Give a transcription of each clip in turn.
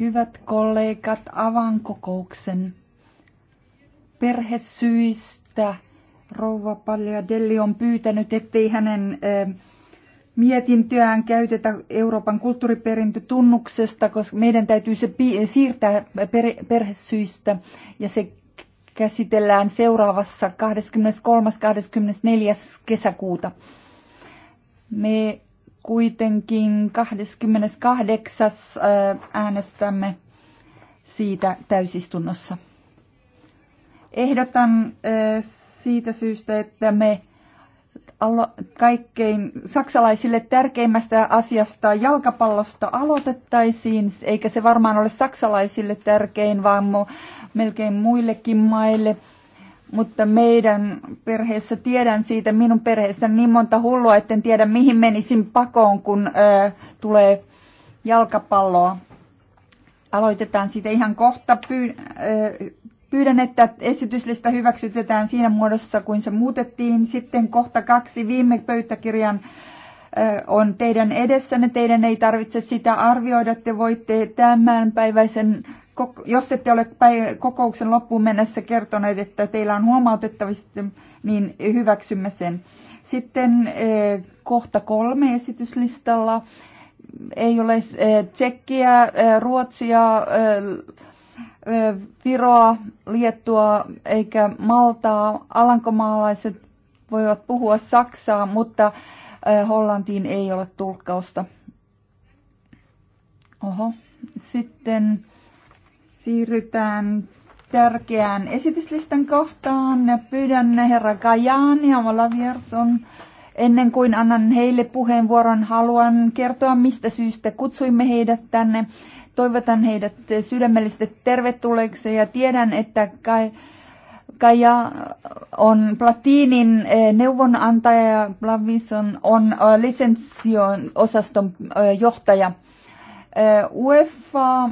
Hyvät kollegat, avan kokouksen. Perhesyistä rouva Paljadelli on pyytänyt, ettei hänen mietintöään käytetä Euroopan kulttuuriperintötunnuksesta, koska meidän täytyy se siirtää perhesyistä ja se käsitellään seuraavassa 23.-24. kesäkuuta. Me kuitenkin 28. Äh, äänestämme siitä täysistunnossa. Ehdotan äh, siitä syystä, että me kaikkein saksalaisille tärkeimmästä asiasta jalkapallosta aloitettaisiin, eikä se varmaan ole saksalaisille tärkein, vaan melkein muillekin maille – mutta meidän perheessä tiedän siitä, minun perheessä niin monta hullua, etten tiedä mihin menisin pakoon, kun ö, tulee jalkapalloa. Aloitetaan siitä ihan kohta. pyydän, että esityslista hyväksytetään siinä muodossa, kuin se muutettiin. Sitten kohta kaksi viime pöytäkirjan on teidän edessänne. Teidän ei tarvitse sitä arvioida. Te voitte tämän päiväisen jos ette ole kokouksen loppuun mennessä kertoneet, että teillä on huomautettavista, niin hyväksymme sen. Sitten eh, kohta kolme esityslistalla. Ei ole eh, Tsekkiä, eh, Ruotsia, Viroa, Liettua eikä Maltaa. Alankomaalaiset voivat puhua Saksaa, mutta Hollantiin ei ole tulkkausta. Oho. Sitten siirrytään tärkeään esityslistan kohtaan. Pyydän herra Kajaan ja Molavierson, ennen kuin annan heille puheenvuoron, haluan kertoa, mistä syystä kutsuimme heidät tänne. Toivotan heidät sydämellisesti tervetulleeksi ja tiedän, että Kai, Kaja on Platinin eh, neuvonantaja ja Blavison on eh, lisenssion osaston eh, johtaja. UEFA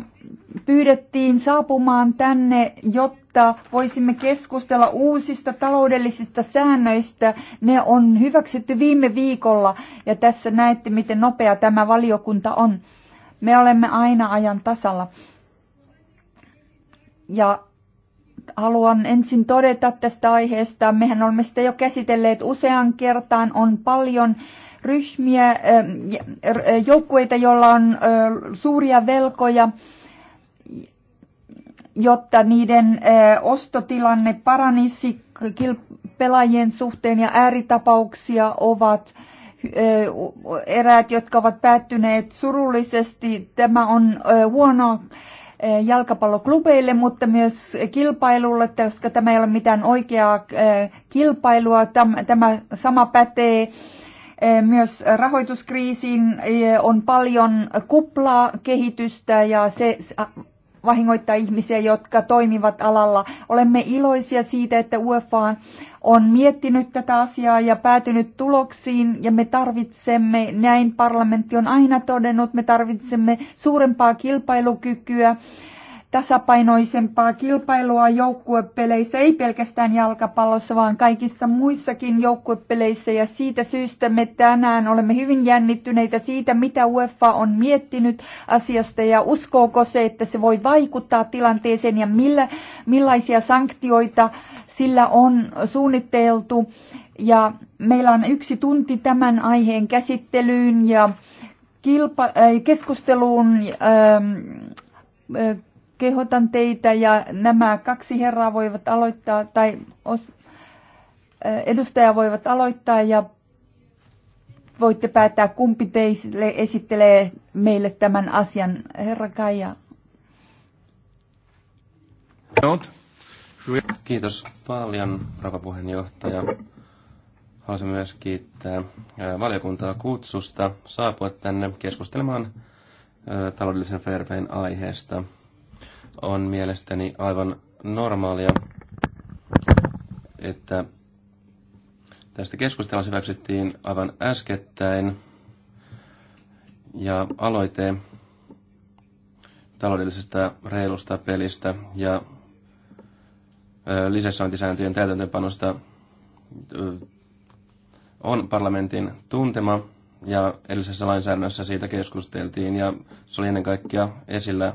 pyydettiin saapumaan tänne, jotta voisimme keskustella uusista taloudellisista säännöistä. Ne on hyväksytty viime viikolla ja tässä näette, miten nopea tämä valiokunta on. Me olemme aina ajan tasalla. Ja haluan ensin todeta tästä aiheesta. Mehän olemme sitä jo käsitelleet usean kertaan. On paljon äh, ryhmiä, ähm, äh, joukkueita, joilla on äh, suuria velkoja, jotta niiden äh, ostotilanne paranisi pelaajien suhteen ja ääritapauksia ovat eräät, jotka ovat päättyneet surullisesti. Tämä on huonoa jalkapalloklubeille, mutta myös kilpailulle, koska tämä ei ole mitään oikeaa kilpailua. Tämä sama pätee Eh, myös rahoituskriisiin eh, on paljon kuplaa kehitystä ja se vahingoittaa ihmisiä, jotka toimivat alalla. Olemme iloisia siitä, että UEFA on miettinyt tätä asiaa ja päätynyt tuloksiin ja me tarvitsemme, näin parlamentti on aina todennut, me tarvitsemme suurempaa kilpailukykyä tasapainoisempaa kilpailua joukkuepeleissä, ei pelkästään jalkapallossa, vaan kaikissa muissakin joukkuepeleissä. Ja siitä syystä me tänään olemme hyvin jännittyneitä siitä, mitä UEFA on miettinyt asiasta ja uskooko se, että se voi vaikuttaa tilanteeseen ja millä, millaisia sanktioita sillä on suunniteltu. Ja meillä on yksi tunti tämän aiheen käsittelyyn ja kilpa- äh, keskusteluun ähm, äh, kehotan teitä ja nämä kaksi herraa voivat aloittaa tai os, eh, edustaja voivat aloittaa ja voitte päättää kumpi teille esittelee meille tämän asian. Herra Kaija. Kiitos paljon, rouva puheenjohtaja. Haluaisin myös kiittää eh, valiokuntaa kutsusta saapua tänne keskustelemaan eh, taloudellisen fair aiheesta on mielestäni aivan normaalia, että tästä keskustelussa hyväksyttiin aivan äskettäin ja aloite taloudellisesta reilusta pelistä ja lisäsointisääntöjen täytäntöönpanosta on parlamentin tuntema ja edellisessä lainsäädännössä siitä keskusteltiin ja se oli ennen kaikkea esillä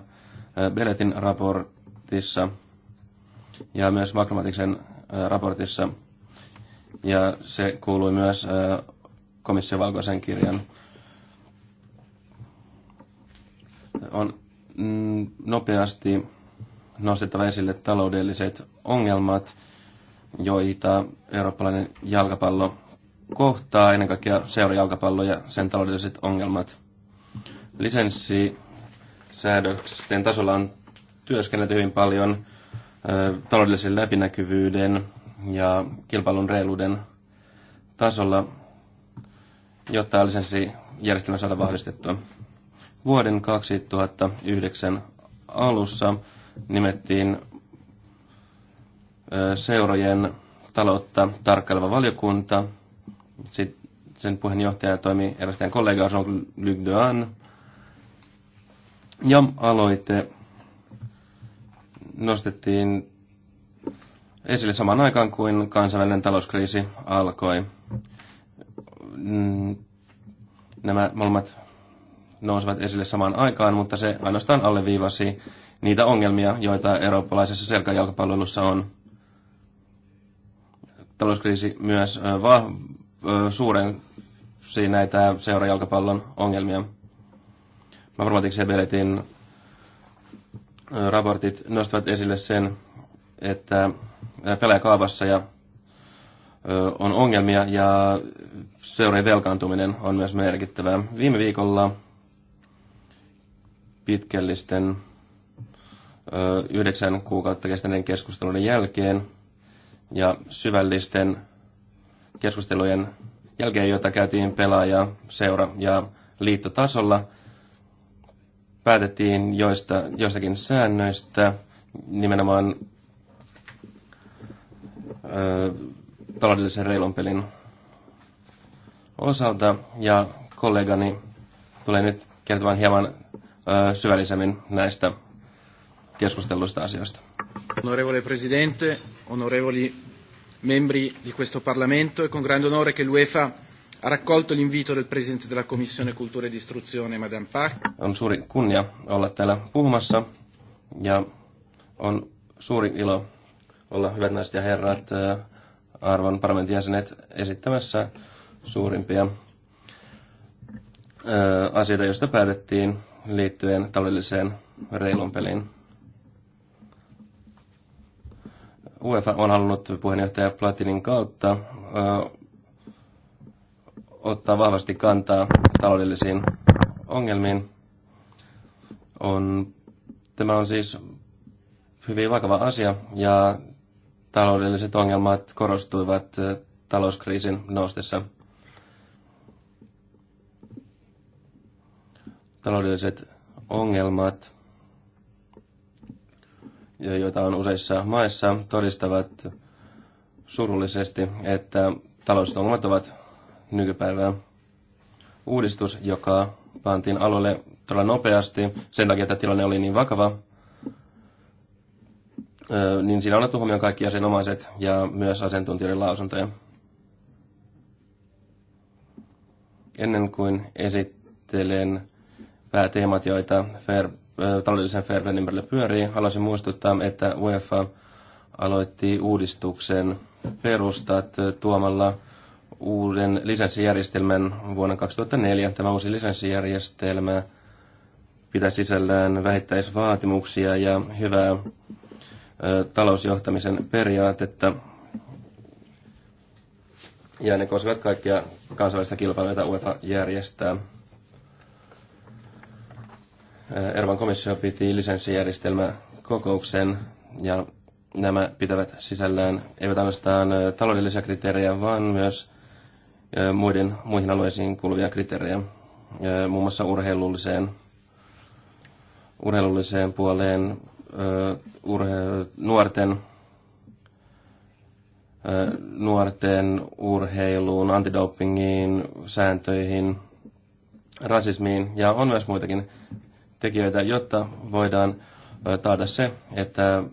Beletin raportissa ja myös Makromatiksen raportissa. Ja se kuului myös komission valkoisen kirjan. On mm, nopeasti nostettava esille taloudelliset ongelmat, joita eurooppalainen jalkapallo kohtaa, ennen kaikkea seurajalkapallo ja sen taloudelliset ongelmat. Lisenssi säädösten tasolla on työskennellyt hyvin paljon taloudellisen läpinäkyvyyden ja kilpailun reiluuden tasolla, jotta järjestelmä saada vahvistettua. Vuoden 2009 alussa nimettiin seurojen taloutta tarkkaileva valiokunta. Sitten sen puheenjohtaja toimi erästään kollega Jean-Luc Duan. Ja aloite nostettiin esille samaan aikaan kuin kansainvälinen talouskriisi alkoi. Mm, nämä molemmat nousivat esille samaan aikaan, mutta se ainoastaan alleviivasi niitä ongelmia, joita eurooppalaisessa selkäjalkapalvelussa on. Talouskriisi myös äh, va- äh, suurensi näitä seurajalkapallon ongelmia varmaan ja Beletin äh, raportit nostavat esille sen, että äh, pelaajakaavassa ja äh, on ongelmia ja seurien velkaantuminen on myös merkittävää. Viime viikolla pitkällisten yhdeksän kuukautta kestäneiden keskustelujen jälkeen ja syvällisten keskustelujen jälkeen, joita käytiin pelaaja, seura ja liittotasolla, päätettiin joista, joistakin säännöistä, nimenomaan ö, taloudellisen reilun pelin osalta, ja kollegani tulee nyt kertomaan hieman ö, syvällisemmin näistä keskustelluista asioista. Onorevole Presidente, onorevoli membri di questo Parlamento, e con grande onore che l'UEFA ha raccolto l'invito del Presidente della Commissione Cultura ed Istruzione, Madame Pack. On suuri kunnia olla täällä puhumassa ja on suuri ilo olla hyvät naiset ja herrat, äh, arvon parlamentin jäsenet esittämässä suurimpia äh, asioita, joista päätettiin liittyen taloudelliseen reilun peliin. UEFA on halunnut puheenjohtaja Platinin kautta äh, ottaa vahvasti kantaa taloudellisiin ongelmiin. On, tämä on siis hyvin vakava asia ja taloudelliset ongelmat korostuivat talouskriisin noustessa. Taloudelliset ongelmat, joita on useissa maissa, todistavat surullisesti, että taloudelliset ongelmat ovat nykypäivää. Uudistus, joka pantiin alueelle todella nopeasti, sen takia, että tilanne oli niin vakava, niin siinä on otettu huomioon kaikki asianomaiset ja myös asiantuntijoiden lausuntoja. Ennen kuin esittelen pääteemat, joita fair, taloudellisen fairplayn ympärillä pyörii, haluaisin muistuttaa, että UEFA aloitti uudistuksen perustat tuomalla uuden lisenssijärjestelmän vuonna 2004. Tämä uusi lisenssijärjestelmä pitää sisällään vähittäisvaatimuksia ja hyvää talousjohtamisen periaatetta. Ja ne koskevat kaikkia kansallista kilpailuja, joita UEFA järjestää. Ervan komissio piti lisenssijärjestelmä kokouksen ja nämä pitävät sisällään eivät ainoastaan taloudellisia kriteerejä, vaan myös muiden, muihin alueisiin kuuluvia kriteerejä, muun muassa urheilulliseen, urheilulliseen puoleen, urhe, nuorten, nuorten urheiluun, antidopingiin, sääntöihin, rasismiin ja on myös muitakin tekijöitä, jotta voidaan taata se, että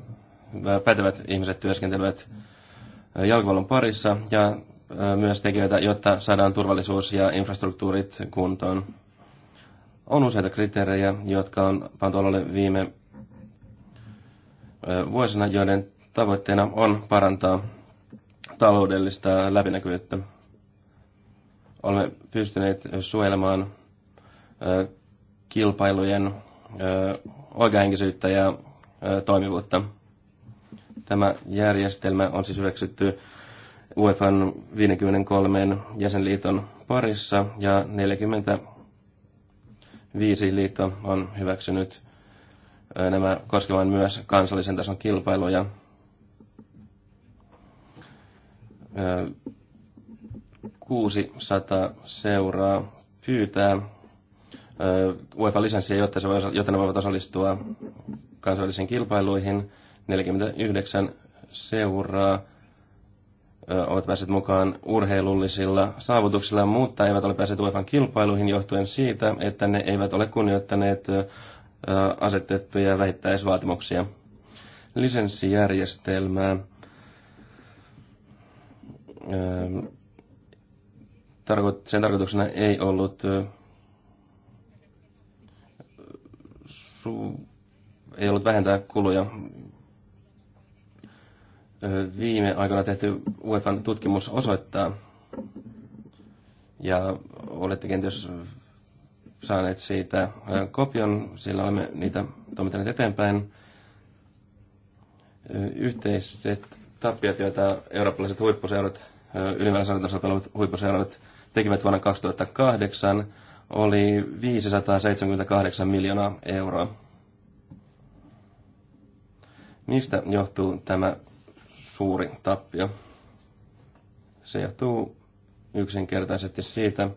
pätevät ihmiset työskentelevät jalkapallon parissa ja myös tekijöitä, jotta saadaan turvallisuus ja infrastruktuurit kuntoon. On useita kriteerejä, jotka on pantu alalle viime vuosina, joiden tavoitteena on parantaa taloudellista läpinäkyvyyttä. Olemme pystyneet suojelemaan kilpailujen oikeahenkisyyttä ja toimivuutta. Tämä järjestelmä on siis hyväksytty UEFan 53 jäsenliiton parissa ja 45 liitto on hyväksynyt nämä koskevan myös kansallisen tason kilpailuja. Öö, 600 seuraa pyytää UEFA-lisenssiä, jotta, se voi, jotta ne voivat osallistua kansainvälisiin kilpailuihin. 49 seuraa ovat päässeet mukaan urheilullisilla saavutuksilla, mutta eivät ole päässeet UEFAn kilpailuihin johtuen siitä, että ne eivät ole kunnioittaneet asetettuja vähittäisvaatimuksia. Lisenssijärjestelmää. Sen tarkoituksena ei ollut ei ollut vähentää kuluja viime aikoina tehty UEFan tutkimus osoittaa, ja olette kenties saaneet siitä kopion, sillä olemme niitä toimittaneet eteenpäin. Yhteiset tappiot, joita eurooppalaiset huippuseurat, ylimääräisen sarjatasolla huippuseurat tekivät vuonna 2008, oli 578 miljoonaa euroa. Mistä johtuu tämä suuri tappio. Se johtuu yksinkertaisesti siitä,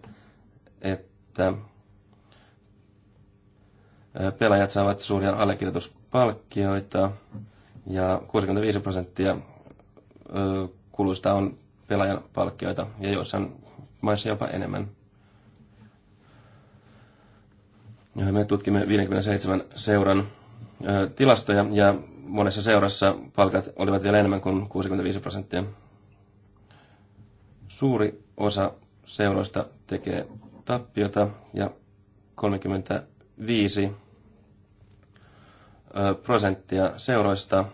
että pelaajat saavat suuria allekirjoituspalkkioita ja 65 prosenttia kuluista on pelaajan palkkioita ja joissain maissa jopa enemmän. Me tutkimme 57 seuran tilastoja ja monessa seurassa palkat olivat vielä enemmän kuin 65 prosenttia. Suuri osa seuroista tekee tappiota ja 35 prosenttia seuroista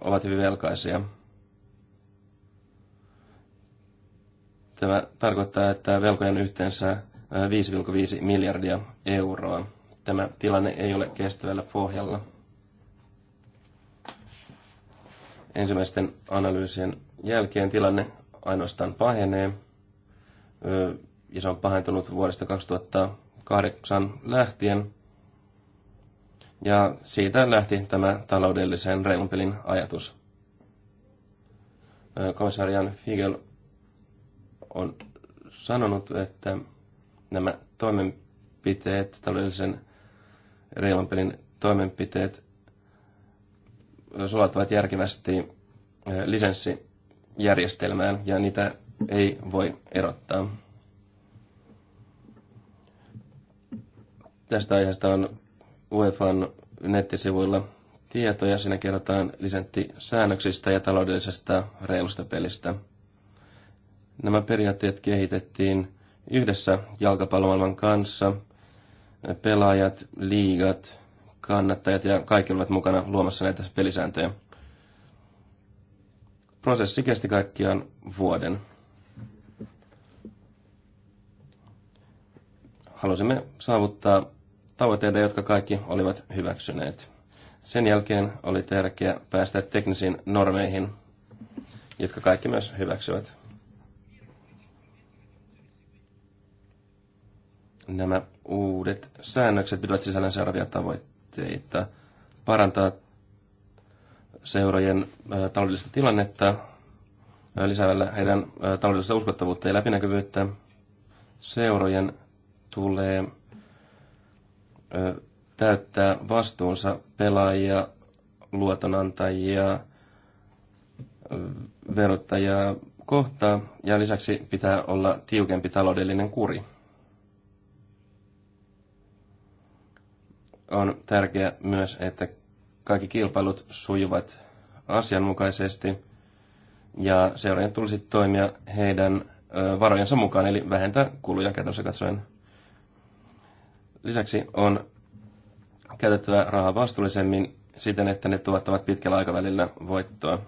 ovat hyvin velkaisia. Tämä tarkoittaa, että velkojen yhteensä 5,5 miljardia euroa. Tämä tilanne ei ole kestävällä pohjalla. Ensimmäisten analyysien jälkeen tilanne ainoastaan pahenee, ja se on pahentunut vuodesta 2008 lähtien. Ja siitä lähti tämä taloudellisen reilun pelin ajatus. Komissarian Figel on sanonut, että nämä toimenpiteet, taloudellisen reilun pelin toimenpiteet sulautuvat järkevästi lisenssijärjestelmään ja niitä ei voi erottaa. Tästä aiheesta on UEFAn nettisivuilla tietoja. Siinä kerrotaan lisenttisäännöksistä ja taloudellisesta reilusta pelistä. Nämä periaatteet kehitettiin yhdessä jalkapallomaailman kanssa. Pelaajat, liigat, kannattajat ja kaikki olivat mukana luomassa näitä pelisääntöjä. Prosessi kesti kaikkiaan vuoden. Halusimme saavuttaa tavoitteita, jotka kaikki olivat hyväksyneet. Sen jälkeen oli tärkeää päästä teknisiin normeihin, jotka kaikki myös hyväksyvät. nämä uudet säännökset pitävät sisällään seuraavia tavoitteita tavoitteita parantaa seurojen taloudellista tilannetta lisäämällä heidän taloudellista uskottavuutta ja läpinäkyvyyttä. Seurojen tulee täyttää vastuunsa pelaajia, luotonantajia, verottajia kohtaa ja lisäksi pitää olla tiukempi taloudellinen kuri. On tärkeää myös, että kaikki kilpailut sujuvat asianmukaisesti ja seuraajien tulisi toimia heidän varojensa mukaan, eli vähentää kuluja käytännössä katsoen. Lisäksi on käytettävä rahaa vastuullisemmin siten, että ne tuottavat pitkällä aikavälillä voittoa.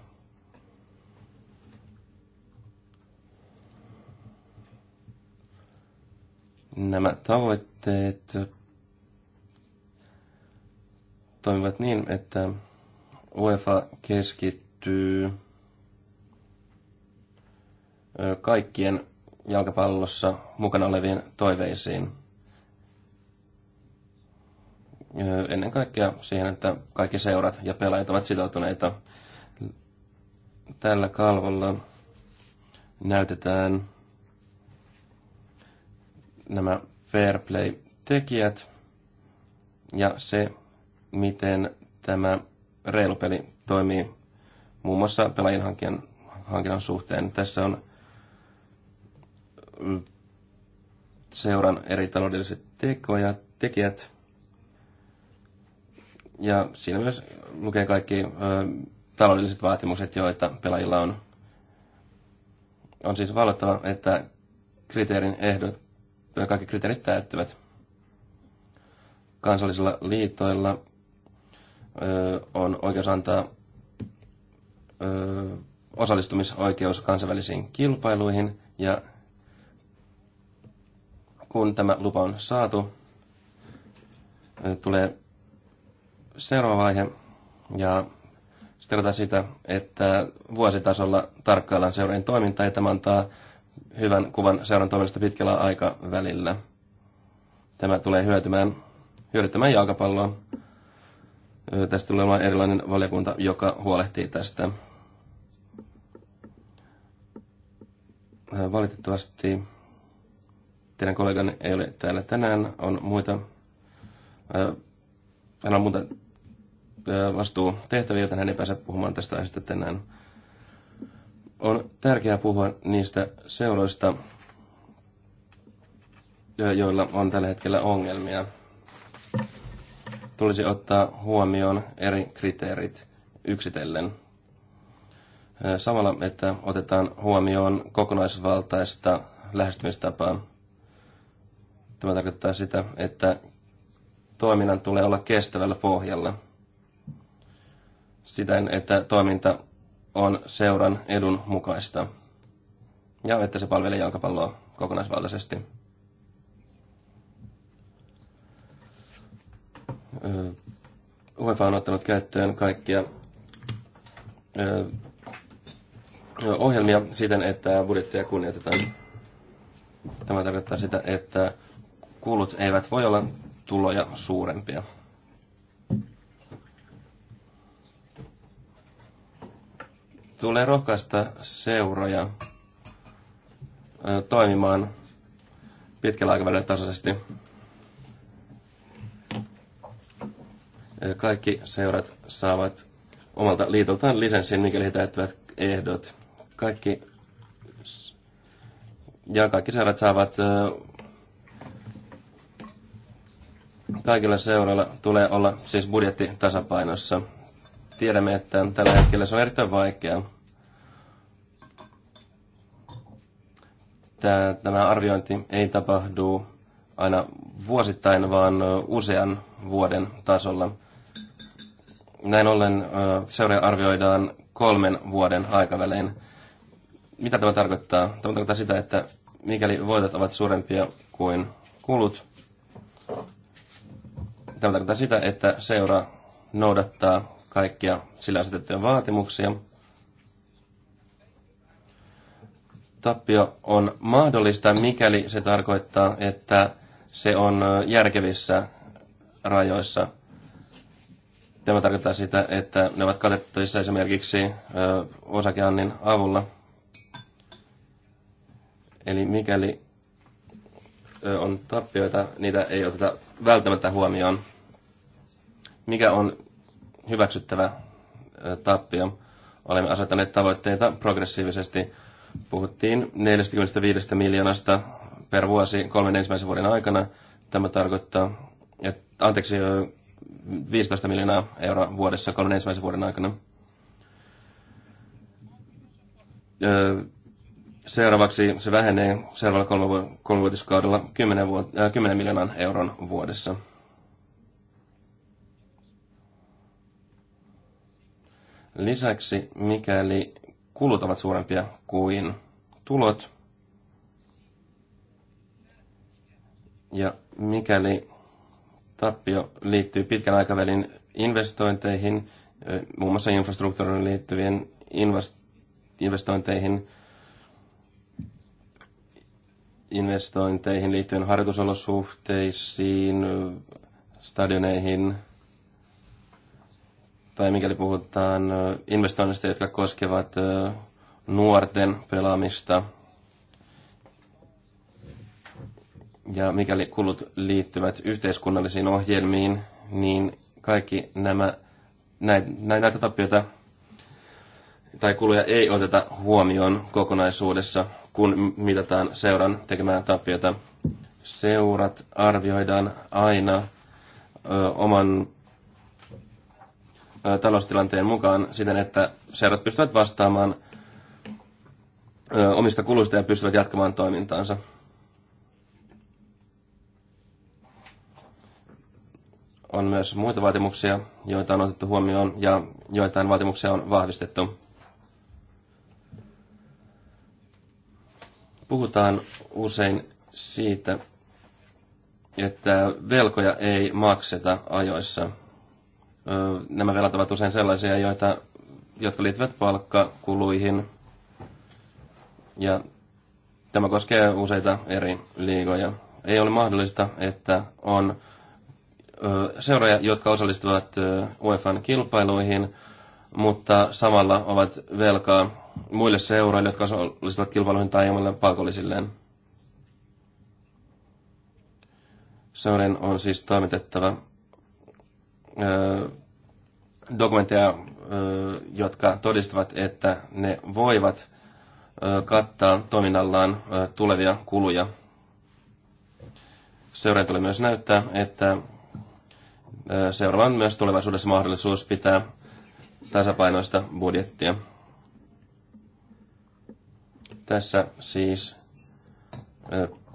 Nämä tavoitteet toimivat niin, että UEFA keskittyy kaikkien jalkapallossa mukana olevien toiveisiin. Ennen kaikkea siihen, että kaikki seurat ja pelaajat ovat sitoutuneita. Tällä kalvolla näytetään nämä Fair Play-tekijät ja se, miten tämä reilu peli toimii muun muassa pelaajien hankinnan, hankinnan suhteen. Tässä on mm, seuran eri taloudelliset tekoja, tekijät. Ja siinä myös lukee kaikki ö, taloudelliset vaatimukset, joita pelaajilla on. On siis vallottava, että kriteerin ehdot, kaikki kriteerit täyttyvät. Kansallisilla liitoilla on oikeus antaa osallistumisoikeus kansainvälisiin kilpailuihin ja kun tämä lupa on saatu, tulee seuraava vaihe ja sitten sitä, että vuositasolla tarkkaillaan seurojen toimintaa ja tämä antaa hyvän kuvan seuran toiminnasta pitkällä aikavälillä. Tämä tulee hyötymään, hyödyttämään jalkapalloa, Tästä tulee olemaan erilainen valiokunta, joka huolehtii tästä. Valitettavasti teidän kolleganne ei ole täällä tänään. On muita, hän on muita vastuutehtäviä, joten hän ei pääse puhumaan tästä aiheesta tänään. On tärkeää puhua niistä seuroista, joilla on tällä hetkellä ongelmia tulisi ottaa huomioon eri kriteerit yksitellen. Samalla, että otetaan huomioon kokonaisvaltaista lähestymistapaa. Tämä tarkoittaa sitä, että toiminnan tulee olla kestävällä pohjalla. Siten, että toiminta on seuran edun mukaista ja että se palvelee jalkapalloa kokonaisvaltaisesti. UEFA on ottanut käyttöön kaikkia ohjelmia siten, että budjettia kunnioitetaan. Tämä tarkoittaa sitä, että kulut eivät voi olla tuloja suurempia. Tulee rohkaista seuroja toimimaan pitkällä aikavälillä tasaisesti Kaikki seurat saavat omalta liitoltaan lisenssin, mikäli he täyttävät ehdot. Kaikki, ja kaikki seurat saavat kaikilla seuroilla tulee olla siis budjetti tasapainossa. Tiedämme, että tällä hetkellä se on erittäin vaikeaa. Tämä arviointi ei tapahdu aina vuosittain, vaan usean vuoden tasolla. Näin ollen seuraa arvioidaan kolmen vuoden aikavälein. Mitä tämä tarkoittaa? Tämä tarkoittaa sitä, että mikäli voitot ovat suurempia kuin kulut, tämä tarkoittaa sitä, että seura noudattaa kaikkia sillä asetettuja vaatimuksia. Tappio on mahdollista, mikäli se tarkoittaa, että se on järkevissä rajoissa – Tämä tarkoittaa sitä, että ne ovat katettavissa esimerkiksi osakeannin avulla. Eli mikäli on tappioita, niitä ei oteta välttämättä huomioon. Mikä on hyväksyttävä tappio? Olemme asettaneet tavoitteita progressiivisesti. Puhuttiin 45 miljoonasta per vuosi kolmen ensimmäisen vuoden aikana. Tämä tarkoittaa, että anteeksi, 15 miljoonaa euroa vuodessa kolmen ensimmäisen vuoden aikana. Öö, Seuraavaksi se vähenee seuraavalla kolmivuotiskaudella 10, vuot- äh, 10 miljoonan euron vuodessa. Lisäksi, mikäli kulut ovat suurempia kuin tulot, ja mikäli Tappio liittyy pitkän aikavälin investointeihin, muun muassa infrastruktuuriin liittyvien investointeihin, investointeihin liittyen harjoitusolosuhteisiin, stadioneihin, tai mikäli puhutaan investoinnista, jotka koskevat nuorten pelaamista, Ja mikäli kulut liittyvät yhteiskunnallisiin ohjelmiin, niin kaikki nämä, näitä tappioita tai kuluja ei oteta huomioon kokonaisuudessa, kun mitataan seuran tekemää tappiota. Seurat arvioidaan aina ö, oman ö, taloustilanteen mukaan siten, että seurat pystyvät vastaamaan ö, omista kuluista ja pystyvät jatkamaan toimintaansa. On myös muita vaatimuksia, joita on otettu huomioon ja joitain vaatimuksia on vahvistettu. Puhutaan usein siitä, että velkoja ei makseta ajoissa. Nämä velat ovat usein sellaisia, joita, jotka liittyvät palkkakuluihin. Ja tämä koskee useita eri liigoja. Ei ole mahdollista, että on seuroja, jotka osallistuvat UEFan kilpailuihin, mutta samalla ovat velkaa muille seuroille, jotka osallistuvat kilpailuihin tai omille palkollisilleen. Seuren on siis toimitettava dokumentteja, jotka todistavat, että ne voivat kattaa toiminnallaan tulevia kuluja. Seuraajan tulee myös näyttää, että Seuraava on myös tulevaisuudessa mahdollisuus pitää tasapainoista budjettia. Tässä siis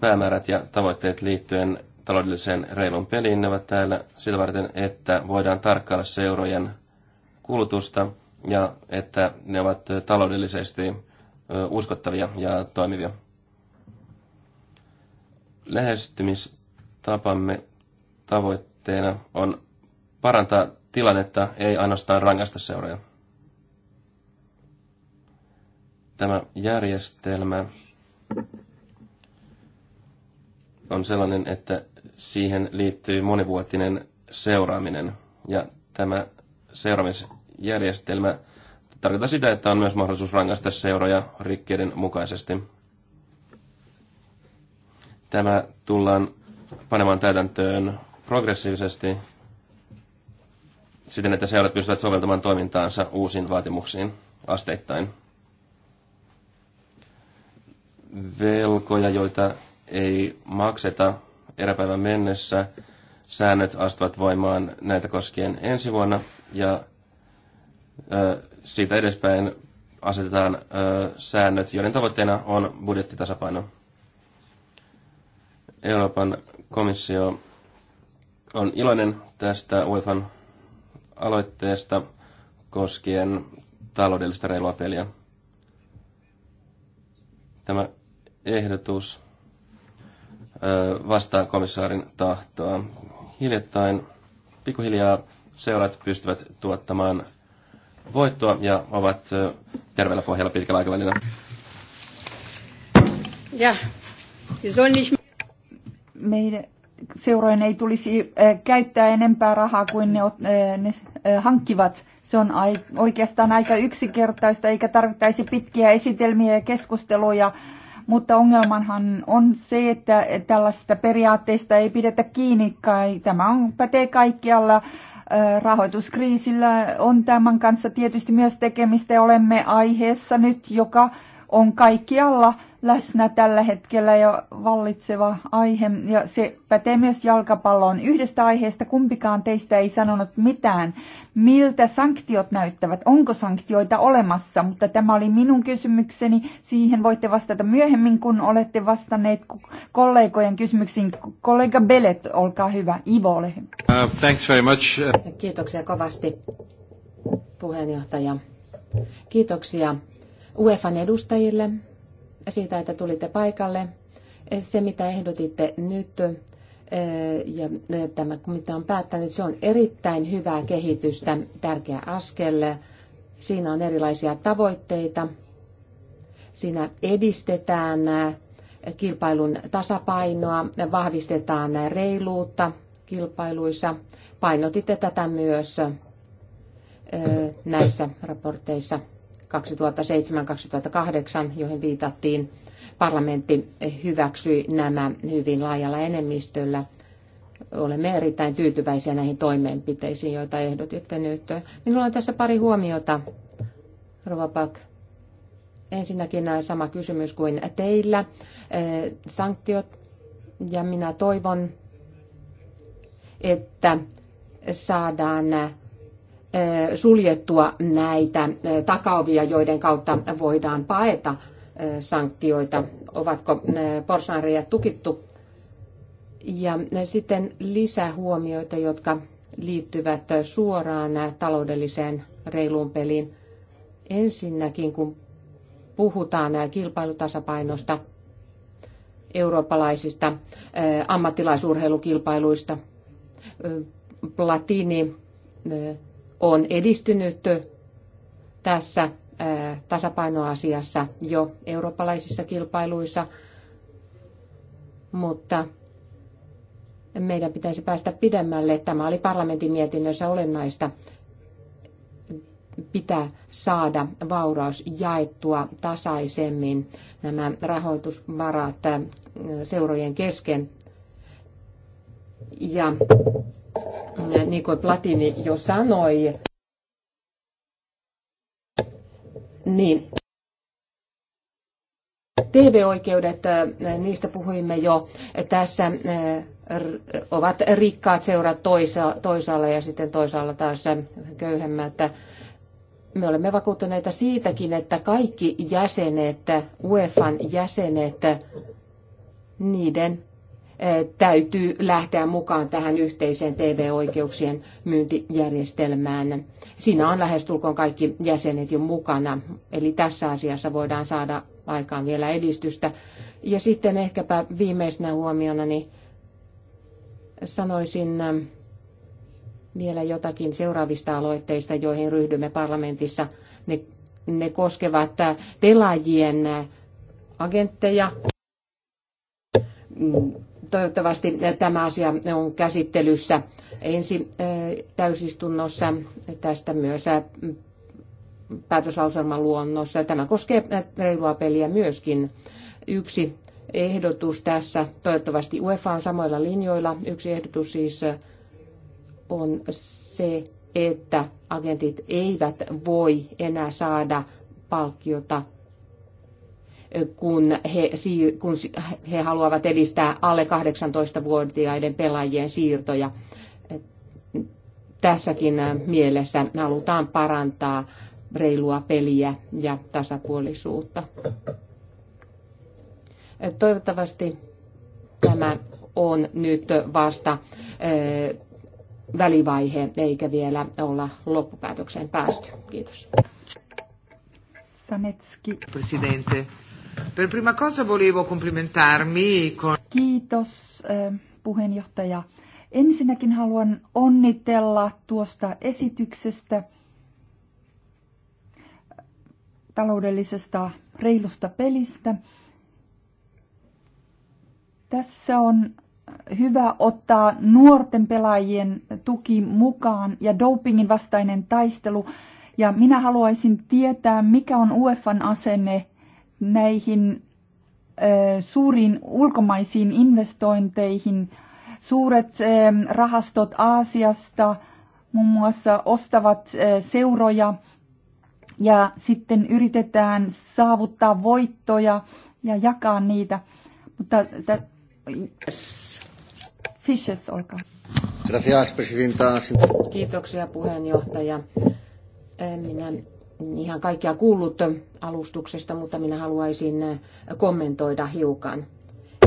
päämäärät ja tavoitteet liittyen taloudelliseen reilun peliin ne ovat täällä sillä varten, että voidaan tarkkailla seurojen kulutusta ja että ne ovat taloudellisesti uskottavia ja toimivia. Lähestymistapamme tavoitteena on parantaa tilannetta, ei ainoastaan rangaista seuraajia. Tämä järjestelmä on sellainen, että siihen liittyy monivuotinen seuraaminen. Ja tämä seuraamisjärjestelmä tarkoittaa sitä, että on myös mahdollisuus rangaista seuroja rikkeiden mukaisesti. Tämä tullaan panemaan täytäntöön progressiivisesti siten, että seurat pystyvät soveltamaan toimintaansa uusiin vaatimuksiin asteittain. Velkoja, joita ei makseta eräpäivän mennessä, säännöt astuvat voimaan näitä koskien ensi vuonna ja ö, siitä edespäin asetetaan ö, säännöt, joiden tavoitteena on budjettitasapaino. Euroopan komissio on iloinen tästä UEFan aloitteesta koskien taloudellista reilua peliä. Tämä ehdotus vastaa komissaarin tahtoa. Hiljattain pikkuhiljaa seurat pystyvät tuottamaan voittoa ja ovat terveellä pohjalla pitkällä aikavälillä. Ja, se on nicht... Niin- Meidän seurojen ei tulisi eh, käyttää enempää rahaa kuin ne, eh, ne eh, hankkivat. Se on oikeastaan aika yksinkertaista, eikä tarvittaisi pitkiä esitelmiä ja keskusteluja, mutta ongelmanhan on se, että tällaisista periaatteista ei pidetä kiinni. Kai. Tämä on, pätee kaikkialla. Rahoituskriisillä on tämän kanssa tietysti myös tekemistä olemme aiheessa nyt, joka on kaikkialla läsnä tällä hetkellä ja vallitseva aihe, ja se pätee myös jalkapalloon. Yhdestä aiheesta kumpikaan teistä ei sanonut mitään. Miltä sanktiot näyttävät? Onko sanktioita olemassa? Mutta tämä oli minun kysymykseni. Siihen voitte vastata myöhemmin, kun olette vastanneet kollegojen kysymyksiin. Kollega Belet, olkaa hyvä. Ivo, ole hyvä. Uh, thanks very much. Kiitoksia kovasti, puheenjohtaja. Kiitoksia UEFan edustajille siitä, että tulitte paikalle. Se, mitä ehdotitte nyt eh, ja eh, tämä, mitä on päättänyt, se on erittäin hyvää kehitystä, tärkeä askel. Siinä on erilaisia tavoitteita. Siinä edistetään eh, kilpailun tasapainoa, vahvistetaan reiluutta kilpailuissa. Painotitte tätä myös näissä raporteissa 2007-2008, joihin viitattiin, parlamentti hyväksyi nämä hyvin laajalla enemmistöllä. Olemme erittäin tyytyväisiä näihin toimenpiteisiin, joita ehdotitte nyt. Minulla on tässä pari huomiota, Rova Pak. Ensinnäkin sama kysymys kuin teillä. Eh, sanktiot, ja minä toivon, että saadaan suljettua näitä takaovia, joiden kautta voidaan paeta sanktioita, ovatko porsaanreijät tukittu. Ja sitten lisähuomioita, jotka liittyvät suoraan taloudelliseen reiluun peliin. Ensinnäkin, kun puhutaan kilpailutasapainosta, eurooppalaisista ammattilaisurheilukilpailuista, Platini on edistynyt tässä tasapainoasiassa jo eurooppalaisissa kilpailuissa, mutta meidän pitäisi päästä pidemmälle. Tämä oli parlamentin mietinnössä olennaista pitää saada vauraus jaettua tasaisemmin nämä rahoitusvarat seurojen kesken. Ja niin kuin Platini jo sanoi, niin TV-oikeudet, eh, niistä puhuimme jo, eh, tässä eh, ovat rikkaat seurat toisaalla ja sitten toisaalla taas köyhemmät. Me olemme vakuuttuneita siitäkin, että kaikki jäsenet, UEFan jäsenet, niiden täytyy lähteä mukaan tähän yhteiseen TV-oikeuksien myyntijärjestelmään. Siinä on lähestulkoon kaikki jäsenet jo mukana, eli tässä asiassa voidaan saada aikaan vielä edistystä. Ja sitten ehkäpä viimeisenä huomiona niin sanoisin vielä jotakin seuraavista aloitteista, joihin ryhdymme parlamentissa. Ne, ne koskevat pelaajien agentteja mm, Toivottavasti tämä asia on käsittelyssä ensi eh, täysistunnossa. Tästä myös eh, päätöslauselman luonnossa. Tämä koskee eh, reilua peliä myöskin. Yksi ehdotus tässä, toivottavasti UEFA on samoilla linjoilla, yksi ehdotus siis on se, että agentit eivät voi enää saada palkkiota kun he, kun he haluavat edistää alle 18-vuotiaiden pelaajien siirtoja. Tässäkin mielessä halutaan parantaa reilua peliä ja tasapuolisuutta. Toivottavasti tämä on nyt vasta välivaihe, eikä vielä olla loppupäätökseen päästy. Kiitos. Sanetski. Presidente. Per prima cosa volevo complimentarmi con... Kiitos eh, puheenjohtaja. Ensinnäkin haluan onnitella tuosta esityksestä taloudellisesta reilusta pelistä. Tässä on hyvä ottaa nuorten pelaajien tuki mukaan ja dopingin vastainen taistelu. Ja minä haluaisin tietää, mikä on UEFan asenne näihin suuriin ulkomaisiin investointeihin. Suuret rahastot Aasiasta muun muassa ostavat seuroja ja sitten yritetään saavuttaa voittoja ja jakaa niitä. Mutta Fishes, olkaa. Gracias, Kiitoksia puheenjohtaja. Minä ihan kaikkia kuullut alustuksesta, mutta minä haluaisin kommentoida hiukan.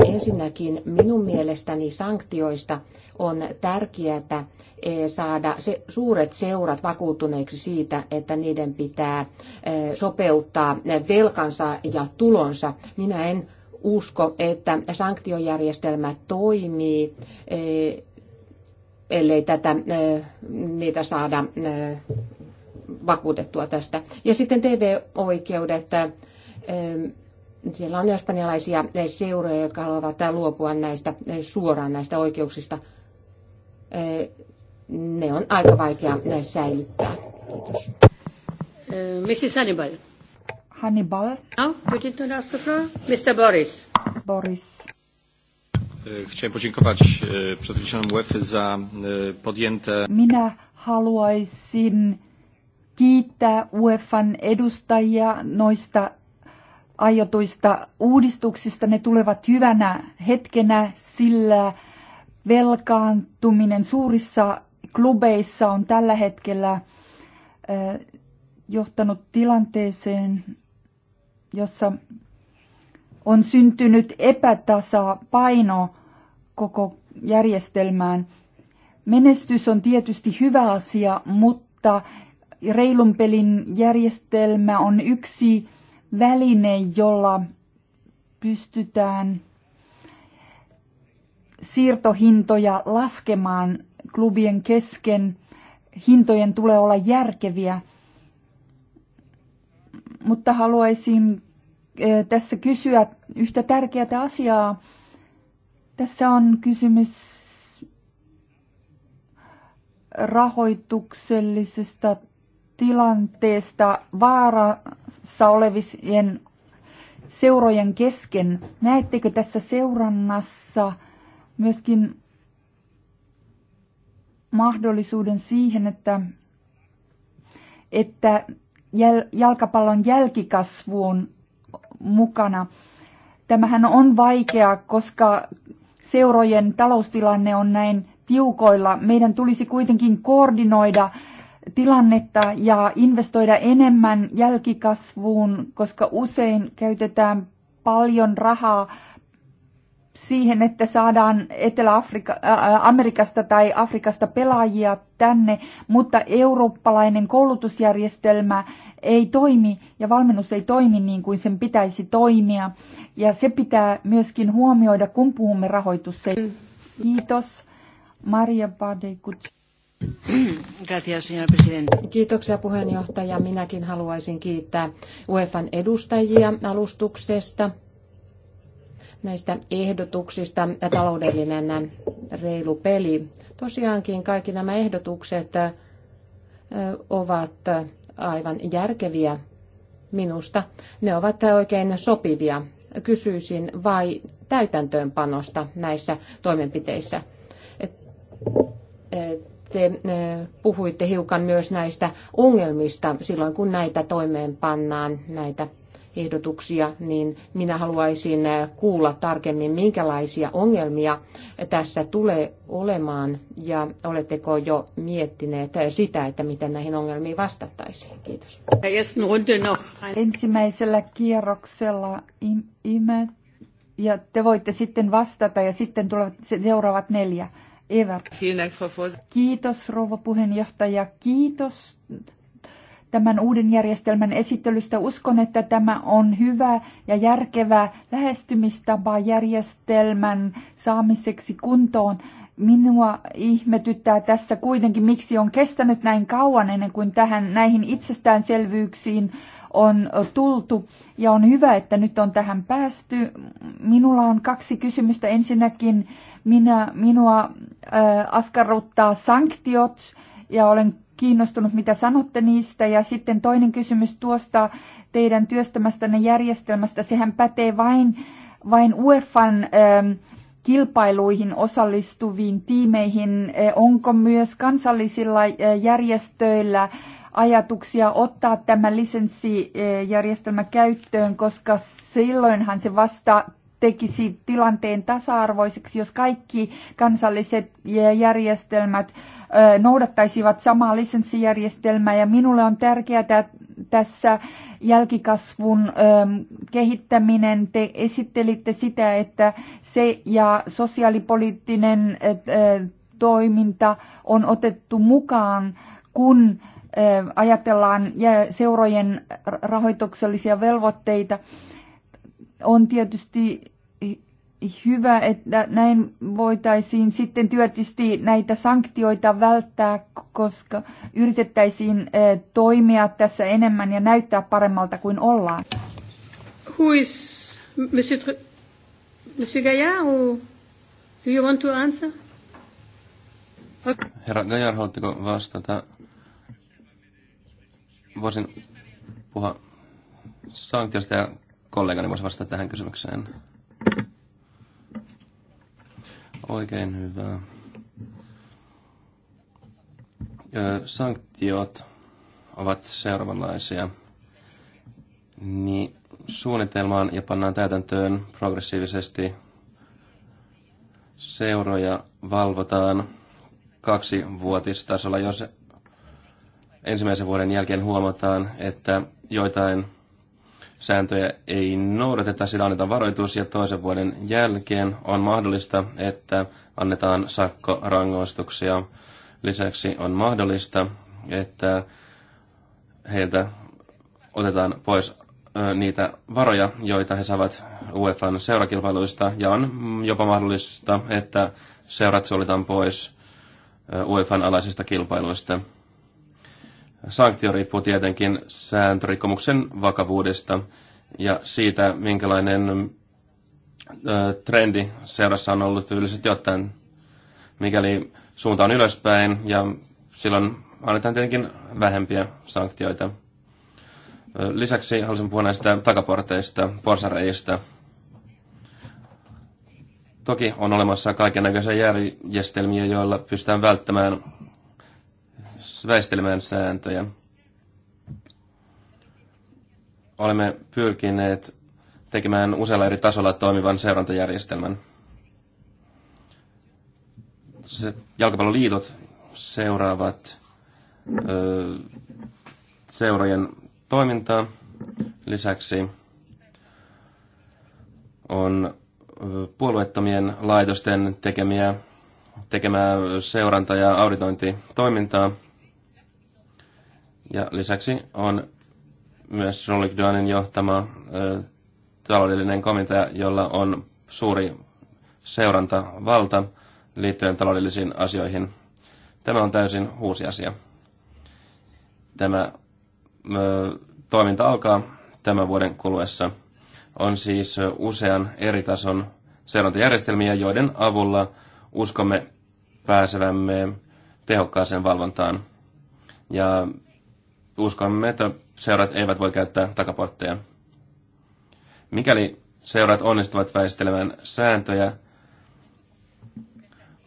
Ensinnäkin minun mielestäni sanktioista on tärkeää e, saada se suuret seurat vakuuttuneiksi siitä, että niiden pitää e, sopeuttaa velkansa ja tulonsa. Minä en usko, että sanktiojärjestelmä toimii, e, ellei tätä, niitä saada vakuutettua tästä. Ja sitten TV-oikeudet. Siellä on espanjalaisia seuroja, jotka haluavat luopua näistä suoraan näistä oikeuksista. Ne on aika vaikea säilyttää. Kiitos. Mrs. Hannibal. Hannibal. No, you did ask the floor. Mr. Boris. Boris. E, chciałem podziękować e, przedstawicielom UEFA za e, podjęte... Minä haluaisin kiittää UEFan edustajia noista aiotuista uudistuksista. Ne tulevat hyvänä hetkenä, sillä velkaantuminen suurissa klubeissa on tällä hetkellä johtanut tilanteeseen, jossa on syntynyt epätasapaino koko järjestelmään. Menestys on tietysti hyvä asia, mutta reilun pelin järjestelmä on yksi väline, jolla pystytään siirtohintoja laskemaan klubien kesken. Hintojen tulee olla järkeviä, mutta haluaisin eh, tässä kysyä yhtä tärkeää asiaa. Tässä on kysymys rahoituksellisesta tilanteesta vaarassa olevien seurojen kesken. Näettekö tässä seurannassa myöskin mahdollisuuden siihen, että, että jalkapallon jälkikasvu on mukana? Tämähän on vaikea, koska seurojen taloustilanne on näin tiukoilla. Meidän tulisi kuitenkin koordinoida tilannetta ja investoida enemmän jälkikasvuun, koska usein käytetään paljon rahaa siihen, että saadaan Etelä-Amerikasta tai Afrikasta pelaajia tänne, mutta eurooppalainen koulutusjärjestelmä ei toimi ja valmennus ei toimi niin kuin sen pitäisi toimia. Ja se pitää myöskin huomioida, kun puhumme rahoitusse. Kiitos. Maria Badekut. Kiitoksia puheenjohtaja. Minäkin haluaisin kiittää UEFan edustajia alustuksesta näistä ehdotuksista ja taloudellinen reilu peli. Tosiaankin kaikki nämä ehdotukset ovat aivan järkeviä minusta. Ne ovat oikein sopivia. Kysyisin vai täytäntöönpanosta näissä toimenpiteissä te eh, puhuitte hiukan myös näistä ongelmista silloin, kun näitä toimeenpannaan, näitä ehdotuksia, niin minä haluaisin eh, kuulla tarkemmin, minkälaisia ongelmia tässä tulee olemaan ja oletteko jo miettineet eh, sitä, että miten näihin ongelmiin vastattaisiin. Kiitos. Ensimmäisellä kierroksella ime, ja te voitte sitten vastata ja sitten tulevat seuraavat neljä. Eva. Kiitos rouva puheenjohtaja, kiitos tämän uuden järjestelmän esittelystä. Uskon, että tämä on hyvä ja järkevä lähestymistapa järjestelmän saamiseksi kuntoon. Minua ihmetyttää tässä kuitenkin, miksi on kestänyt näin kauan ennen kuin tähän näihin itsestäänselvyyksiin on tultu ja on hyvä, että nyt on tähän päästy. Minulla on kaksi kysymystä. Ensinnäkin minä, minua äh, askarruttaa sanktiot ja olen kiinnostunut, mitä sanotte niistä. Ja sitten toinen kysymys tuosta teidän työstämästänne järjestelmästä. Sehän pätee vain, vain UEFan kilpailuihin osallistuviin tiimeihin. Onko myös kansallisilla järjestöillä äh, ajatuksia ottaa tämä lisenssijärjestelmä käyttöön, koska silloinhan se vasta tekisi tilanteen tasa-arvoiseksi, jos kaikki kansalliset järjestelmät noudattaisivat samaa lisenssijärjestelmää. Ja minulle on tärkeää tässä jälkikasvun kehittäminen. Te esittelitte sitä, että se ja sosiaalipoliittinen toiminta on otettu mukaan, kun ajatellaan seurojen rahoituksellisia velvoitteita, on tietysti hyvä, että näin voitaisiin sitten tietysti näitä sanktioita välttää, koska yritettäisiin toimia tässä enemmän ja näyttää paremmalta kuin ollaan. Huis, monsieur, monsieur Gaillard, do you want to answer? Okay. Herra Gaillard, haluatteko vastata? voisin puhua sanktiosta ja kollegani voisi vastata tähän kysymykseen. Oikein hyvä. Sanktiot ovat seuraavanlaisia. Niin suunnitelmaan ja pannaan täytäntöön progressiivisesti. Seuroja valvotaan kaksivuotistasolla. Jos ensimmäisen vuoden jälkeen huomataan, että joitain sääntöjä ei noudateta, sillä annetaan varoitus ja toisen vuoden jälkeen on mahdollista, että annetaan sakkorangaistuksia. Lisäksi on mahdollista, että heiltä otetaan pois niitä varoja, joita he saavat UEFan seurakilpailuista, ja on jopa mahdollista, että seurat suljetaan pois UEFan alaisista kilpailuista. Sanktio riippuu tietenkin sääntörikkomuksen vakavuudesta ja siitä, minkälainen ö, trendi seurassa on ollut yleisesti ottaen. Mikäli suunta on ylöspäin ja silloin annetaan tietenkin vähempiä sanktioita. Lisäksi haluaisin puhua näistä takaporteista, porsareista. Toki on olemassa kaiken näköisiä järjestelmiä, joilla pystytään välttämään väistelemään sääntöjä. Olemme pyrkineet tekemään usealla eri tasolla toimivan seurantajärjestelmän. Se, jalkapalloliitot seuraavat ö, seurojen toimintaa. Lisäksi on puolueettomien laitosten tekemiä, tekemää seuranta- ja auditointitoimintaa ja lisäksi on myös Jean-Luc Duanin johtama ö, taloudellinen komitea, jolla on suuri seurantavalta liittyen taloudellisiin asioihin. Tämä on täysin uusi asia. Tämä ö, toiminta alkaa tämän vuoden kuluessa. On siis usean eri tason seurantajärjestelmiä, joiden avulla uskomme pääsevämme tehokkaaseen valvontaan. Ja uskomme, että seurat eivät voi käyttää takaportteja. Mikäli seurat onnistuvat väistelemään sääntöjä,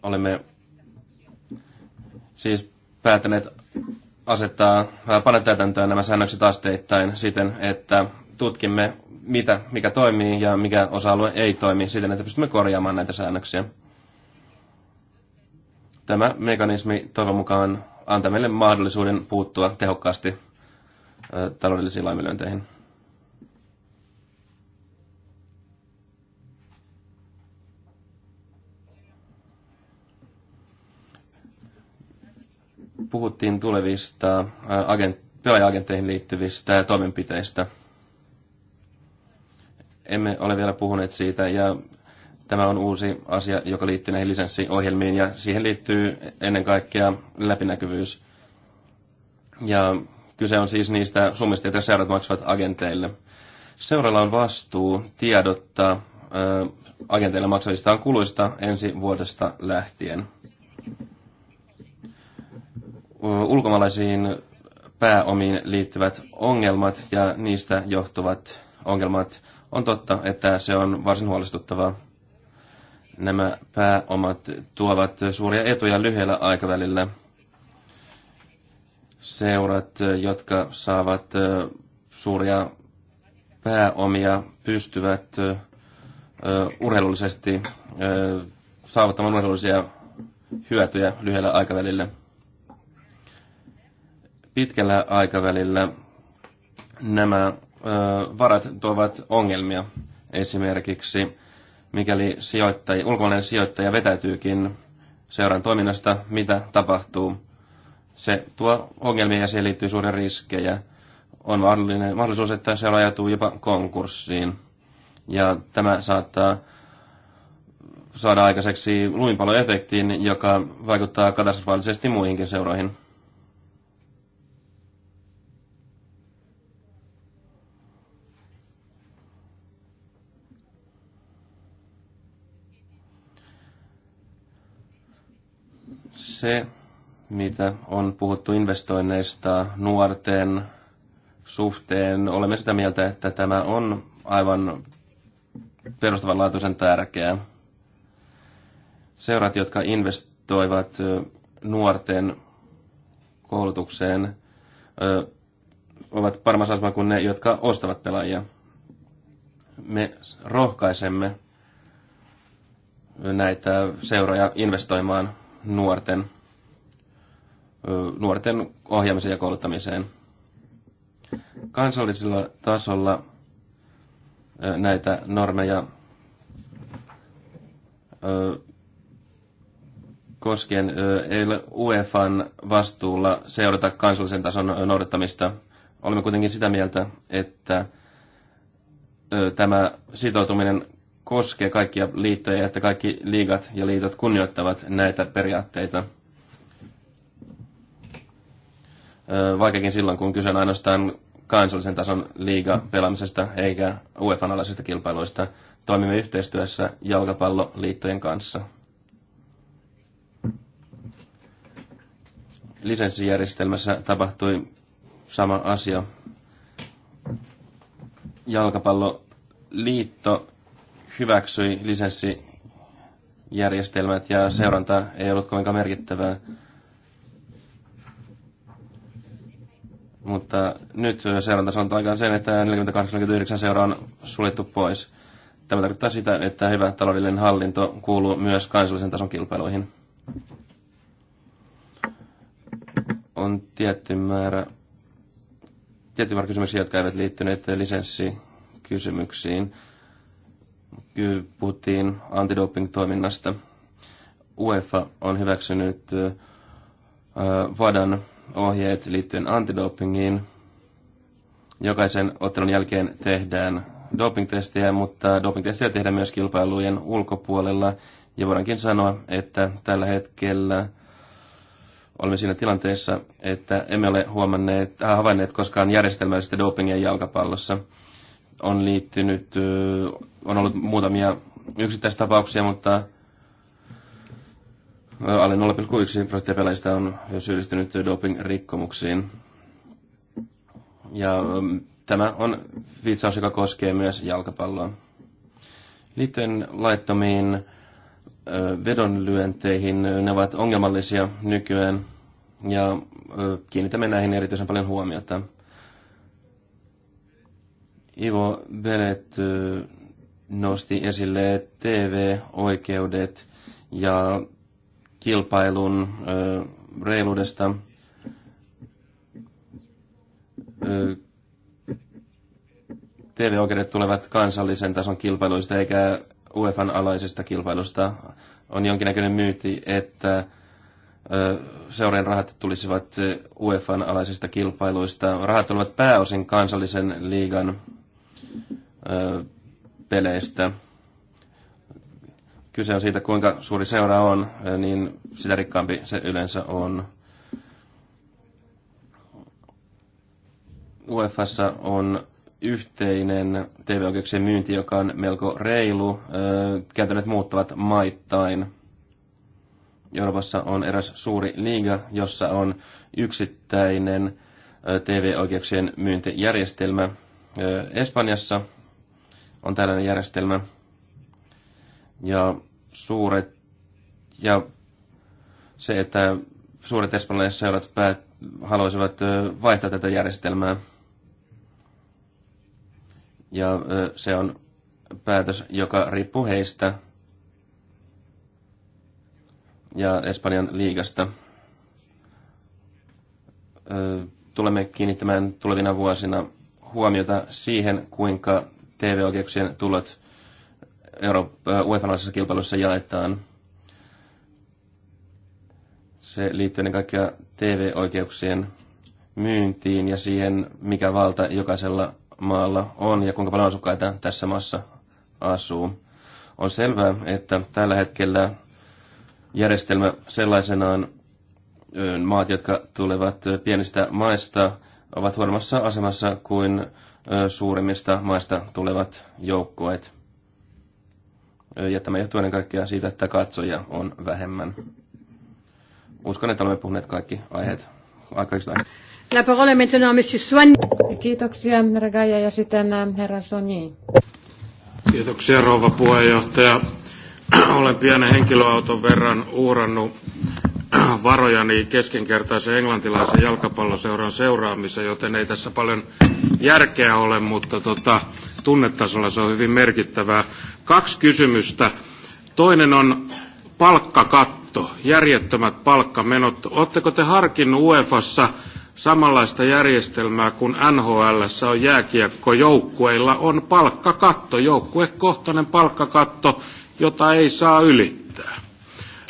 olemme siis päättäneet asettaa, äh, panna täytäntöön nämä säännökset asteittain siten, että tutkimme, mitä, mikä toimii ja mikä osa-alue ei toimi siten, että pystymme korjaamaan näitä säännöksiä. Tämä mekanismi toivon mukaan antaa meille mahdollisuuden puuttua tehokkaasti taloudellisiin laiminlyönteihin. Puhuttiin tulevista agent, pelaaja-agentteihin liittyvistä toimenpiteistä. Emme ole vielä puhuneet siitä ja Tämä on uusi asia, joka liittyy näihin lisenssiohjelmiin ja siihen liittyy ennen kaikkea läpinäkyvyys. Ja kyse on siis niistä summista, joita seurat maksavat agenteille. Seuralla on vastuu tiedottaa ö, agenteille maksavistaan kuluista ensi vuodesta lähtien. Ulkomaalaisiin pääomiin liittyvät ongelmat ja niistä johtuvat ongelmat. On totta, että se on varsin huolestuttavaa Nämä pääomat tuovat suuria etuja lyhyellä aikavälillä. Seurat, jotka saavat suuria pääomia, pystyvät urheilullisesti saavuttamaan urheilullisia hyötyjä lyhyellä aikavälillä. Pitkällä aikavälillä nämä varat tuovat ongelmia. Esimerkiksi Mikäli sijoittaja, ulkomainen sijoittaja vetäytyykin seuran toiminnasta, mitä tapahtuu? Se tuo ongelmia ja siihen liittyy suuria riskejä. On mahdollinen, mahdollisuus, että seura ajatuu jopa konkurssiin. Ja tämä saattaa saada aikaiseksi luinpaloefektiin, joka vaikuttaa katastrofaalisesti muihinkin seuroihin. se, mitä on puhuttu investoinneista nuorten suhteen, olemme sitä mieltä, että tämä on aivan perustavanlaatuisen tärkeää. Seurat, jotka investoivat nuorten koulutukseen, ovat paremmassa asemassa kuin ne, jotka ostavat pelaajia. Me rohkaisemme näitä seuroja investoimaan nuorten, nuorten ohjaamiseen ja kouluttamiseen. Kansallisella tasolla näitä normeja koskien ei ole UEFan vastuulla seurata kansallisen tason noudattamista. Olemme kuitenkin sitä mieltä, että tämä sitoutuminen koskee kaikkia liittoja että kaikki liigat ja liitot kunnioittavat näitä periaatteita. Vaikkakin silloin, kun kyse on ainoastaan kansallisen tason liiga pelaamisesta eikä UEFA-alaisista kilpailuista, toimimme yhteistyössä jalkapalloliittojen kanssa. Lisenssijärjestelmässä tapahtui sama asia. Jalkapalloliitto hyväksyi lisenssijärjestelmät ja seuranta ei ollut kovinkaan merkittävää. Mutta nyt seuranta sanotaan aikaan sen, että 48-49 seura on suljettu pois. Tämä tarkoittaa sitä, että hyvä taloudellinen hallinto kuuluu myös kansallisen tason kilpailuihin. On tietty määrä, tietty määrä kysymyksiä, jotka eivät liittyneet lisenssikysymyksiin puhuttiin antidoping-toiminnasta. UEFA on hyväksynyt VADAN ohjeet liittyen antidopingiin. Jokaisen ottelun jälkeen tehdään dopingtestejä, mutta dopingtestejä tehdään myös kilpailujen ulkopuolella. Ja voidaankin sanoa, että tällä hetkellä olemme siinä tilanteessa, että emme ole huomanneet, äh, havainneet koskaan järjestelmällistä dopingia jalkapallossa – on liittynyt, on ollut muutamia yksittäistapauksia, mutta alle 0,1 prosenttia pelaajista on jo syyllistynyt doping-rikkomuksiin. Ja tämä on viitsaus, joka koskee myös jalkapalloa. Liittyen laittomiin vedonlyönteihin, ne ovat ongelmallisia nykyään ja kiinnitämme näihin erityisen paljon huomiota. Ivo Benet nosti esille TV-oikeudet ja kilpailun reiluudesta. TV-oikeudet tulevat kansallisen tason kilpailuista eikä UEFan alaisesta kilpailusta. On jonkinnäköinen myyti, että seurien rahat tulisivat UEFan alaisista kilpailuista. Rahat tulevat pääosin kansallisen liigan peleistä. Kyse on siitä, kuinka suuri seura on, niin sitä rikkaampi se yleensä on. UEFassa on yhteinen TV-oikeuksien myynti, joka on melko reilu. Käytännöt muuttavat maittain. Euroopassa on eräs suuri liiga, jossa on yksittäinen TV-oikeuksien myyntijärjestelmä, Espanjassa on tällainen järjestelmä ja suuret ja se, että suuret espanjalaiset seurat päät, haluaisivat vaihtaa tätä järjestelmää. Ja se on päätös, joka riippuu heistä ja Espanjan liigasta. Tulemme kiinnittämään tulevina vuosina huomiota siihen, kuinka TV-oikeuksien tulot uefa alaisessa kilpailussa jaetaan. Se liittyy ennen kaikkea TV-oikeuksien myyntiin ja siihen, mikä valta jokaisella maalla on ja kuinka paljon asukkaita tässä maassa asuu. On selvää, että tällä hetkellä järjestelmä sellaisenaan maat, jotka tulevat pienistä maista, ovat huonommassa asemassa kuin suurimmista maista tulevat joukkueet. Ja tämä johtuu ennen kaikkea siitä, että katsoja on vähemmän. Uskon, että olemme puhuneet kaikki aiheet. Aikaista La parole maintenant monsieur Kiitoksia, herra Gaia, ja sitten äh, herra Sonji. Kiitoksia, rouva puheenjohtaja. Olen pienen henkilöauton verran uurannut varojani keskinkertaisen englantilaisen jalkapalloseuran seuraamiseen, joten ei tässä paljon järkeä ole, mutta tota, tunnetasolla se on hyvin merkittävää. Kaksi kysymystä. Toinen on palkkakatto, järjettömät palkkamenot. Oletteko te harkinnut UEFassa samanlaista järjestelmää kuin NHL on jääkiekkojoukkueilla on palkkakatto, joukkuekohtainen palkkakatto, jota ei saa ylittää?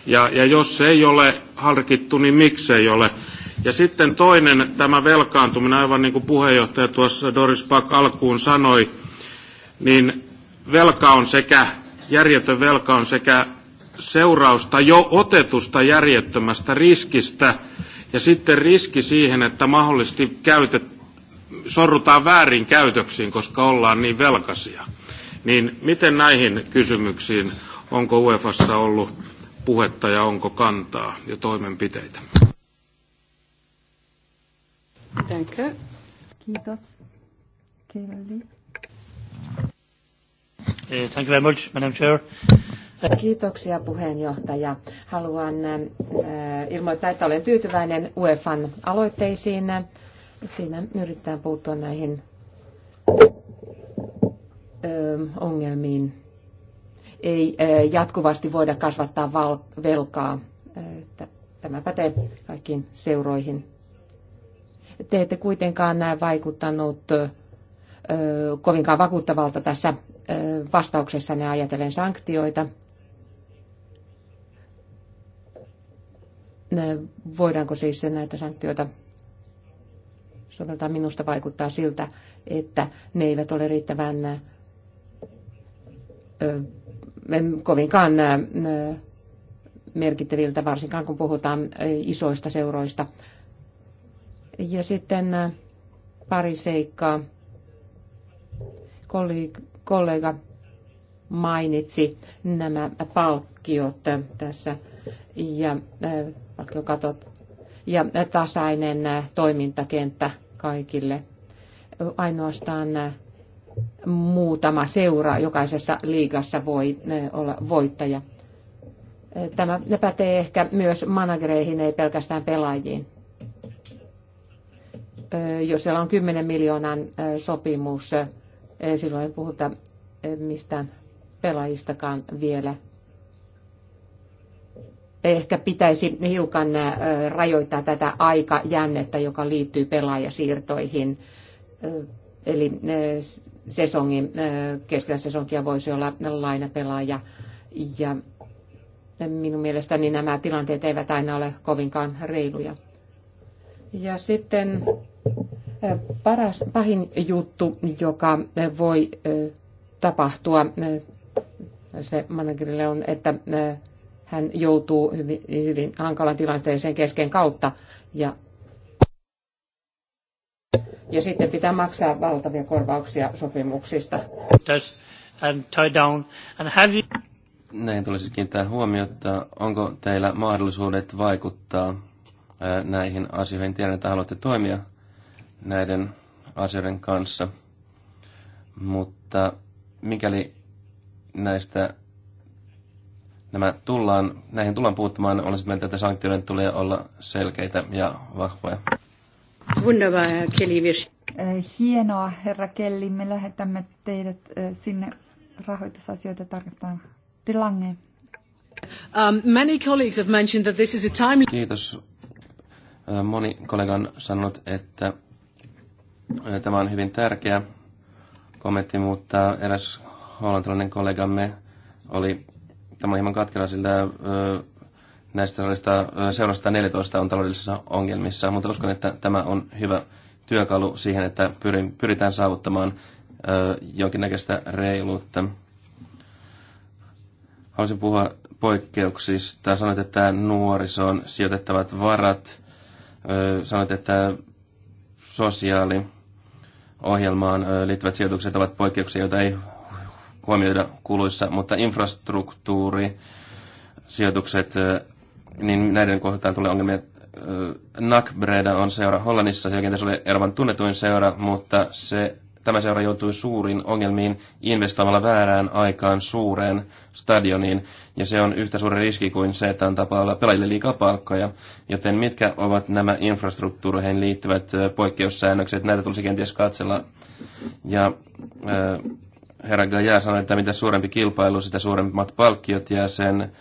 Ja, ja jos se ei ole harkittu, niin miksei ole. Ja sitten toinen, tämä velkaantuminen, aivan niin kuin puheenjohtaja tuossa Doris Pak alkuun sanoi, niin velka on sekä, järjetön velka on sekä seurausta jo otetusta järjettömästä riskistä ja sitten riski siihen, että mahdollisesti käytet, sorrutaan väärin käytöksiin, koska ollaan niin velkaisia. Niin miten näihin kysymyksiin onko UEFassa ollut puhetta ja onko kantaa ja toimenpiteitä? Danke. Kiitos. Kelly. Eh, thank you very much, Madam Chair. Kiitoksia puheenjohtaja. Haluan eh, ilmoittaa, että olen tyytyväinen UEFan aloitteisiin. Siinä yritetään puuttua näihin eh, ongelmiin ei jatkuvasti voida kasvattaa velkaa. Tämä pätee kaikkiin seuroihin. Te ette kuitenkaan näe vaikuttanut kovinkaan vakuuttavalta tässä vastauksessa ne ajatellen sanktioita. Voidaanko siis näitä sanktioita soveltaa? Minusta vaikuttaa siltä, että ne eivät ole riittävän kovinkaan merkittäviltä, varsinkaan kun puhutaan isoista seuroista. Ja sitten pari seikkaa. Kollega mainitsi nämä palkkiot tässä ja palkkiokatot ja tasainen toimintakenttä kaikille. Ainoastaan muutama seura jokaisessa liigassa voi olla voittaja. Tämä pätee ehkä myös managereihin, ei pelkästään pelaajiin. Jos siellä on 10 miljoonan sopimus, silloin ei puhuta mistään pelaajistakaan vielä. Ehkä pitäisi hiukan rajoittaa tätä aikajännettä, joka liittyy pelaajasiirtoihin. Eli sesongin, keskellä sesonkia voisi olla lainapelaaja. Ja minun mielestäni nämä tilanteet eivät aina ole kovinkaan reiluja. Ja sitten paras, pahin juttu, joka voi tapahtua se managerille on, että hän joutuu hyvin, hyvin hankalan tilanteeseen kesken kautta ja ja sitten pitää maksaa valtavia korvauksia sopimuksista. Näin tulisi siis kiinnittää huomiota. Onko teillä mahdollisuudet vaikuttaa näihin asioihin? Tiedän, että haluatte toimia näiden asioiden kanssa, mutta mikäli näistä nämä tullaan, näihin tullaan puuttumaan, olisi mieltä, että sanktioiden tulee olla selkeitä ja vahvoja. Wunderbar, Herr Kelly. Eh, hienoa, herra Kelly. Me lähetämme teidät eh, sinne rahoitusasioita tarkoittaa. De Lange. Um, many colleagues have mentioned that this is a timely... Kiitos. Eh, moni kollega on sanonut, että tämä on hyvin tärkeä kommentti, mutta eräs hollantilainen kollegamme oli, tämä oli hieman katkera, sillä näistä äh, seurasta 14 on taloudellisissa ongelmissa, mutta uskon, että tämä on hyvä työkalu siihen, että pyrin, pyritään saavuttamaan ö, äh, jonkinnäköistä reiluutta. Haluaisin puhua poikkeuksista. Sanoit, että nuorisoon sijoitettavat varat. Ö, äh, sanoit, että sosiaali ohjelmaan liittyvät sijoitukset ovat poikkeuksia, joita ei huomioida kuluissa, mutta infrastruktuuri, sijoitukset niin näiden kohtaan tulee ongelmia. Nakbreda on seura Hollannissa, se kenties oli Ervan tunnetuin seura, mutta se, tämä seura joutui suuriin ongelmiin investoimalla väärään aikaan suureen stadioniin, ja se on yhtä suuri riski kuin se, että on olla pelaajille liikaa palkkoja. Joten mitkä ovat nämä infrastruktuureihin liittyvät poikkeussäännökset? Näitä tulisi kenties katsella. Ja herra Gaja sanoi, että mitä suurempi kilpailu, sitä suuremmat palkkiot ja sen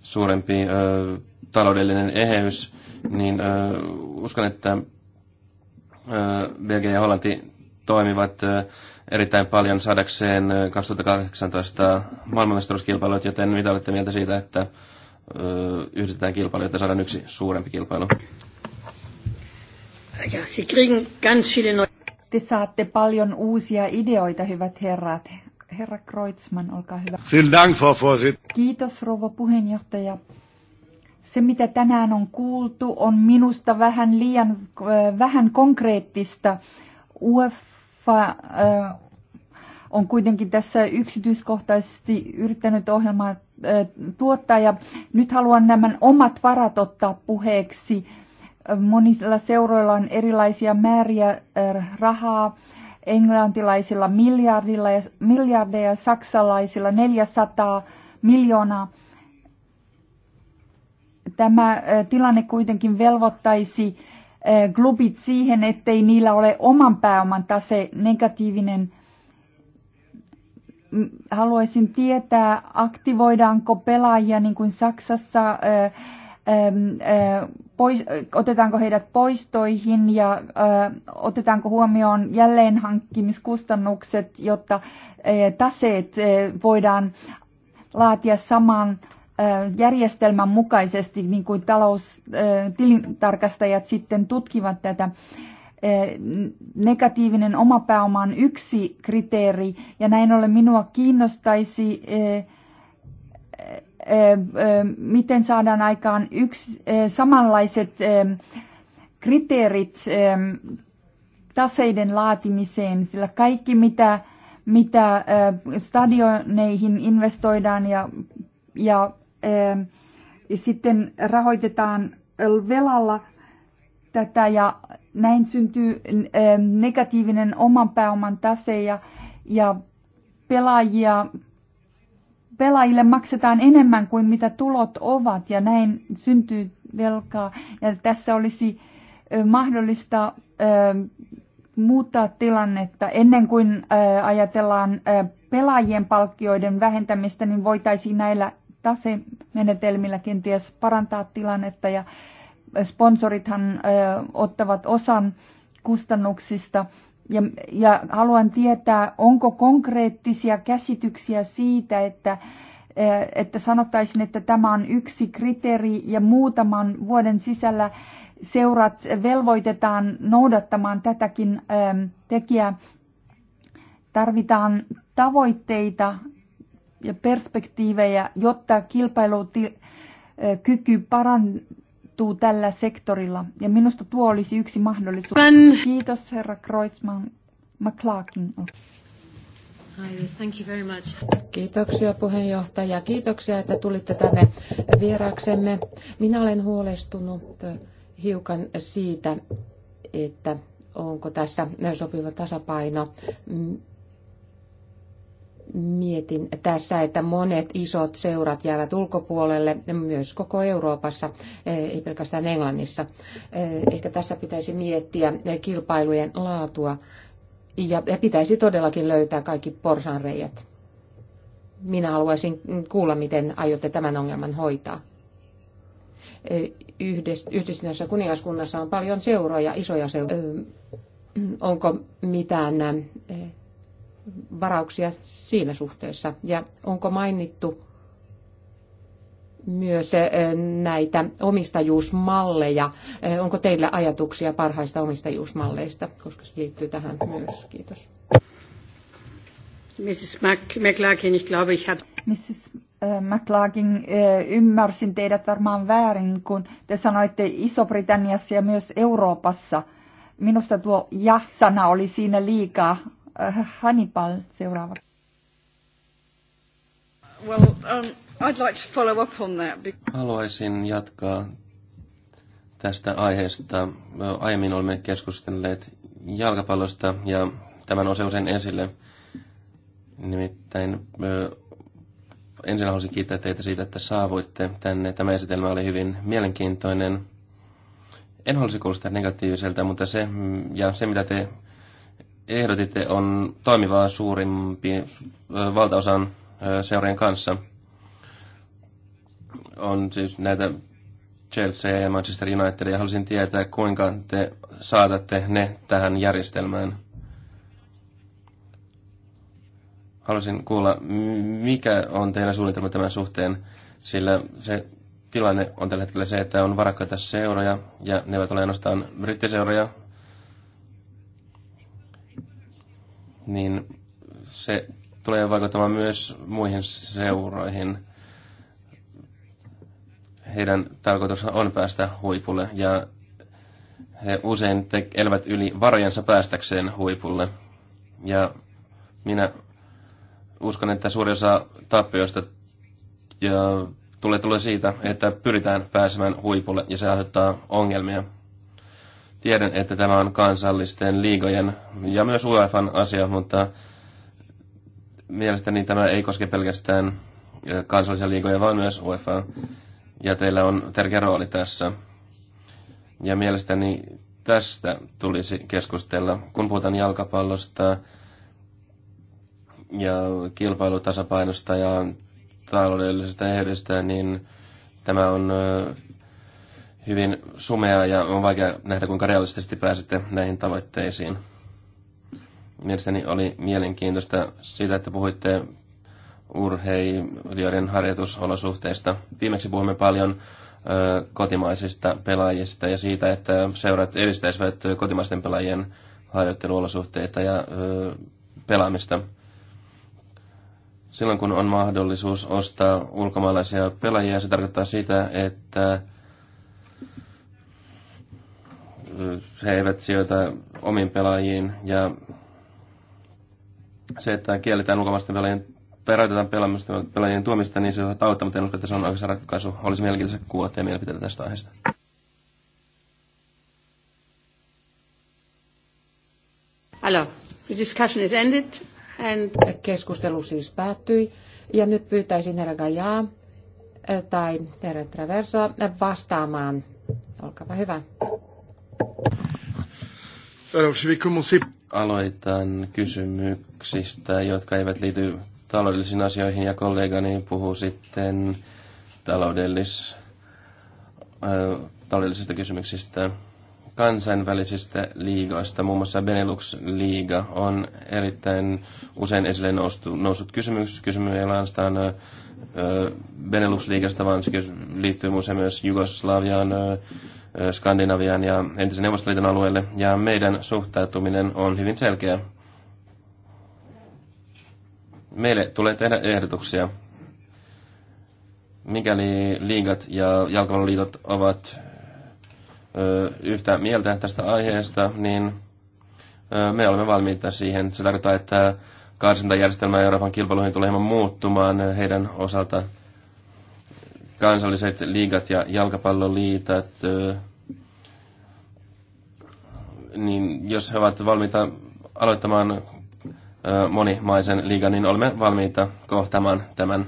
suurempi ö, taloudellinen eheys, niin ö, uskon, että ö, Belgia ja Hollanti toimivat ö, erittäin paljon saadakseen 2018 maailmanmestaruuskilpailut, joten mitä olette mieltä siitä, että ö, yhdistetään kilpailu, että saadaan yksi suurempi kilpailu? Ja, ganz viele Te saatte paljon uusia ideoita, hyvät herrat. Herra Kreutzmann, olkaa hyvä. Dank, Frau Kiitos, rouva puheenjohtaja. Se, mitä tänään on kuultu, on minusta vähän liian äh, vähän konkreettista. UEFA äh, on kuitenkin tässä yksityiskohtaisesti yrittänyt ohjelmaa äh, tuottaa ja nyt haluan nämä omat varat ottaa puheeksi. Monilla seuroilla on erilaisia määriä rahaa, englantilaisilla miljardilla ja, miljardeja, saksalaisilla 400 miljoonaa. Tämä tilanne kuitenkin velvoittaisi klubit siihen, ettei niillä ole oman pääoman tase negatiivinen. Haluaisin tietää, aktivoidaanko pelaajia niin kuin Saksassa, pois, otetaanko heidät poistoihin ja otetaanko huomioon jälleenhankkimiskustannukset, jotta taseet voidaan laatia saman järjestelmän mukaisesti, niin kuin taloustilintarkastajat sitten tutkivat tätä, negatiivinen oma pääoma on yksi kriteeri, ja näin ollen minua kiinnostaisi, miten saadaan aikaan yksi, samanlaiset kriteerit taseiden laatimiseen, sillä kaikki mitä, mitä stadioneihin investoidaan ja, ja Ehm, sitten rahoitetaan velalla tätä ja näin syntyy ehm, negatiivinen oman pääoman tase ja, ja pelaajia, pelaajille maksetaan enemmän kuin mitä tulot ovat ja näin syntyy velkaa. Ja tässä olisi mahdollista ehm, muuttaa tilannetta ennen kuin ajatellaan pelaajien palkkioiden vähentämistä, niin voitaisiin näillä tasemenetelmillä kenties parantaa tilannetta ja sponsorithan ottavat osan kustannuksista. Ja, ja haluan tietää, onko konkreettisia käsityksiä siitä, että, että sanottaisin, että tämä on yksi kriteeri ja muutaman vuoden sisällä seurat velvoitetaan noudattamaan tätäkin tekijää. Tarvitaan tavoitteita ja perspektiivejä, jotta kilpailukyky parantuu tällä sektorilla. Ja minusta tuo olisi yksi mahdollisuus. Kiitos herra Kreutzmann. McClarkin. Thank you very much. Kiitoksia puheenjohtaja. Kiitoksia, että tulitte tänne vieraaksemme. Minä olen huolestunut hiukan siitä, että onko tässä sopiva tasapaino mietin tässä, että monet isot seurat jäävät ulkopuolelle, myös koko Euroopassa, eh, ei pelkästään Englannissa. Eh, ehkä tässä pitäisi miettiä eh, kilpailujen laatua ja pitäisi todellakin löytää kaikki porsanreijät. Minä haluaisin kuulla, miten aiotte tämän ongelman hoitaa. Yhdistyneessä kuningaskunnassa on paljon seuroja, isoja seuroja. Onko mitään varauksia siinä suhteessa? Ja onko mainittu myös eh, näitä omistajuusmalleja? Eh, onko teillä ajatuksia parhaista omistajuusmalleista, koska se liittyy tähän myös? Kiitos. Mrs. McLagin, ich glaube, ich had... Mrs. Eh, McLagin, ymmärsin teidät varmaan väärin, kun te sanoitte Iso-Britanniassa ja myös Euroopassa. Minusta tuo ja-sana oli siinä liikaa. Äh, Hannibal seuraavaksi. Well, um, I'd like to follow up on that. Haluaisin jatkaa tästä aiheesta. Aiemmin olemme keskustelleet jalkapallosta ja tämä nousee usein esille. Nimittäin ensin haluaisin kiittää teitä siitä, että saavuitte tänne. Tämä esitelmä oli hyvin mielenkiintoinen. En haluaisi kuulostaa negatiiviselta, mutta se, ja se mitä te ehdotitte, on toimivaa suurimpi valtaosan seurien kanssa. On siis näitä Chelsea ja Manchester United, ja halusin tietää, kuinka te saatatte ne tähän järjestelmään. Haluaisin kuulla, mikä on teidän suunnitelma tämän suhteen, sillä se tilanne on tällä hetkellä se, että on varakkaita seuroja, ja ne ovat ole ainoastaan brittiseuroja, niin se tulee vaikuttamaan myös muihin seuroihin. Heidän tarkoituksensa on päästä huipulle ja he usein te- elävät yli varojensa päästäkseen huipulle. Ja minä uskon, että suurin osa tappioista ja tulee tulee siitä, että pyritään pääsemään huipulle ja se aiheuttaa ongelmia Tiedän, että tämä on kansallisten liigojen ja myös UEFan asia, mutta mielestäni tämä ei koske pelkästään kansallisia liigoja, vaan myös UEFA. Ja teillä on tärkeä rooli tässä. Ja mielestäni tästä tulisi keskustella, kun puhutaan jalkapallosta ja kilpailutasapainosta ja taloudellisesta ehdistä, niin tämä on hyvin sumea ja on vaikea nähdä, kuinka realistisesti pääsette näihin tavoitteisiin. Mielestäni oli mielenkiintoista sitä, että puhuitte urheilijoiden harjoitusolosuhteista. Viimeksi puhumme paljon ö, kotimaisista pelaajista ja siitä, että seurat edistäisivät kotimaisten pelaajien harjoitteluolosuhteita ja ö, pelaamista. Silloin kun on mahdollisuus ostaa ulkomaalaisia pelaajia, se tarkoittaa sitä, että he eivät sijoita omiin pelaajiin ja se, että kielletään ulkomaisten pelaajien tai rajoitetaan pelaamista, pelaajien tuomista, niin se on tautta, mutta en usko, että se on oikeassa ratkaisu. Olisi mielenkiintoista kuulla teidän mielipiteitä tästä aiheesta. Hello, the discussion is ended and... Keskustelu siis päättyi ja nyt pyytäisin herra Gajaa eh, tai herra Traversoa eh, vastaamaan. Olkaapa hyvä. Aloitan kysymyksistä, jotka eivät liity taloudellisiin asioihin, ja kollegani puhuu sitten taloudellis, äh, taloudellisista kysymyksistä kansainvälisistä liigoista. Muun muassa Benelux-liiga on erittäin usein esille noussut, noussut kysymys. Kysymys ei ole ainoastaan Benelux-liigasta, vaan se liittyy usein myös Jugoslaviaan, Äh, Skandinavian ja entisen Neuvostoliiton alueelle, ja meidän suhtautuminen on hyvin selkeä. Meille tulee tehdä ehdotuksia, mikäli liigat ja jalkapalloliitot ovat ö, yhtä mieltä tästä aiheesta, niin ö, me olemme valmiita siihen. Se tarkoittaa, että karsintajärjestelmä Euroopan kilpailuihin tulee hieman muuttumaan heidän osalta kansalliset liigat ja jalkapalloliitat, niin jos he ovat valmiita aloittamaan monimaisen liigan, niin olemme valmiita kohtamaan tämän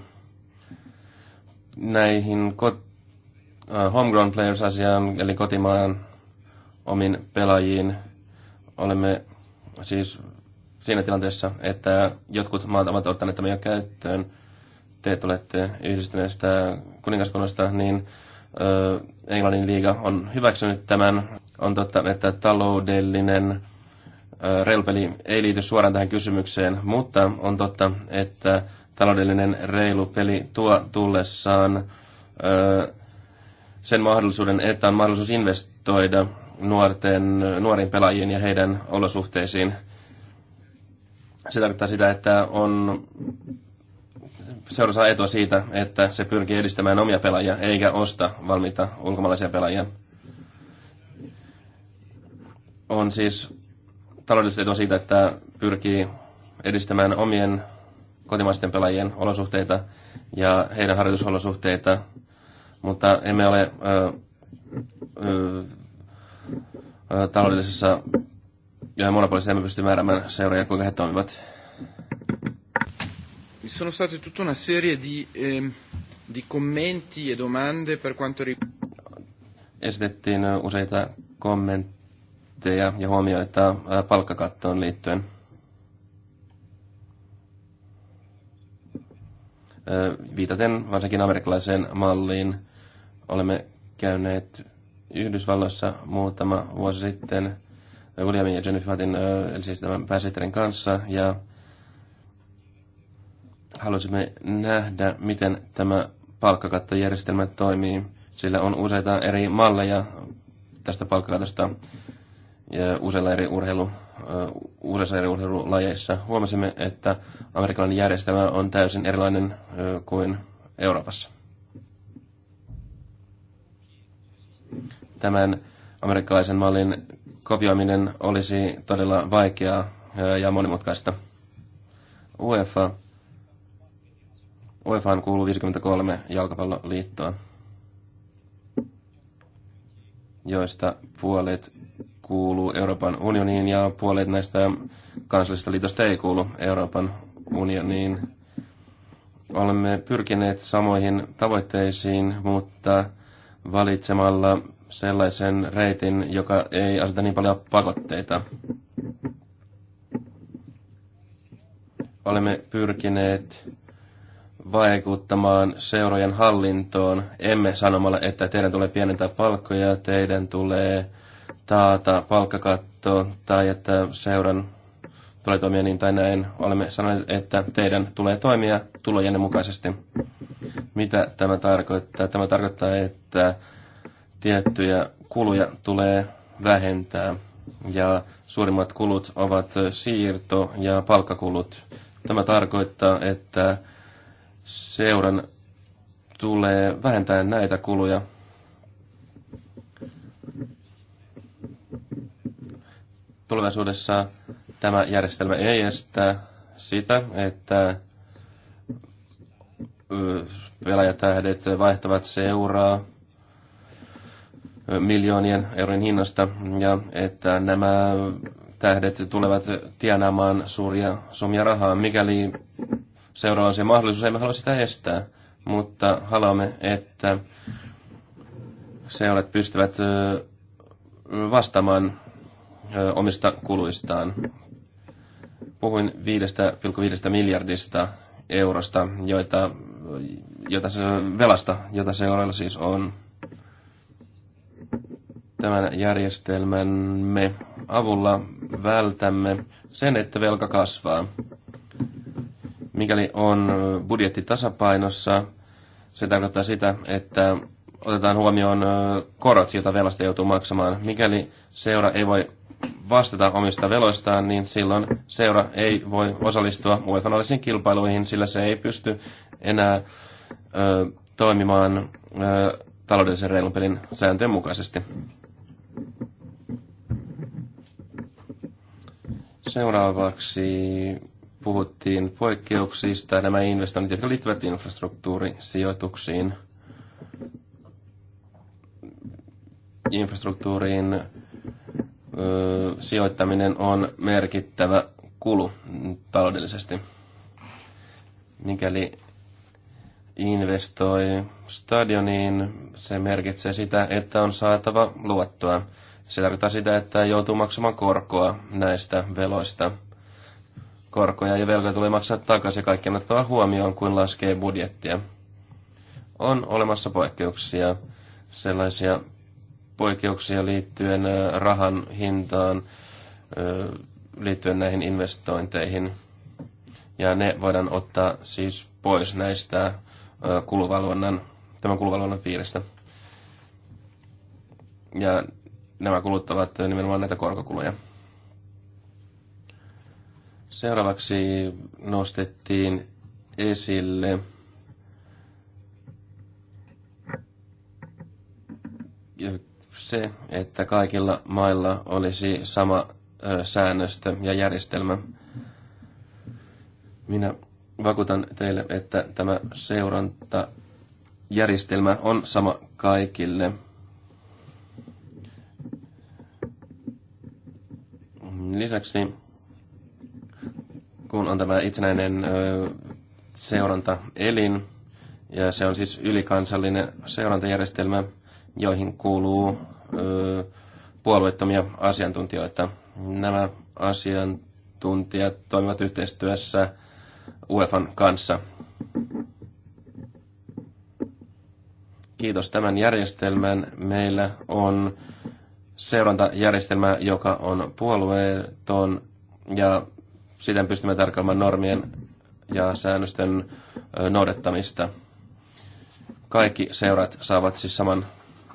näihin kot- homegrown players-asiaan, eli kotimaan omin pelaajiin. Olemme siis siinä tilanteessa, että jotkut maat ovat ottaneet tämän jo käyttöön, te olette yhdistyneestä kuningaskunnasta, niin Englannin liiga on hyväksynyt tämän. On totta, että taloudellinen reilupeli ei liity suoraan tähän kysymykseen, mutta on totta, että taloudellinen reilu peli tuo tullessaan sen mahdollisuuden, että on mahdollisuus investoida nuorten, nuoriin pelaajiin ja heidän olosuhteisiin. Se tarkoittaa sitä, että on seura saa etua siitä, että se pyrkii edistämään omia pelaajia, eikä osta valmiita ulkomaalaisia pelaajia. On siis taloudellista etua siitä, että pyrkii edistämään omien kotimaisten pelaajien olosuhteita ja heidän harjoitusolosuhteita, mutta emme ole ö, ö, ö, taloudellisessa ja monopolissa emme pysty määräämään seuraajia, kuinka he toimivat. Ci sono state tutta una serie di, eh, di commenti e domande per quanto riguarda... Esitettiin useita kommentteja ja huomioita palkkakattoon liittyen. Viitaten varsinkin amerikkalaiseen malliin olemme käyneet Yhdysvalloissa muutama vuosi sitten Williamin ja Jennifer Hattin, eli siis tämän pääsihteerin kanssa, ja Halusimme nähdä, miten tämä palkkakattojärjestelmä toimii. Sillä on useita eri malleja tästä palkkakatosta ja useilla eri urheilu, useissa eri urheilulajeissa. Huomasimme, että amerikkalainen järjestelmä on täysin erilainen kuin Euroopassa. Tämän amerikkalaisen mallin kopioiminen olisi todella vaikeaa ja monimutkaista. UEFA UEFAan kuuluu 53 jalkapalloliittoa, joista puolet kuuluu Euroopan unioniin ja puolet näistä kansallisista liitosta ei kuulu Euroopan unioniin. Olemme pyrkineet samoihin tavoitteisiin, mutta valitsemalla sellaisen reitin, joka ei aseta niin paljon pakotteita. Olemme pyrkineet vaikuttamaan seurojen hallintoon, emme sanomalla, että teidän tulee pienentää palkkoja, teidän tulee taata palkkakatto tai että seuran tulee toimia niin tai näin. Olemme sanoneet, että teidän tulee toimia tulojenne mukaisesti. Mitä tämä tarkoittaa? Tämä tarkoittaa, että tiettyjä kuluja tulee vähentää ja suurimmat kulut ovat siirto- ja palkkakulut. Tämä tarkoittaa, että seuran tulee vähentää näitä kuluja. Tulevaisuudessa tämä järjestelmä ei estä sitä, että pelaajatähdet vaihtavat seuraa miljoonien eurojen hinnasta ja että nämä tähdet tulevat tienaamaan suuria summia rahaa, mikäli seuraava on se mahdollisuus, emme halua sitä estää, mutta haluamme, että seurat pystyvät vastaamaan omista kuluistaan. Puhuin 5,5 miljardista eurosta, joita, jota se, velasta, jota seuroilla siis on. Tämän järjestelmän me avulla vältämme sen, että velka kasvaa. Mikäli on budjetti tasapainossa, se tarkoittaa sitä, että otetaan huomioon korot, joita velasta joutuu maksamaan. Mikäli seura ei voi vastata omista veloistaan, niin silloin seura ei voi osallistua uefa kilpailuihin, sillä se ei pysty enää ö, toimimaan ö, taloudellisen reilun pelin sääntöjen mukaisesti. Seuraavaksi puhuttiin poikkeuksista, ja nämä investoinnit, jotka liittyvät infrastruktuurisijoituksiin, infrastruktuuriin sijoittaminen on merkittävä kulu taloudellisesti. Mikäli investoi stadioniin, se merkitsee sitä, että on saatava luottoa. Se tarkoittaa sitä, että joutuu maksamaan korkoa näistä veloista – korkoja ja velkoja tulee maksaa takaisin kaikkien ottava huomioon, kun laskee budjettia. On olemassa poikkeuksia, sellaisia poikkeuksia liittyen rahan hintaan, liittyen näihin investointeihin. Ja ne voidaan ottaa siis pois näistä kuluvalvonnan, tämän kuluvalvonnan piiristä. Ja nämä kuluttavat nimenomaan näitä korkokuluja. Seuraavaksi nostettiin esille se, että kaikilla mailla olisi sama säännöstö ja järjestelmä. Minä vakuutan teille, että tämä seurantajärjestelmä on sama kaikille. Lisäksi kun on tämä itsenäinen seurantaelin, ja se on siis ylikansallinen seurantajärjestelmä, joihin kuuluu puolueettomia asiantuntijoita. Nämä asiantuntijat toimivat yhteistyössä UEFan kanssa. Kiitos tämän järjestelmän. Meillä on seurantajärjestelmä, joka on puolueeton ja Siten pystymme tarkkailemaan normien ja säännösten noudattamista. Kaikki seurat saavat siis saman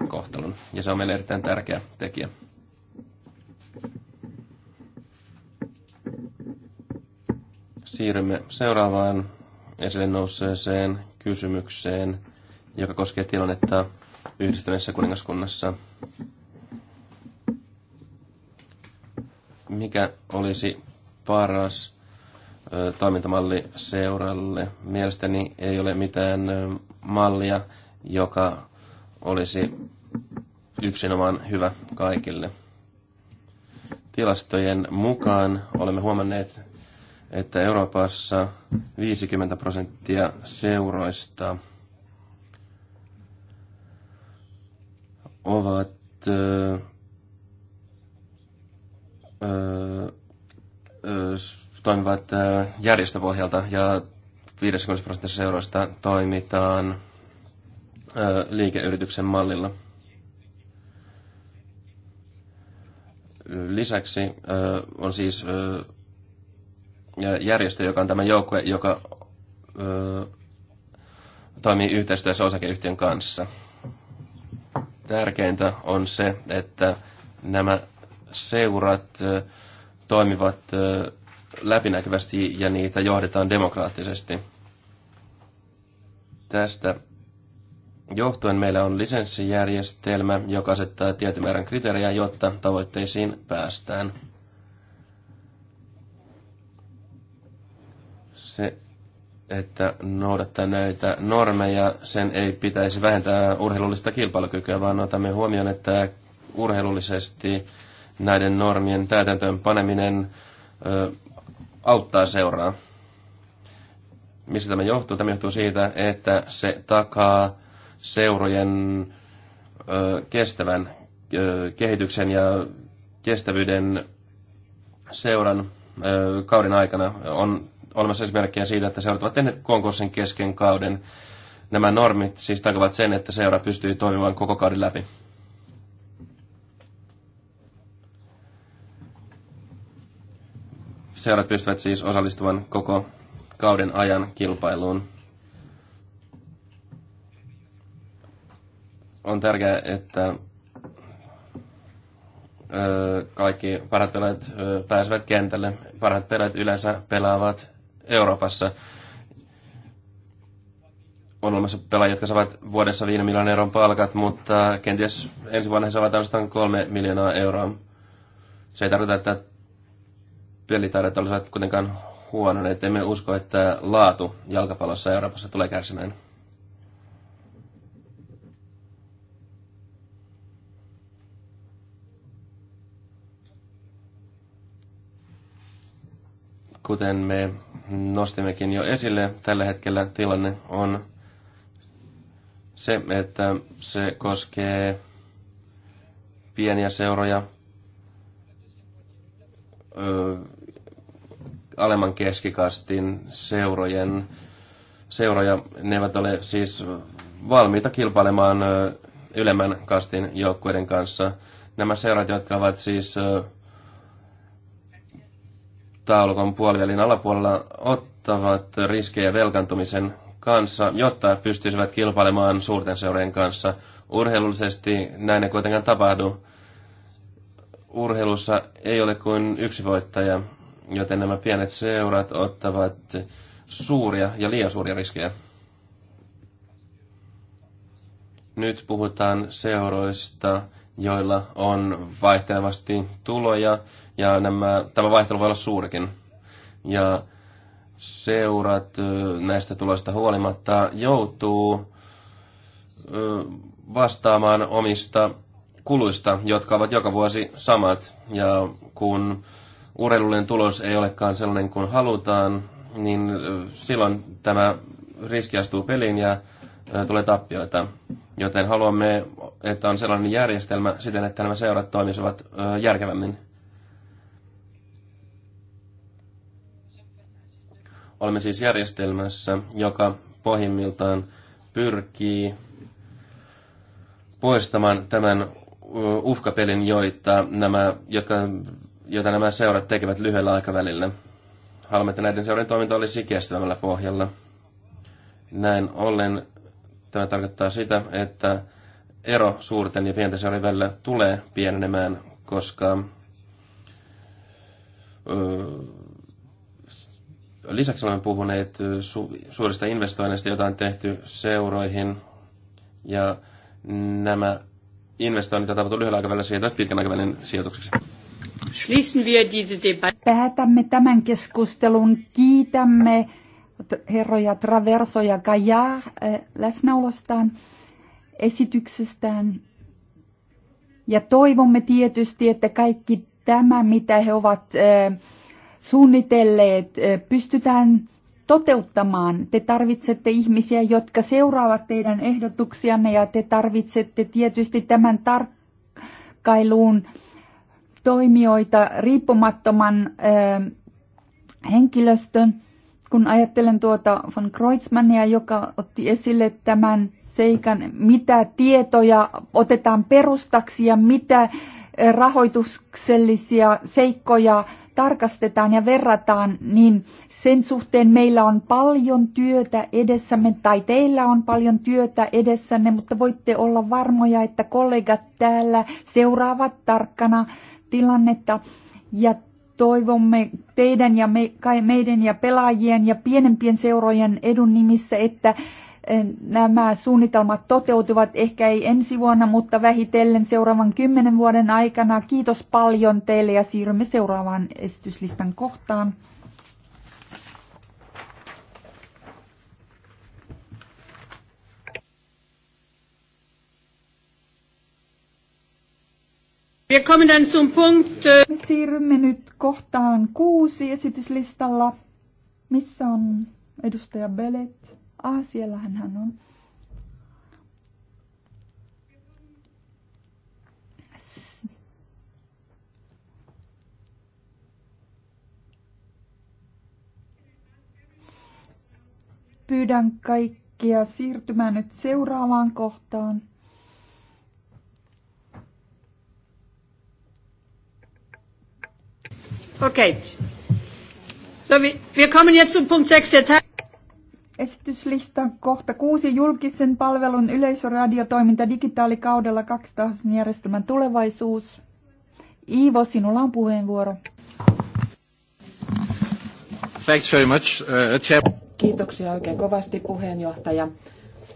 kohtelun, ja se on meille erittäin tärkeä tekijä. Siirrymme seuraavaan esille nousseeseen kysymykseen, joka koskee tilannetta yhdistyneessä kuningaskunnassa. Mikä olisi paras toimintamalli seuralle. Mielestäni ei ole mitään mallia, joka olisi yksinomaan hyvä kaikille. Tilastojen mukaan olemme huomanneet, että Euroopassa 50 prosenttia seuroista ovat öö, öö, toimivat järjestöpohjalta ja 50 prosenttia seuroista toimitaan liikeyrityksen mallilla. Lisäksi on siis järjestö, joka on tämä joukkue, joka toimii yhteistyössä osakeyhtiön kanssa. Tärkeintä on se, että nämä seurat toimivat läpinäkyvästi ja niitä johdetaan demokraattisesti. Tästä johtuen meillä on lisenssijärjestelmä, joka asettaa tietyn määrän kriteerejä, jotta tavoitteisiin päästään. Se, että noudattaa näitä normeja, sen ei pitäisi vähentää urheilullista kilpailukykyä, vaan otamme huomioon, että urheilullisesti näiden normien täytäntöön paneminen ö, auttaa seuraa. Missä tämä johtuu? Tämä johtuu siitä, että se takaa seurojen ö, kestävän ö, kehityksen ja kestävyyden seuran ö, kauden aikana. On olemassa esimerkkejä siitä, että seurat ovat tehneet konkurssin kesken kauden. Nämä normit siis takavat sen, että seura pystyy toimimaan koko kauden läpi. Seurat pystyvät siis osallistuvan koko kauden ajan kilpailuun. On tärkeää, että kaikki parhaat pelaajat pääsevät kentälle. Parhaat pelaajat yleensä pelaavat Euroopassa. On olemassa pelaajia, jotka saavat vuodessa 5 miljoonan euron palkat, mutta kenties ensi vuonna he saavat ainoastaan 3 miljoonaa euroa. Se ei tarkoita, että pelitaidot olisivat kuitenkaan huononeet. Emme usko, että laatu jalkapallossa Euroopassa tulee kärsimään. Kuten me nostimmekin jo esille, tällä hetkellä tilanne on se, että se koskee pieniä seuroja, alemman keskikastin seurojen seuroja. Ne eivät ole siis valmiita kilpailemaan ylemmän kastin joukkueiden kanssa. Nämä seurat, jotka ovat siis taulukon puolivälin alapuolella, ottavat riskejä velkantumisen kanssa, jotta pystyisivät kilpailemaan suurten seurojen kanssa. Urheilullisesti näin ei kuitenkaan tapahdu. Urheilussa ei ole kuin yksi voittaja joten nämä pienet seurat ottavat suuria ja liian suuria riskejä. Nyt puhutaan seuroista, joilla on vaihtelevasti tuloja, ja nämä, tämä vaihtelu voi olla suurikin. Ja seurat näistä tuloista huolimatta joutuu vastaamaan omista kuluista, jotka ovat joka vuosi samat. Ja kun urheilullinen tulos ei olekaan sellainen kuin halutaan, niin silloin tämä riski astuu peliin ja tulee tappioita. Joten haluamme, että on sellainen järjestelmä siten, että nämä seurat toimisivat järkevämmin. Olemme siis järjestelmässä, joka pohjimmiltaan pyrkii poistamaan tämän uhkapelin, joita nämä, jotka jota nämä seurat tekevät lyhyellä aikavälillä. Haluamme, että näiden seurojen toiminta olisi kestävällä pohjalla. Näin ollen tämä tarkoittaa sitä, että ero suurten ja pienten seurojen välillä tulee pienenemään, koska lisäksi olemme puhuneet su- suurista investoinneista, joita on tehty seuroihin, ja nämä investoinnit tapahtuvat lyhyellä aikavälillä siirtyvät pitkän aikavälin sijoitukseksi. Päätämme tämän keskustelun. Kiitämme herroja Traverso ja Gajar äh, läsnäolostaan, esityksestään. Ja toivomme tietysti, että kaikki tämä, mitä he ovat äh, suunnitelleet, äh, pystytään toteuttamaan. Te tarvitsette ihmisiä, jotka seuraavat teidän ehdotuksianne ja te tarvitsette tietysti tämän tarkkailuun toimijoita, riippumattoman henkilöstön. Kun ajattelen tuota von Kreuzmannia, joka otti esille tämän seikan, mitä tietoja otetaan perustaksi ja mitä rahoituksellisia seikkoja tarkastetaan ja verrataan, niin sen suhteen meillä on paljon työtä edessämme tai teillä on paljon työtä edessänne, mutta voitte olla varmoja, että kollegat täällä seuraavat tarkkana tilannetta ja toivomme teidän ja me, kai meidän ja pelaajien ja pienempien seurojen edun nimissä, että eh, nämä suunnitelmat toteutuvat ehkä ei ensi vuonna, mutta vähitellen seuraavan kymmenen vuoden aikana. Kiitos paljon teille ja siirrymme seuraavaan esityslistan kohtaan. Wir Punkt... Äh, Me siirrymme nyt kohtaan kuusi esityslistalla. Missä on edustaja Belet? Ah, siellähän hän on. Pyydän kaikkia siirtymään nyt seuraavaan kohtaan. Okei. Okay. So, wir kommen jetzt zum Punkt 6 der Esityslista kohta 6. julkisen palvelun yleisöradiotoiminta digitaalikaudella 2000 järjestelmän tulevaisuus. Iivo, sinulla on puheenvuoro. Thanks very much, uh, Kiitoksia oikein kovasti puheenjohtaja.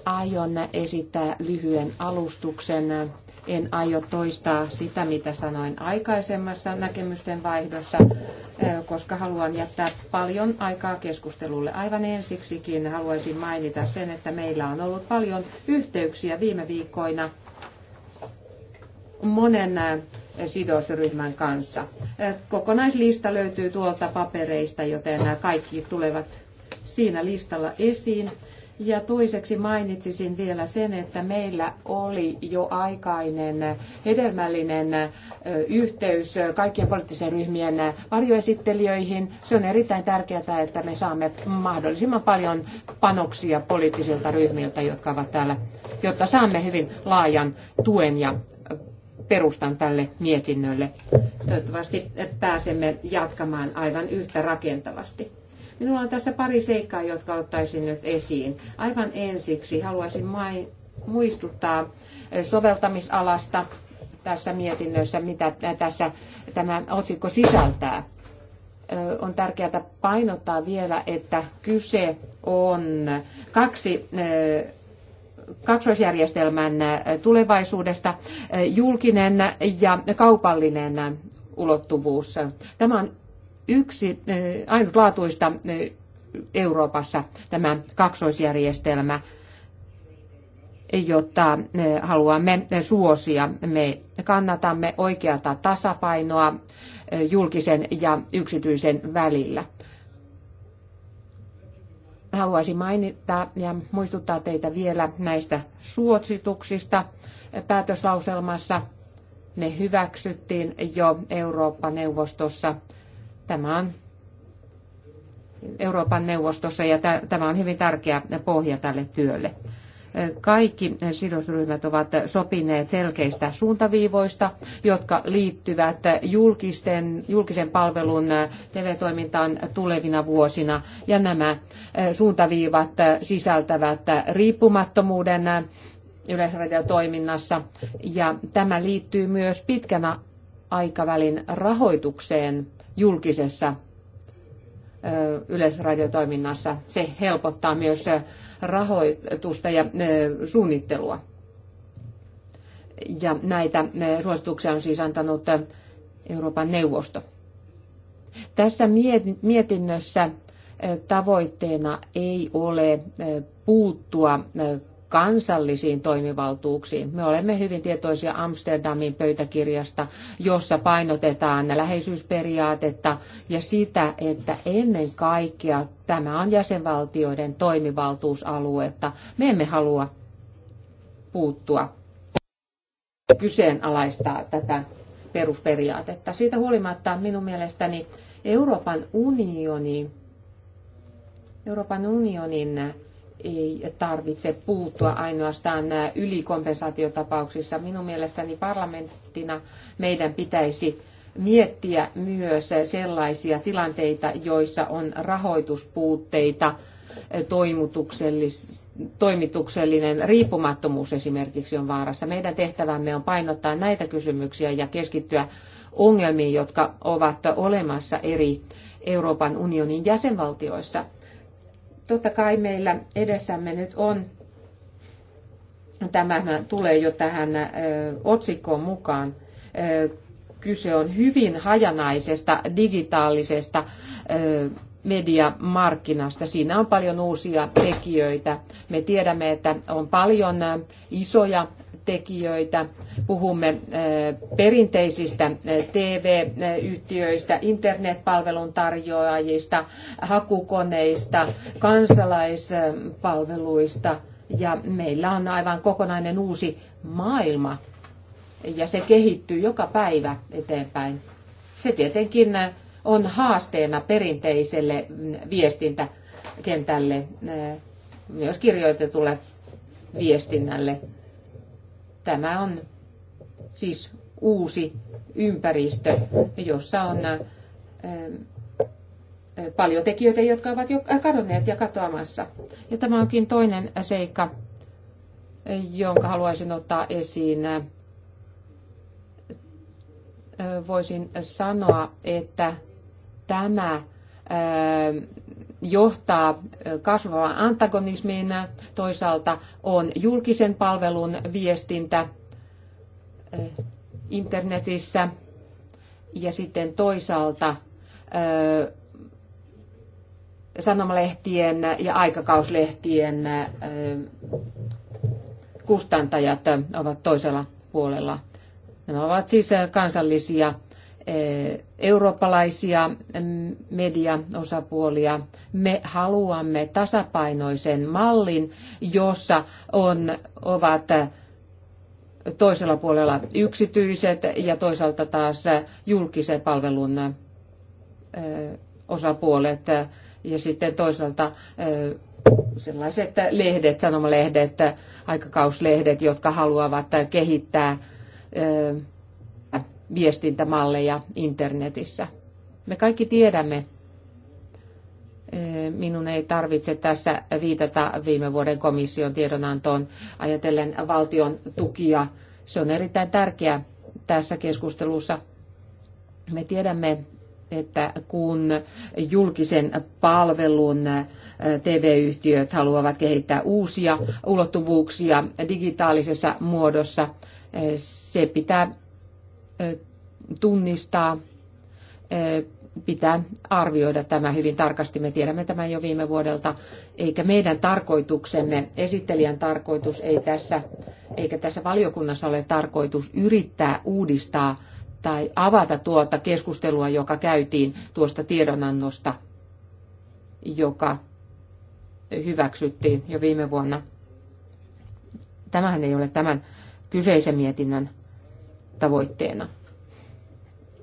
Aion esittää lyhyen alustuksen en aio toistaa sitä, mitä sanoin aikaisemmassa näkemysten vaihdossa, eh, koska haluan jättää paljon aikaa keskustelulle. Aivan ensiksikin haluaisin mainita sen, että meillä on ollut paljon yhteyksiä viime viikkoina monen eh, sidosryhmän kanssa. Eh, kokonaislista löytyy tuolta papereista, joten nämä kaikki tulevat siinä listalla esiin. Ja toiseksi mainitsisin vielä sen, että meillä oli jo aikainen hedelmällinen yhteys kaikkien poliittisen ryhmien varjoesittelijöihin. Se on erittäin tärkeää, että me saamme mahdollisimman paljon panoksia poliittisilta ryhmiltä, jotka ovat täällä, jotta saamme hyvin laajan tuen ja perustan tälle mietinnölle. Toivottavasti pääsemme jatkamaan aivan yhtä rakentavasti. Minulla on tässä pari seikkaa, jotka ottaisin nyt esiin. Aivan ensiksi haluaisin mai- muistuttaa eh, soveltamisalasta tässä mietinnössä, mitä tässä tämä otsikko sisältää. Eh, on tärkeää painottaa vielä, että kyse on kaksi eh, kaksoisjärjestelmän tulevaisuudesta, julkinen ja kaupallinen ulottuvuus. Tämä on yksi ainutlaatuista Euroopassa tämä kaksoisjärjestelmä, jotta haluamme suosia. Me kannatamme oikeata tasapainoa julkisen ja yksityisen välillä. Haluaisin mainita ja muistuttaa teitä vielä näistä suosituksista päätöslauselmassa. Ne hyväksyttiin jo Eurooppa-neuvostossa – Tämä on Euroopan neuvostossa ja tämä on hyvin tärkeä pohja tälle työlle. Kaikki sidosryhmät ovat sopineet selkeistä suuntaviivoista, jotka liittyvät julkisten, julkisen palvelun TV-toimintaan tulevina vuosina. Ja nämä suuntaviivat sisältävät riippumattomuuden yleisradiotoiminnassa. Ja tämä liittyy myös pitkänä aikavälin rahoitukseen julkisessa yleisradiotoiminnassa. Se helpottaa myös rahoitusta ja suunnittelua. Ja näitä suosituksia on siis antanut Euroopan neuvosto. Tässä mietinnössä tavoitteena ei ole puuttua kansallisiin toimivaltuuksiin. Me olemme hyvin tietoisia Amsterdamin pöytäkirjasta, jossa painotetaan läheisyysperiaatetta ja sitä, että ennen kaikkea tämä on jäsenvaltioiden toimivaltuusaluetta. Me emme halua puuttua kyseenalaistaa tätä perusperiaatetta. Siitä huolimatta minun mielestäni Euroopan unioni Euroopan unionin ei tarvitse puuttua ainoastaan ylikompensaatiotapauksissa. Minun mielestäni parlamenttina meidän pitäisi miettiä myös sellaisia tilanteita, joissa on rahoituspuutteita, toimituksellinen riippumattomuus esimerkiksi on vaarassa. Meidän tehtävämme on painottaa näitä kysymyksiä ja keskittyä ongelmiin, jotka ovat olemassa eri Euroopan unionin jäsenvaltioissa – Totta kai meillä edessämme nyt on, tämä tulee jo tähän otsikkoon mukaan, kyse on hyvin hajanaisesta digitaalisesta mediamarkkinasta. Siinä on paljon uusia tekijöitä. Me tiedämme, että on paljon isoja tekijöitä. Puhumme eh, perinteisistä eh, TV-yhtiöistä, internetpalvelun tarjoajista, hakukoneista, kansalaispalveluista ja meillä on aivan kokonainen uusi maailma ja se kehittyy joka päivä eteenpäin. Se tietenkin eh, on haasteena perinteiselle mm, viestintäkentälle, myös kirjoitetulle viestinnälle. Tämä on siis uusi ympäristö, jossa on paljon tekijöitä, jotka ovat jo kadonneet ja katoamassa. Ja tämä onkin toinen seikka, jonka haluaisin ottaa esiin. Voisin sanoa, että tämä johtaa kasvavaan antagonismiin. Toisaalta on julkisen palvelun viestintä internetissä ja sitten toisaalta sanomalehtien ja aikakauslehtien kustantajat ovat toisella puolella. Nämä ovat siis kansallisia Eh, eurooppalaisia mediaosapuolia. Me haluamme tasapainoisen mallin, jossa on, ovat eh, toisella puolella yksityiset ja toisaalta taas eh, julkisen palvelun osapuolet ja sitten toisaalta sellaiset lehdet, sanomalehdet, aikakauslehdet, jotka haluavat kehittää viestintämalleja internetissä. Me kaikki tiedämme, eh, minun ei tarvitse tässä viitata viime vuoden komission tiedonantoon ajatellen valtion tukia. Se on erittäin tärkeä tässä keskustelussa. Me tiedämme, että kun julkisen palvelun eh, TV-yhtiöt haluavat kehittää uusia ulottuvuuksia digitaalisessa muodossa, eh, se pitää tunnistaa, pitää arvioida tämä hyvin tarkasti. Me tiedämme tämän jo viime vuodelta, eikä meidän tarkoituksemme, esittelijän tarkoitus ei tässä, eikä tässä valiokunnassa ole tarkoitus yrittää uudistaa tai avata tuota keskustelua, joka käytiin tuosta tiedonannosta, joka hyväksyttiin jo viime vuonna. Tämähän ei ole tämän kyseisen mietinnön tavoitteena.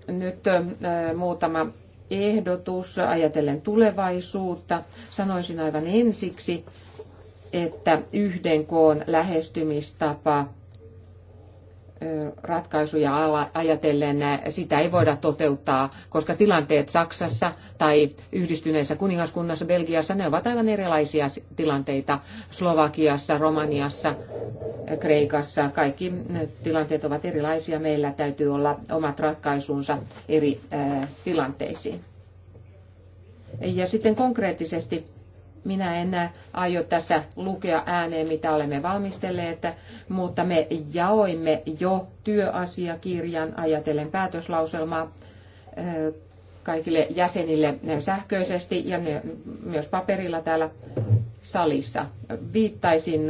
Nyt muutama ehdotus ajatellen tulevaisuutta. Sanoisin aivan ensiksi, että yhden koon lähestymistapa ratkaisuja ajatellen sitä ei voida toteuttaa, koska tilanteet Saksassa tai yhdistyneessä kuningaskunnassa, Belgiassa, ne ovat aivan erilaisia tilanteita. Slovakiassa, Romaniassa, Kreikassa, kaikki tilanteet ovat erilaisia. Meillä täytyy olla omat ratkaisunsa eri tilanteisiin. Ja sitten konkreettisesti minä en aio tässä lukea ääneen, mitä olemme valmistelleet, mutta me jaoimme jo työasiakirjan ajatellen päätöslauselmaa kaikille jäsenille sähköisesti ja myös paperilla täällä salissa. Viittaisin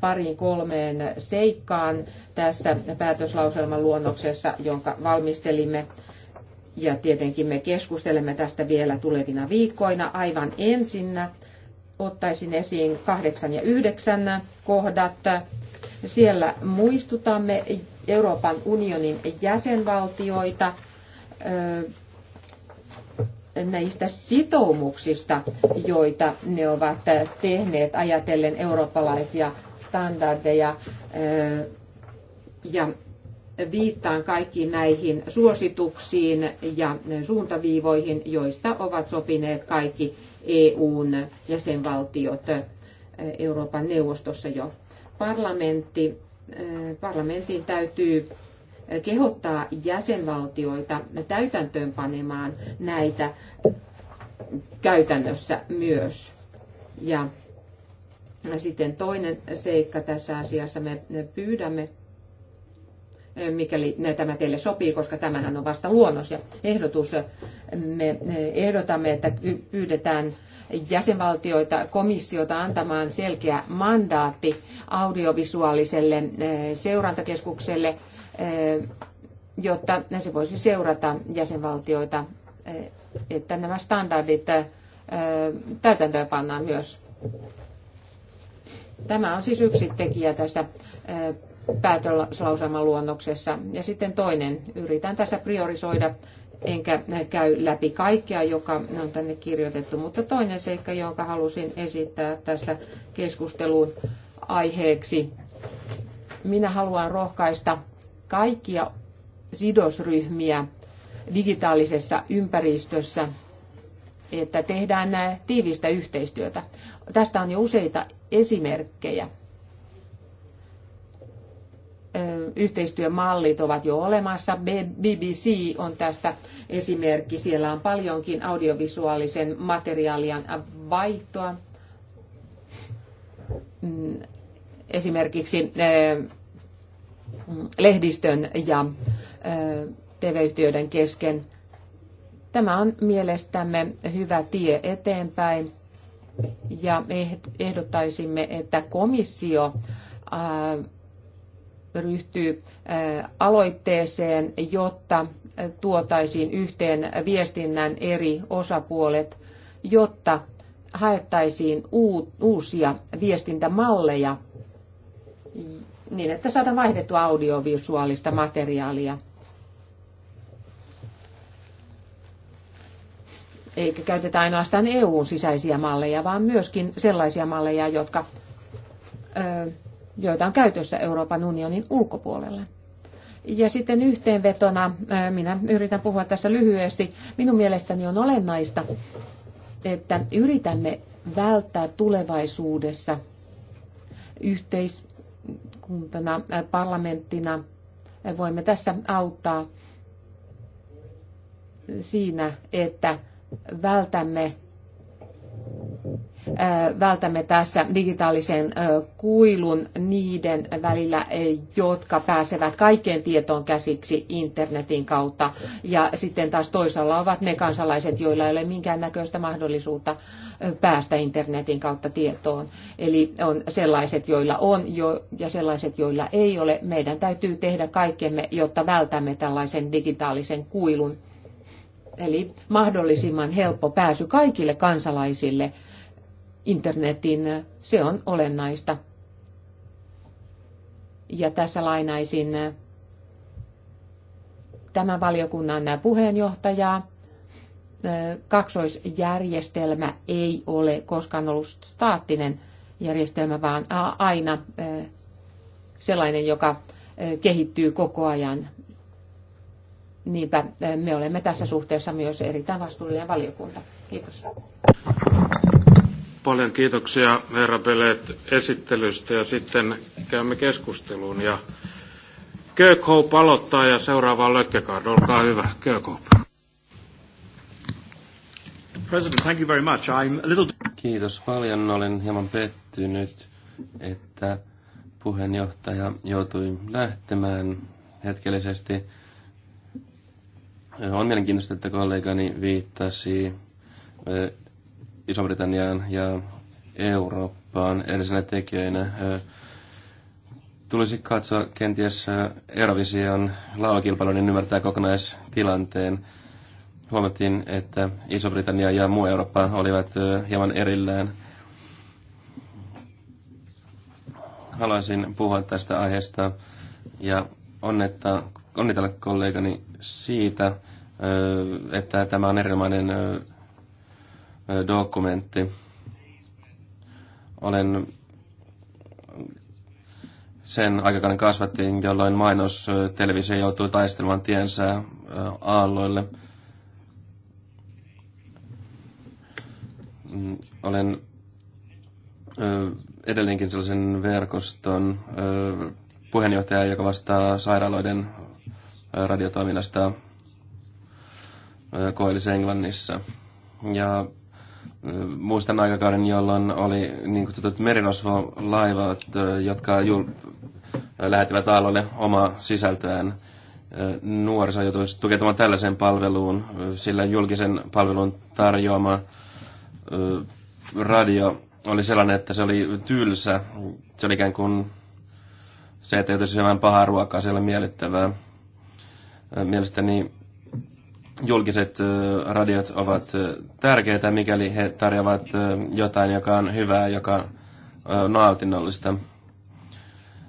pariin kolmeen seikkaan tässä päätöslauselman luonnoksessa, jonka valmistelimme. Ja tietenkin me keskustelemme tästä vielä tulevina viikkoina aivan ensinnä ottaisin esiin kahdeksan ja yhdeksän kohdat. Siellä muistutamme Euroopan unionin jäsenvaltioita näistä sitoumuksista, joita ne ovat tehneet ajatellen eurooppalaisia standardeja. Ja viittaan kaikkiin näihin suosituksiin ja suuntaviivoihin, joista ovat sopineet kaikki EUn jäsenvaltiot Euroopan neuvostossa jo. Parlamentti, parlamentin täytyy kehottaa jäsenvaltioita täytäntöönpanemaan näitä käytännössä myös. Ja sitten toinen seikka tässä asiassa, me pyydämme mikäli tämä teille sopii, koska tämähän on vasta luonnos ja ehdotus. Me ehdotamme, että pyydetään jäsenvaltioita, komissiota antamaan selkeä mandaatti audiovisuaaliselle eh, seurantakeskukselle, eh, jotta se voisi seurata jäsenvaltioita, eh, että nämä standardit täytäntöön pannaan myös. Tämä on siis yksi tekijä tässä päätöslauselman luonnoksessa. Ja sitten toinen, yritän tässä priorisoida, enkä käy läpi kaikkea, joka on tänne kirjoitettu, mutta toinen seikka, jonka halusin esittää tässä keskustelun aiheeksi. Minä haluan rohkaista kaikkia sidosryhmiä digitaalisessa ympäristössä, että tehdään tiivistä yhteistyötä. Tästä on jo useita esimerkkejä yhteistyömallit ovat jo olemassa. BBC on tästä esimerkki. Siellä on paljonkin audiovisuaalisen materiaalin vaihtoa. Mm, esimerkiksi lehdistön ja TV-yhtiöiden kesken. Tämä on mielestämme hyvä tie eteenpäin ja ehdottaisimme, että komissio ryhtyy aloitteeseen, jotta tuotaisiin yhteen viestinnän eri osapuolet, jotta haettaisiin uusia viestintämalleja niin, että saadaan vaihdettua audiovisuaalista materiaalia. Eikä käytetä ainoastaan EUn sisäisiä malleja, vaan myöskin sellaisia malleja, jotka joita on käytössä Euroopan unionin ulkopuolella. Ja sitten yhteenvetona, minä yritän puhua tässä lyhyesti, minun mielestäni on olennaista, että yritämme välttää tulevaisuudessa yhteiskuntana, parlamenttina, voimme tässä auttaa siinä, että vältämme vältämme tässä digitaalisen kuilun niiden välillä, jotka pääsevät kaikkeen tietoon käsiksi internetin kautta. Ja sitten taas toisaalla ovat ne kansalaiset, joilla ei ole minkäännäköistä mahdollisuutta päästä internetin kautta tietoon. Eli on sellaiset, joilla on jo, ja sellaiset, joilla ei ole. Meidän täytyy tehdä kaikkemme, jotta vältämme tällaisen digitaalisen kuilun. Eli mahdollisimman helppo pääsy kaikille kansalaisille internetin. Se on olennaista. Ja tässä lainaisin tämän valiokunnan puheenjohtajaa. Kaksoisjärjestelmä ei ole koskaan ollut staattinen järjestelmä, vaan aina sellainen, joka kehittyy koko ajan. Niinpä me olemme tässä suhteessa myös erittäin vastuullinen valiokunta. Kiitos. Paljon kiitoksia herra Pelet esittelystä ja sitten käymme keskusteluun. Ja Kökhope aloittaa ja seuraava on Lökkekaard. Olkaa hyvä, Kökhope. President, thank you very much. I'm a little... Kiitos paljon. Olen hieman pettynyt, että puheenjohtaja joutui lähtemään hetkellisesti. On mielenkiintoista, että kollegani viittasi Iso-Britanniaan ja Eurooppaan erillisenä tekijöinä. Tulisi katsoa kenties Eurovision laulakilpailun, niin ymmärtää kokonaistilanteen. Huomattiin, että Iso-Britannia ja muu Eurooppa olivat hieman erillään. Haluaisin puhua tästä aiheesta ja onnetta, onnitella kollegani siitä, että tämä on erilainen dokumentti. Olen sen aikakauden kasvattiin, jolloin mainostelevisio joutui taistelemaan tiensä aalloille. Mm, olen edelleenkin sellaisen verkoston puheenjohtaja, joka vastaa sairaaloiden radiotoiminnasta Koillis-Englannissa. Ja Muistan aikakauden, jolloin oli niin kutsutut merirosvo-laivat, jotka jul... lähettivät aalloille omaa sisältään. Nuoriso joutuisi tukeutumaan tällaiseen palveluun, sillä julkisen palvelun tarjoama radio oli sellainen, että se oli tylsä. Se oli ikään kuin se, että joutuisi syömään pahaa ruokaa, se ei miellyttävää. Mielestäni julkiset radiot ovat tärkeitä, mikäli he tarjoavat jotain, joka on hyvää, joka on nautinnollista.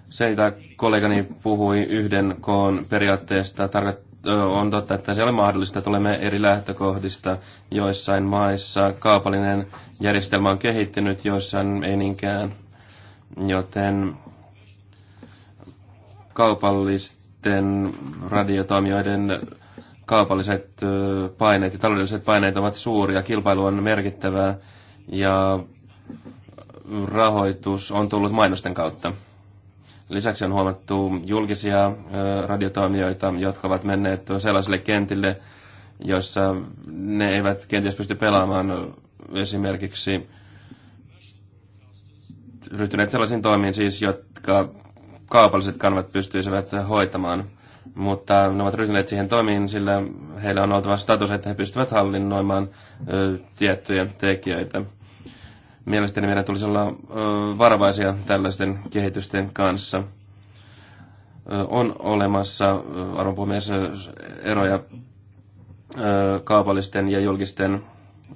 Se, mitä kollegani puhui yhden koon periaatteesta, on totta, että se ei ole mahdollista. Tulemme eri lähtökohdista. Joissain maissa kaupallinen järjestelmä on kehittynyt, joissain ei niinkään. Joten kaupallisten radiotoimijoiden kaupalliset paineet ja taloudelliset paineet ovat suuria, kilpailu on merkittävää ja rahoitus on tullut mainosten kautta. Lisäksi on huomattu julkisia radiotoimijoita, jotka ovat menneet sellaisille kentille, joissa ne eivät kenties pysty pelaamaan esimerkiksi ryhtyneet sellaisiin toimiin siis, jotka kaupalliset kanavat pystyisivät hoitamaan mutta ne ovat ryhtyneet siihen toimiin, sillä heillä on oltava status, että he pystyvät hallinnoimaan ö, tiettyjä tekijöitä. Mielestäni meidän tulisi olla ö, varovaisia tällaisten kehitysten kanssa. Ö, on olemassa, arvon puhemies, eroja ö, kaupallisten ja julkisten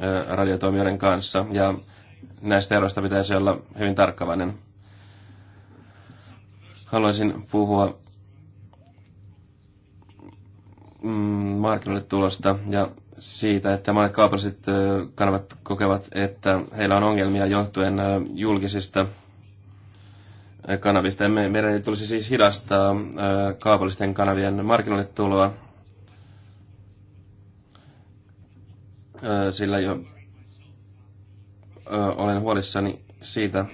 ö, radiotoimijoiden kanssa, ja näistä eroista pitäisi olla hyvin tarkkavainen. Haluaisin puhua Mm, markkinoille tulosta ja siitä, että monet kaupalliset kanavat kokevat, että heillä on ongelmia johtuen julkisista kanavista. Me, meidän tulisi siis hidastaa kaupallisten kanavien markkinoille tuloa, sillä jo olen huolissani siitä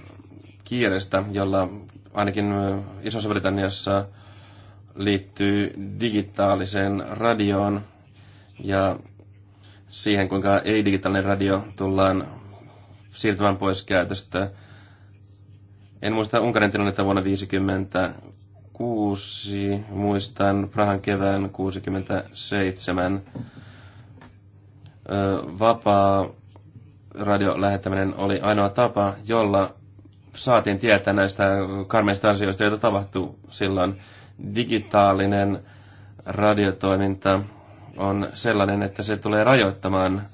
kiireestä, jolla ainakin Isossa-Britanniassa – liittyy digitaaliseen radioon ja siihen, kuinka ei-digitaalinen radio tullaan siirtymään pois käytöstä. En muista Unkarin tilannetta vuonna 1956, muistan Prahan kevään 67. Vapaa radiolähettäminen oli ainoa tapa, jolla saatiin tietää näistä karmeista asioista, joita tapahtui silloin digitaalinen radiotoiminta on sellainen, että se tulee rajoittamaan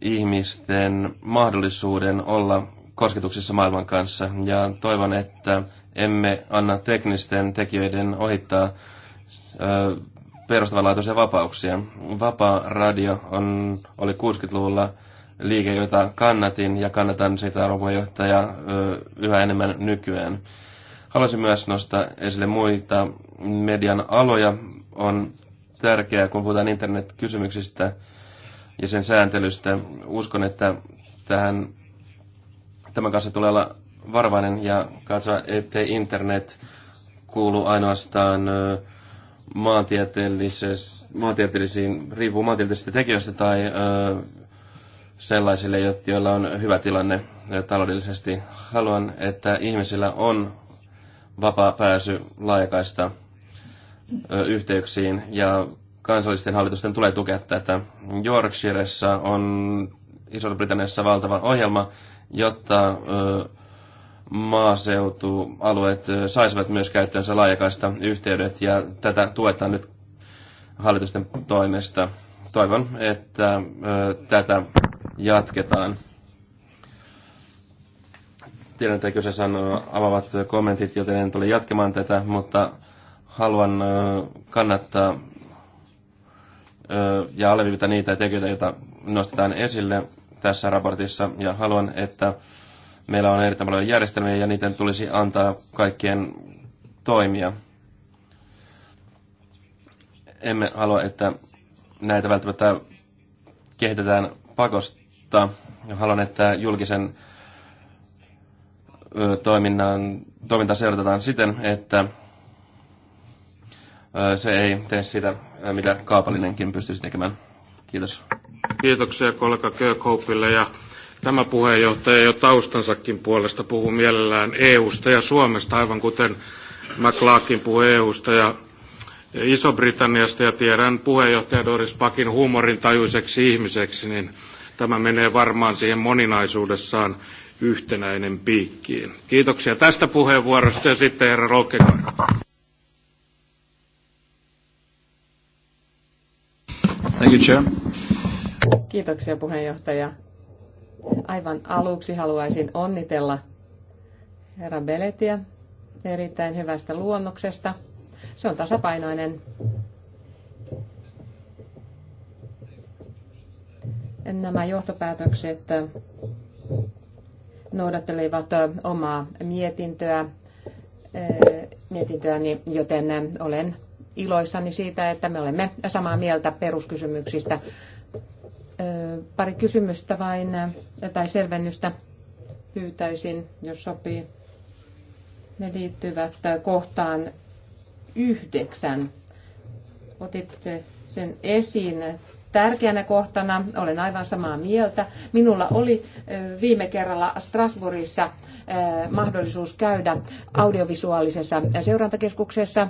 ihmisten mahdollisuuden olla kosketuksissa maailman kanssa. Ja toivon, että emme anna teknisten tekijöiden ohittaa ö, perustavanlaatuisia vapauksia. Vapaa radio on, oli 60-luvulla liike, jota kannatin ja kannatan sitä arvojohtajaa yhä enemmän nykyään. Haluaisin myös nostaa esille muita median aloja. On tärkeää, kun puhutaan internetkysymyksistä ja sen sääntelystä. Uskon, että tähän, tämän kanssa tulee olla varvainen ja katsoa, ettei internet kuulu ainoastaan maantieteellisiin, riippuu maantieteellisistä tekijöistä tai sellaisille, joilla on hyvä tilanne taloudellisesti. Haluan, että ihmisillä on vapaa pääsy laajakaista yhteyksiin ja kansallisten hallitusten tulee tukea tätä. Yorkshiressa on Iso-Britanniassa valtava ohjelma, jotta maaseutualueet saisivat myös käyttöönsä laajakaista yhteydet ja tätä tuetaan nyt hallitusten toimesta. Toivon, että tätä jatketaan. Tiedän, että kyse sanoo avaavat kommentit, joten en tule jatkemaan tätä, mutta haluan kannattaa ja alleviivata niitä tekijöitä, joita nostetaan esille tässä raportissa. Ja haluan, että meillä on erittäin paljon järjestelmiä ja niiden tulisi antaa kaikkien toimia. Emme halua, että näitä välttämättä kehitetään pakosta. Haluan, että julkisen toiminnan, toiminta seurataan siten, että se ei tee sitä, mitä kaapallinenkin pystyisi tekemään. Kiitos. Kiitoksia kollega Kökhoupille ja tämä puheenjohtaja jo taustansakin puolesta puhuu mielellään EUsta ja Suomesta, aivan kuten McLaakin puhuu EUsta ja Iso-Britanniasta ja tiedän puheenjohtaja Doris Pakin huumorintajuiseksi ihmiseksi, niin tämä menee varmaan siihen moninaisuudessaan yhtenäinen piikkiin. Kiitoksia tästä puheenvuorosta ja sitten herra Rokkegaard. Thank you, Chair. Kiitoksia puheenjohtaja. Aivan aluksi haluaisin onnitella herra Beletia erittäin hyvästä luonnoksesta. Se on tasapainoinen. Nämä johtopäätökset noudattelivat omaa mietintöä, mietintöäni, joten olen iloissani siitä, että me olemme samaa mieltä peruskysymyksistä. Pari kysymystä vain tai selvennystä pyytäisin, jos sopii. Ne liittyvät kohtaan yhdeksän. Otitte sen esiin tärkeänä kohtana. Olen aivan samaa mieltä. Minulla oli viime kerralla Strasbourgissa mahdollisuus käydä audiovisuaalisessa seurantakeskuksessa.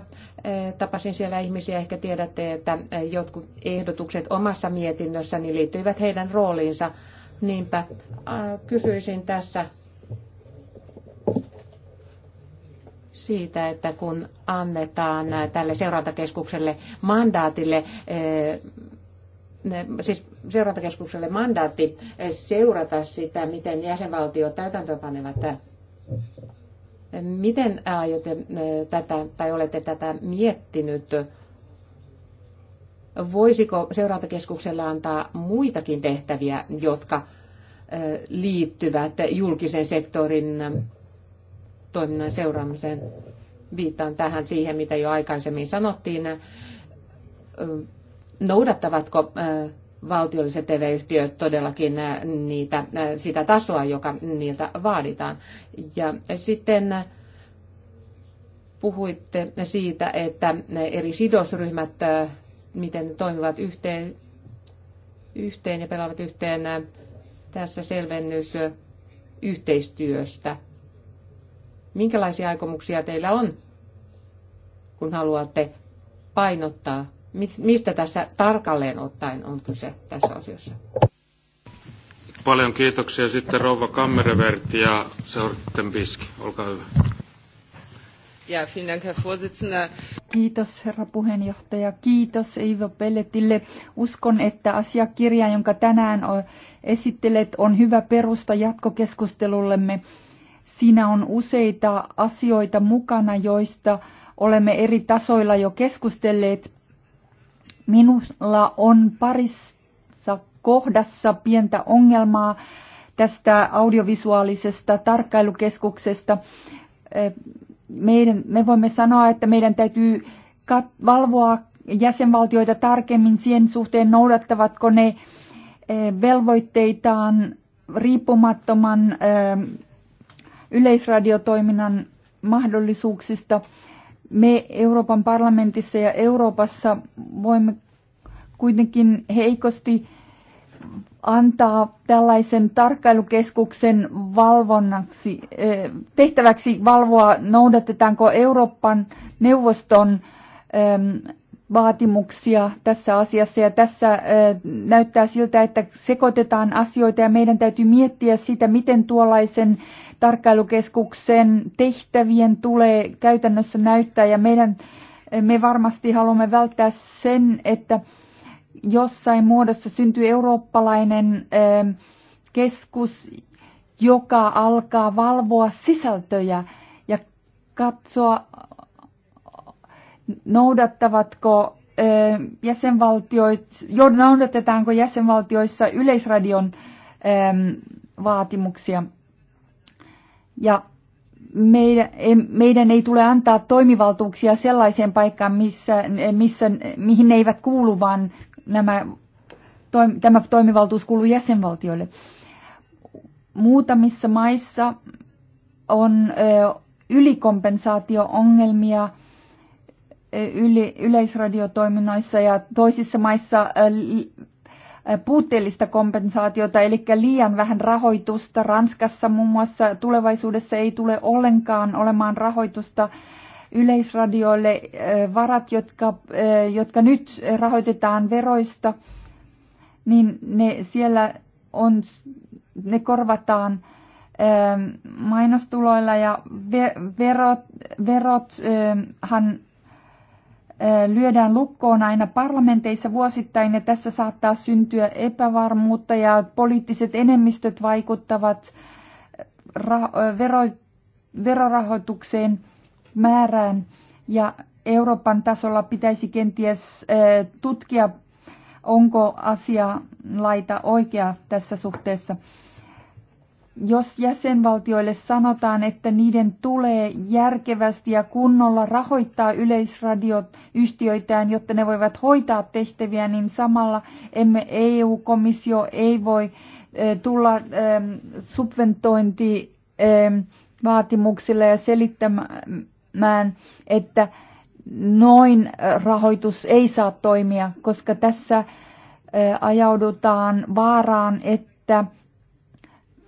Tapasin siellä ihmisiä, ehkä tiedätte, että jotkut ehdotukset omassa mietinnössäni liittyivät heidän rooliinsa. Niinpä kysyisin tässä siitä, että kun annetaan tälle seurantakeskukselle mandaatille siis seurantakeskukselle mandaatti seurata sitä, miten jäsenvaltio täytäntöönpanevat Miten aiotte tätä tai olette tätä miettinyt? Voisiko seurantakeskukselle antaa muitakin tehtäviä, jotka liittyvät julkisen sektorin toiminnan seuraamiseen? Viittaan tähän siihen, mitä jo aikaisemmin sanottiin noudattavatko valtiolliset TV-yhtiöt todellakin niitä, sitä tasoa, joka niiltä vaaditaan. Ja sitten puhuitte siitä, että eri sidosryhmät, miten ne toimivat yhteen, yhteen ja pelaavat yhteen. Tässä selvennys yhteistyöstä. Minkälaisia aikomuksia teillä on, kun haluatte painottaa mistä tässä tarkalleen ottaen on kyse tässä asiassa? Paljon kiitoksia sitten Rouva Kammerevert ja Sorten Biski. Olkaa hyvä. Ja, Dank, Herr Kiitos herra puheenjohtaja, kiitos Iivo Pelletille. Uskon, että asiakirja, jonka tänään esittelet, on hyvä perusta jatkokeskustelullemme. Siinä on useita asioita mukana, joista olemme eri tasoilla jo keskustelleet Minulla on parissa kohdassa pientä ongelmaa tästä audiovisuaalisesta tarkkailukeskuksesta. Eh, meidän, me voimme sanoa, että meidän täytyy kat- valvoa jäsenvaltioita tarkemmin sen suhteen, noudattavatko ne eh, velvoitteitaan riippumattoman eh, yleisradiotoiminnan mahdollisuuksista. Me Euroopan parlamentissa ja Euroopassa voimme kuitenkin heikosti antaa tällaisen tarkkailukeskuksen valvonnaksi, eh, tehtäväksi valvoa, noudatetaanko Euroopan neuvoston ehm, vaatimuksia tässä asiassa. Ja tässä eh, näyttää siltä, että sekoitetaan asioita ja meidän täytyy miettiä sitä, miten tuollaisen tarkkailukeskuksen tehtävien tulee käytännössä näyttää ja meidän, me varmasti haluamme välttää sen, että jossain muodossa syntyy eurooppalainen ähm, keskus, joka alkaa valvoa sisältöjä ja katsoa, noudattavatko ähm, jäsenvaltioissa, noudatetaanko jäsenvaltioissa yleisradion ähm, vaatimuksia. Ja meidän, meidän ei tule antaa toimivaltuuksia sellaiseen paikkaan, missä, missä, mihin ne eivät kuulu, vaan nämä, toim, tämä toimivaltuus kuuluu jäsenvaltioille. Muutamissa maissa on ö, ylikompensaatio-ongelmia yli, yleisradiotoiminnoissa ja toisissa maissa puutteellista kompensaatiota, eli liian vähän rahoitusta. Ranskassa muun muassa tulevaisuudessa ei tule ollenkaan olemaan rahoitusta yleisradioille varat, jotka, jotka nyt rahoitetaan veroista, niin ne siellä on, ne korvataan mainostuloilla ja verot, verothan lyödään lukkoon aina parlamenteissa vuosittain ja tässä saattaa syntyä epävarmuutta ja poliittiset enemmistöt vaikuttavat vero, verorahoitukseen määrään ja Euroopan tasolla pitäisi kenties tutkia, onko asia laita oikea tässä suhteessa jos jäsenvaltioille sanotaan, että niiden tulee järkevästi ja kunnolla rahoittaa yleisradioyhtiöitään, jotta ne voivat hoitaa tehtäviä, niin samalla emme EU-komissio ei voi tulla subventointivaatimuksilla ja selittämään, että noin rahoitus ei saa toimia, koska tässä ajaudutaan vaaraan, että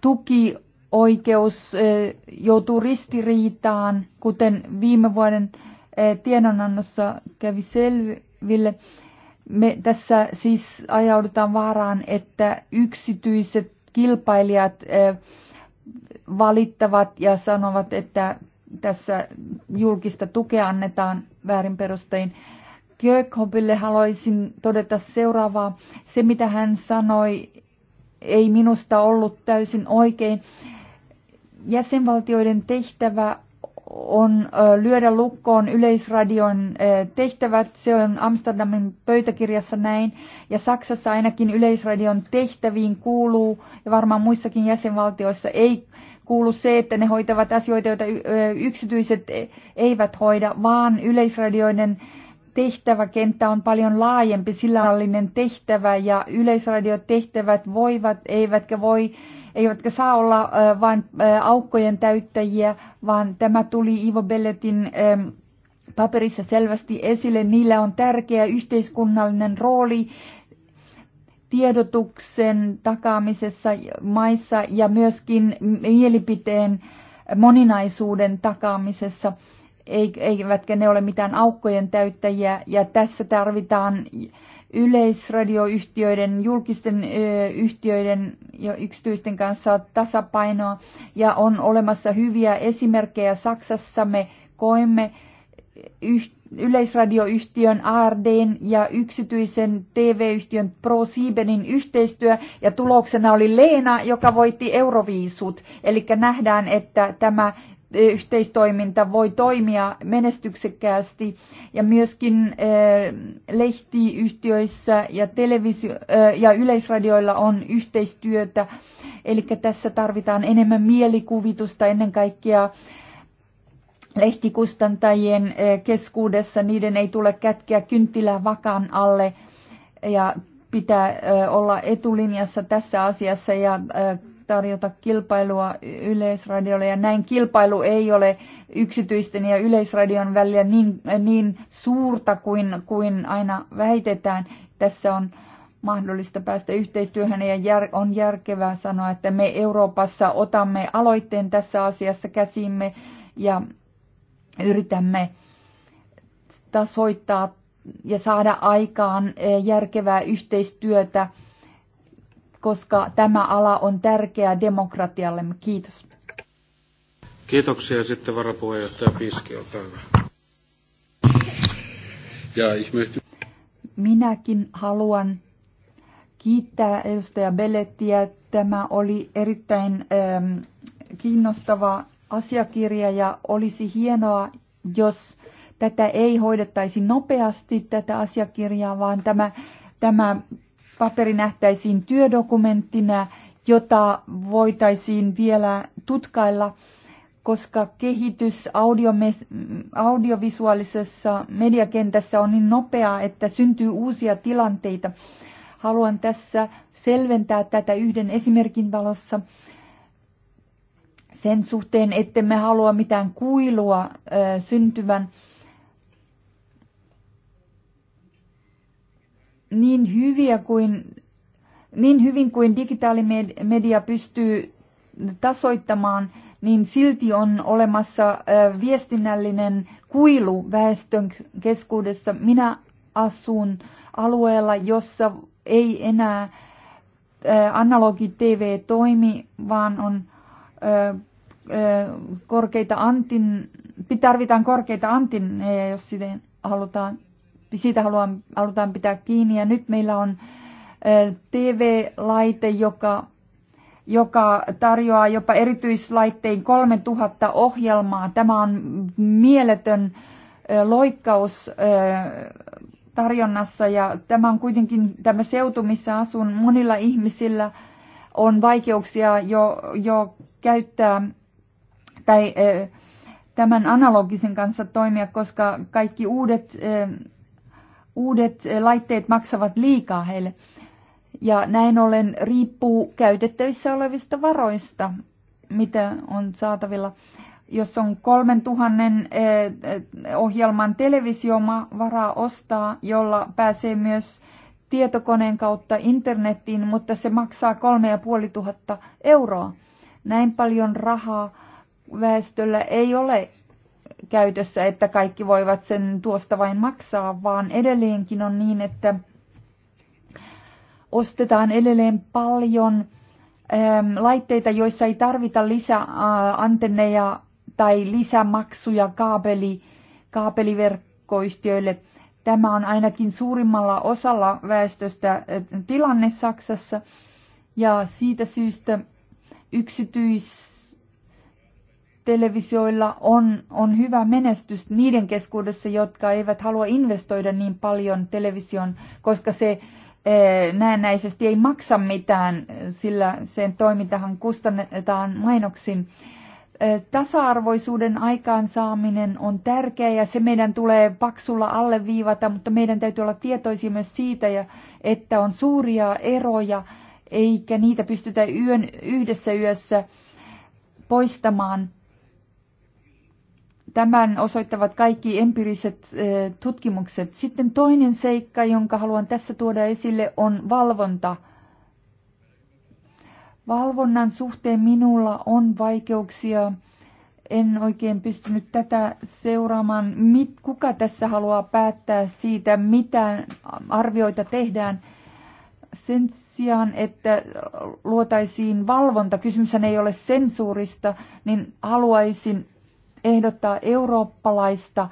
tukioikeus eh, joutuu ristiriitaan, kuten viime vuoden eh, tiedonannossa kävi selville. Me tässä siis ajaudutaan vaaraan, että yksityiset kilpailijat eh, valittavat ja sanovat, että tässä julkista tukea annetaan väärin perustein. Kirkhopille haluaisin todeta seuraavaa. Se, mitä hän sanoi ei minusta ollut täysin oikein. Jäsenvaltioiden tehtävä on lyödä lukkoon yleisradion tehtävät. Se on Amsterdamin pöytäkirjassa näin. Ja Saksassa ainakin yleisradion tehtäviin kuuluu, ja varmaan muissakin jäsenvaltioissa ei kuulu se, että ne hoitavat asioita, joita yksityiset e-, eivät hoida, vaan yleisradioiden tehtäväkenttä on paljon laajempi, sillä on tehtävä ja yleisradiotehtävät voivat, eivätkä voi eivätkä saa olla vain aukkojen täyttäjiä, vaan tämä tuli Ivo Belletin paperissa selvästi esille. Niillä on tärkeä yhteiskunnallinen rooli tiedotuksen takaamisessa maissa ja myöskin mielipiteen moninaisuuden takaamisessa eivätkä ne ole mitään aukkojen täyttäjiä. Ja tässä tarvitaan yleisradioyhtiöiden, julkisten yhtiöiden ja yksityisten kanssa tasapainoa. Ja on olemassa hyviä esimerkkejä. Saksassa me koemme yleisradioyhtiön ARDn ja yksityisen TV-yhtiön ProSiebenin yhteistyö ja tuloksena oli Leena, joka voitti Euroviisut. Eli nähdään, että tämä yhteistoiminta voi toimia menestyksekkäästi ja myöskin eh, lehtiyhtiöissä ja, televisio- eh, ja yleisradioilla on yhteistyötä. Eli tässä tarvitaan enemmän mielikuvitusta ennen kaikkea lehtikustantajien eh, keskuudessa. Niiden ei tule kätkeä kynttilää vakaan alle ja pitää olla etulinjassa tässä asiassa ja tarjota kilpailua yleisradiolle ja näin kilpailu ei ole yksityisten ja yleisradion välillä niin, niin suurta kuin, kuin aina väitetään. Tässä on mahdollista päästä yhteistyöhön ja jär, on järkevää sanoa, että me Euroopassa otamme aloitteen tässä asiassa käsimme ja yritämme tasoittaa ja saada aikaan eh, järkevää yhteistyötä koska tämä ala on tärkeä demokratialle. Kiitos. Kiitoksia. Sitten varapuheenjohtaja Piski, olkaa hyvä. Ja ihmehty. Minäkin haluan kiittää edustaja Bellettiä. Tämä oli erittäin ähm, kiinnostava asiakirja ja olisi hienoa, jos tätä ei hoidettaisi nopeasti tätä asiakirjaa, vaan tämä, tämä paperi nähtäisiin työdokumenttina, jota voitaisiin vielä tutkailla, koska kehitys audiovisuaalisessa mediakentässä on niin nopeaa, että syntyy uusia tilanteita. Haluan tässä selventää tätä yhden esimerkin valossa sen suhteen, ettemme halua mitään kuilua syntyvän niin hyviä kuin niin hyvin kuin digitaalimedia pystyy tasoittamaan, niin silti on olemassa viestinnällinen kuilu väestön keskuudessa. Minä asun alueella, jossa ei enää analogi TV toimi, vaan on korkeita antin, tarvitaan korkeita antinneja, jos sitä halutaan siitä haluan, halutaan pitää kiinni. Ja nyt meillä on TV-laite, joka, joka tarjoaa jopa erityislaitteen 3000 ohjelmaa. Tämä on mieletön loikkaus tarjonnassa ja tämä on kuitenkin tämä seutu, missä asun. Monilla ihmisillä on vaikeuksia jo, jo käyttää tai tämän analogisen kanssa toimia, koska kaikki uudet uudet eh, laitteet maksavat liikaa heille. Ja näin ollen riippuu käytettävissä olevista varoista, mitä on saatavilla. Jos on 3000 eh, ohjelman televisioma varaa ostaa, jolla pääsee myös tietokoneen kautta internettiin, mutta se maksaa 3500 euroa. Näin paljon rahaa väestöllä ei ole käytössä, että kaikki voivat sen tuosta vain maksaa, vaan edelleenkin on niin, että ostetaan edelleen paljon ähm, laitteita, joissa ei tarvita lisää äh, tai lisämaksuja kaapeli, kaapeliverkkoyhtiöille. Tämä on ainakin suurimmalla osalla väestöstä äh, tilanne Saksassa ja siitä syystä yksityis televisioilla on, on hyvä menestys niiden keskuudessa, jotka eivät halua investoida niin paljon television, koska se eh, näennäisesti ei maksa mitään, sillä sen toimintahan kustannetaan mainoksin. Eh, tasa-arvoisuuden aikaansaaminen on tärkeää ja se meidän tulee paksulla alleviivata, mutta meidän täytyy olla tietoisia myös siitä, että on suuria eroja eikä niitä pystytä yön, yhdessä yössä poistamaan. Tämän osoittavat kaikki empiiriset eh, tutkimukset. Sitten toinen seikka, jonka haluan tässä tuoda esille, on valvonta. Valvonnan suhteen minulla on vaikeuksia. En oikein pystynyt tätä seuraamaan. Mit, kuka tässä haluaa päättää siitä, mitä arvioita tehdään? Sen sijaan, että luotaisiin valvonta, kysymyshän ei ole sensuurista, niin haluaisin ehdottaa eurooppalaista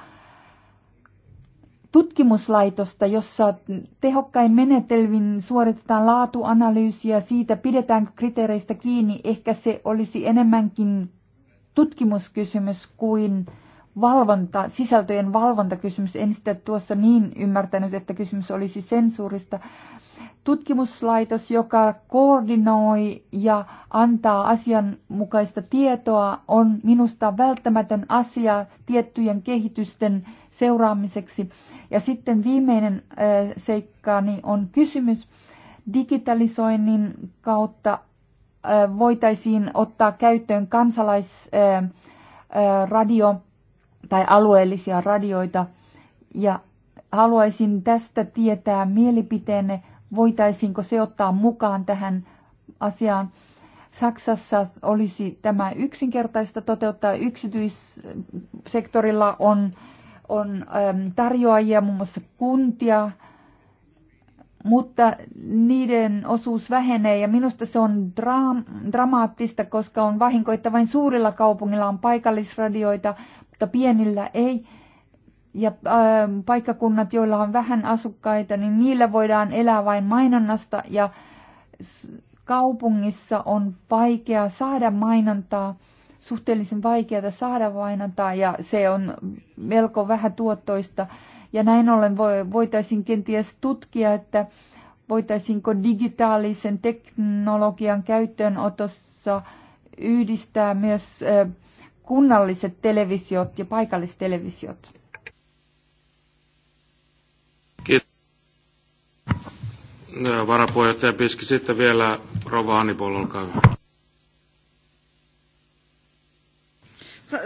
tutkimuslaitosta, jossa tehokkain menetelmin suoritetaan laatuanalyysiä siitä, pidetäänkö kriteereistä kiinni. Ehkä se olisi enemmänkin tutkimuskysymys kuin valvonta, sisältöjen valvontakysymys. En sitä tuossa niin ymmärtänyt, että kysymys olisi sensuurista tutkimuslaitos, joka koordinoi ja antaa asianmukaista tietoa, on minusta välttämätön asia tiettyjen kehitysten seuraamiseksi. Ja sitten viimeinen seikkaani on kysymys. Digitalisoinnin kautta voitaisiin ottaa käyttöön kansalaisradio tai alueellisia radioita. Ja haluaisin tästä tietää mielipiteenne voitaisiinko se ottaa mukaan tähän asiaan. Saksassa olisi tämä yksinkertaista toteuttaa. Yksityissektorilla on, on ähm, tarjoajia, muun muassa kuntia, mutta niiden osuus vähenee ja minusta se on dra- dramaattista, koska on vahinko, että vain suurilla kaupungilla on paikallisradioita, mutta pienillä ei ja ää, ähm, paikkakunnat, joilla on vähän asukkaita, niin niillä voidaan elää vain mainonnasta ja kaupungissa on vaikea saada mainontaa, suhteellisen vaikeaa saada mainontaa ja se on melko vähän tuottoista. Ja näin ollen voitaisiin kenties tutkia, että voitaisiinko digitaalisen teknologian käyttöönotossa yhdistää myös kunnalliset televisiot ja televisiot. Varapuheenjohtaja Piski, sitten vielä Rova Hannibal, olkaa hyvä.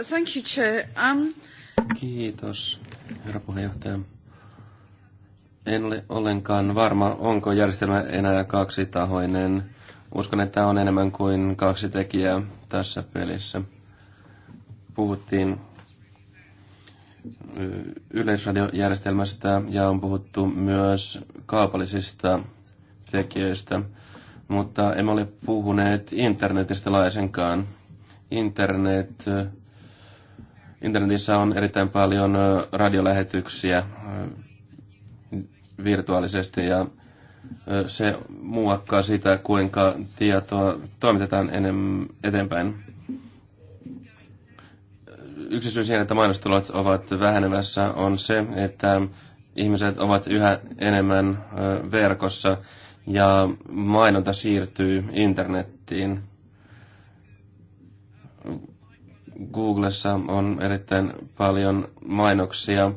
Thank you, Chair. Um... Kiitos, herra puheenjohtaja. En ole ollenkaan varma, onko järjestelmä enää kaksitahoinen. Uskon, että on enemmän kuin kaksi tekijää tässä pelissä. Puhuttiin yleisradiojärjestelmästä ja on puhuttu myös kaupallisista tekijöistä, mutta emme ole puhuneet internetistä laisenkaan. Internet, internetissä on erittäin paljon radiolähetyksiä virtuaalisesti ja se muokkaa sitä, kuinka tietoa toimitetaan enem, eteenpäin yksi syy siihen, että mainostulot ovat vähenemässä, on se, että ihmiset ovat yhä enemmän verkossa ja mainonta siirtyy internettiin. Googlessa on erittäin paljon mainoksia,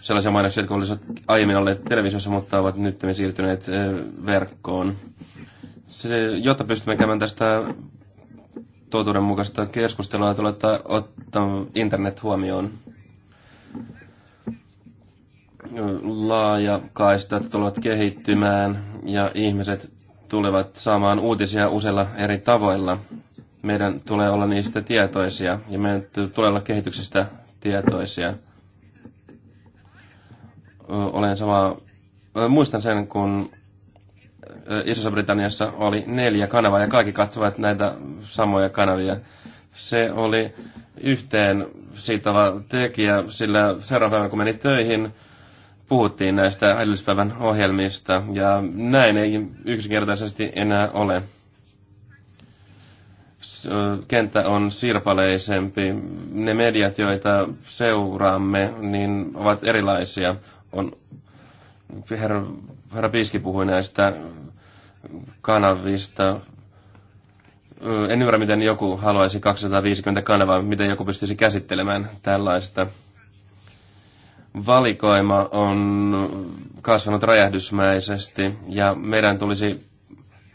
sellaisia mainoksia, jotka olisivat aiemmin olleet televisiossa, mutta ovat nyt siirtyneet verkkoon. Se, jotta pystymme käymään tästä totuudenmukaista keskustelua tulee ottaa, ottanut internet huomioon. Laajakaistat tulevat kehittymään ja ihmiset tulevat saamaan uutisia useilla eri tavoilla. Meidän tulee olla niistä tietoisia ja meidän tulee olla kehityksestä tietoisia. Olen sama, muistan sen, kun Isossa-Britanniassa oli neljä kanavaa ja kaikki katsovat näitä samoja kanavia. Se oli yhteen sitova tekijä, sillä seuraavan päivän kun meni töihin, puhuttiin näistä edellispäivän ohjelmista ja näin ei yksinkertaisesti enää ole. Kenttä on sirpaleisempi. Ne mediat, joita seuraamme, niin ovat erilaisia. On, herra, herra Piski puhui näistä kanavista. En ymmärrä, miten joku haluaisi 250 kanavaa, miten joku pystyisi käsittelemään tällaista. Valikoima on kasvanut räjähdysmäisesti ja meidän tulisi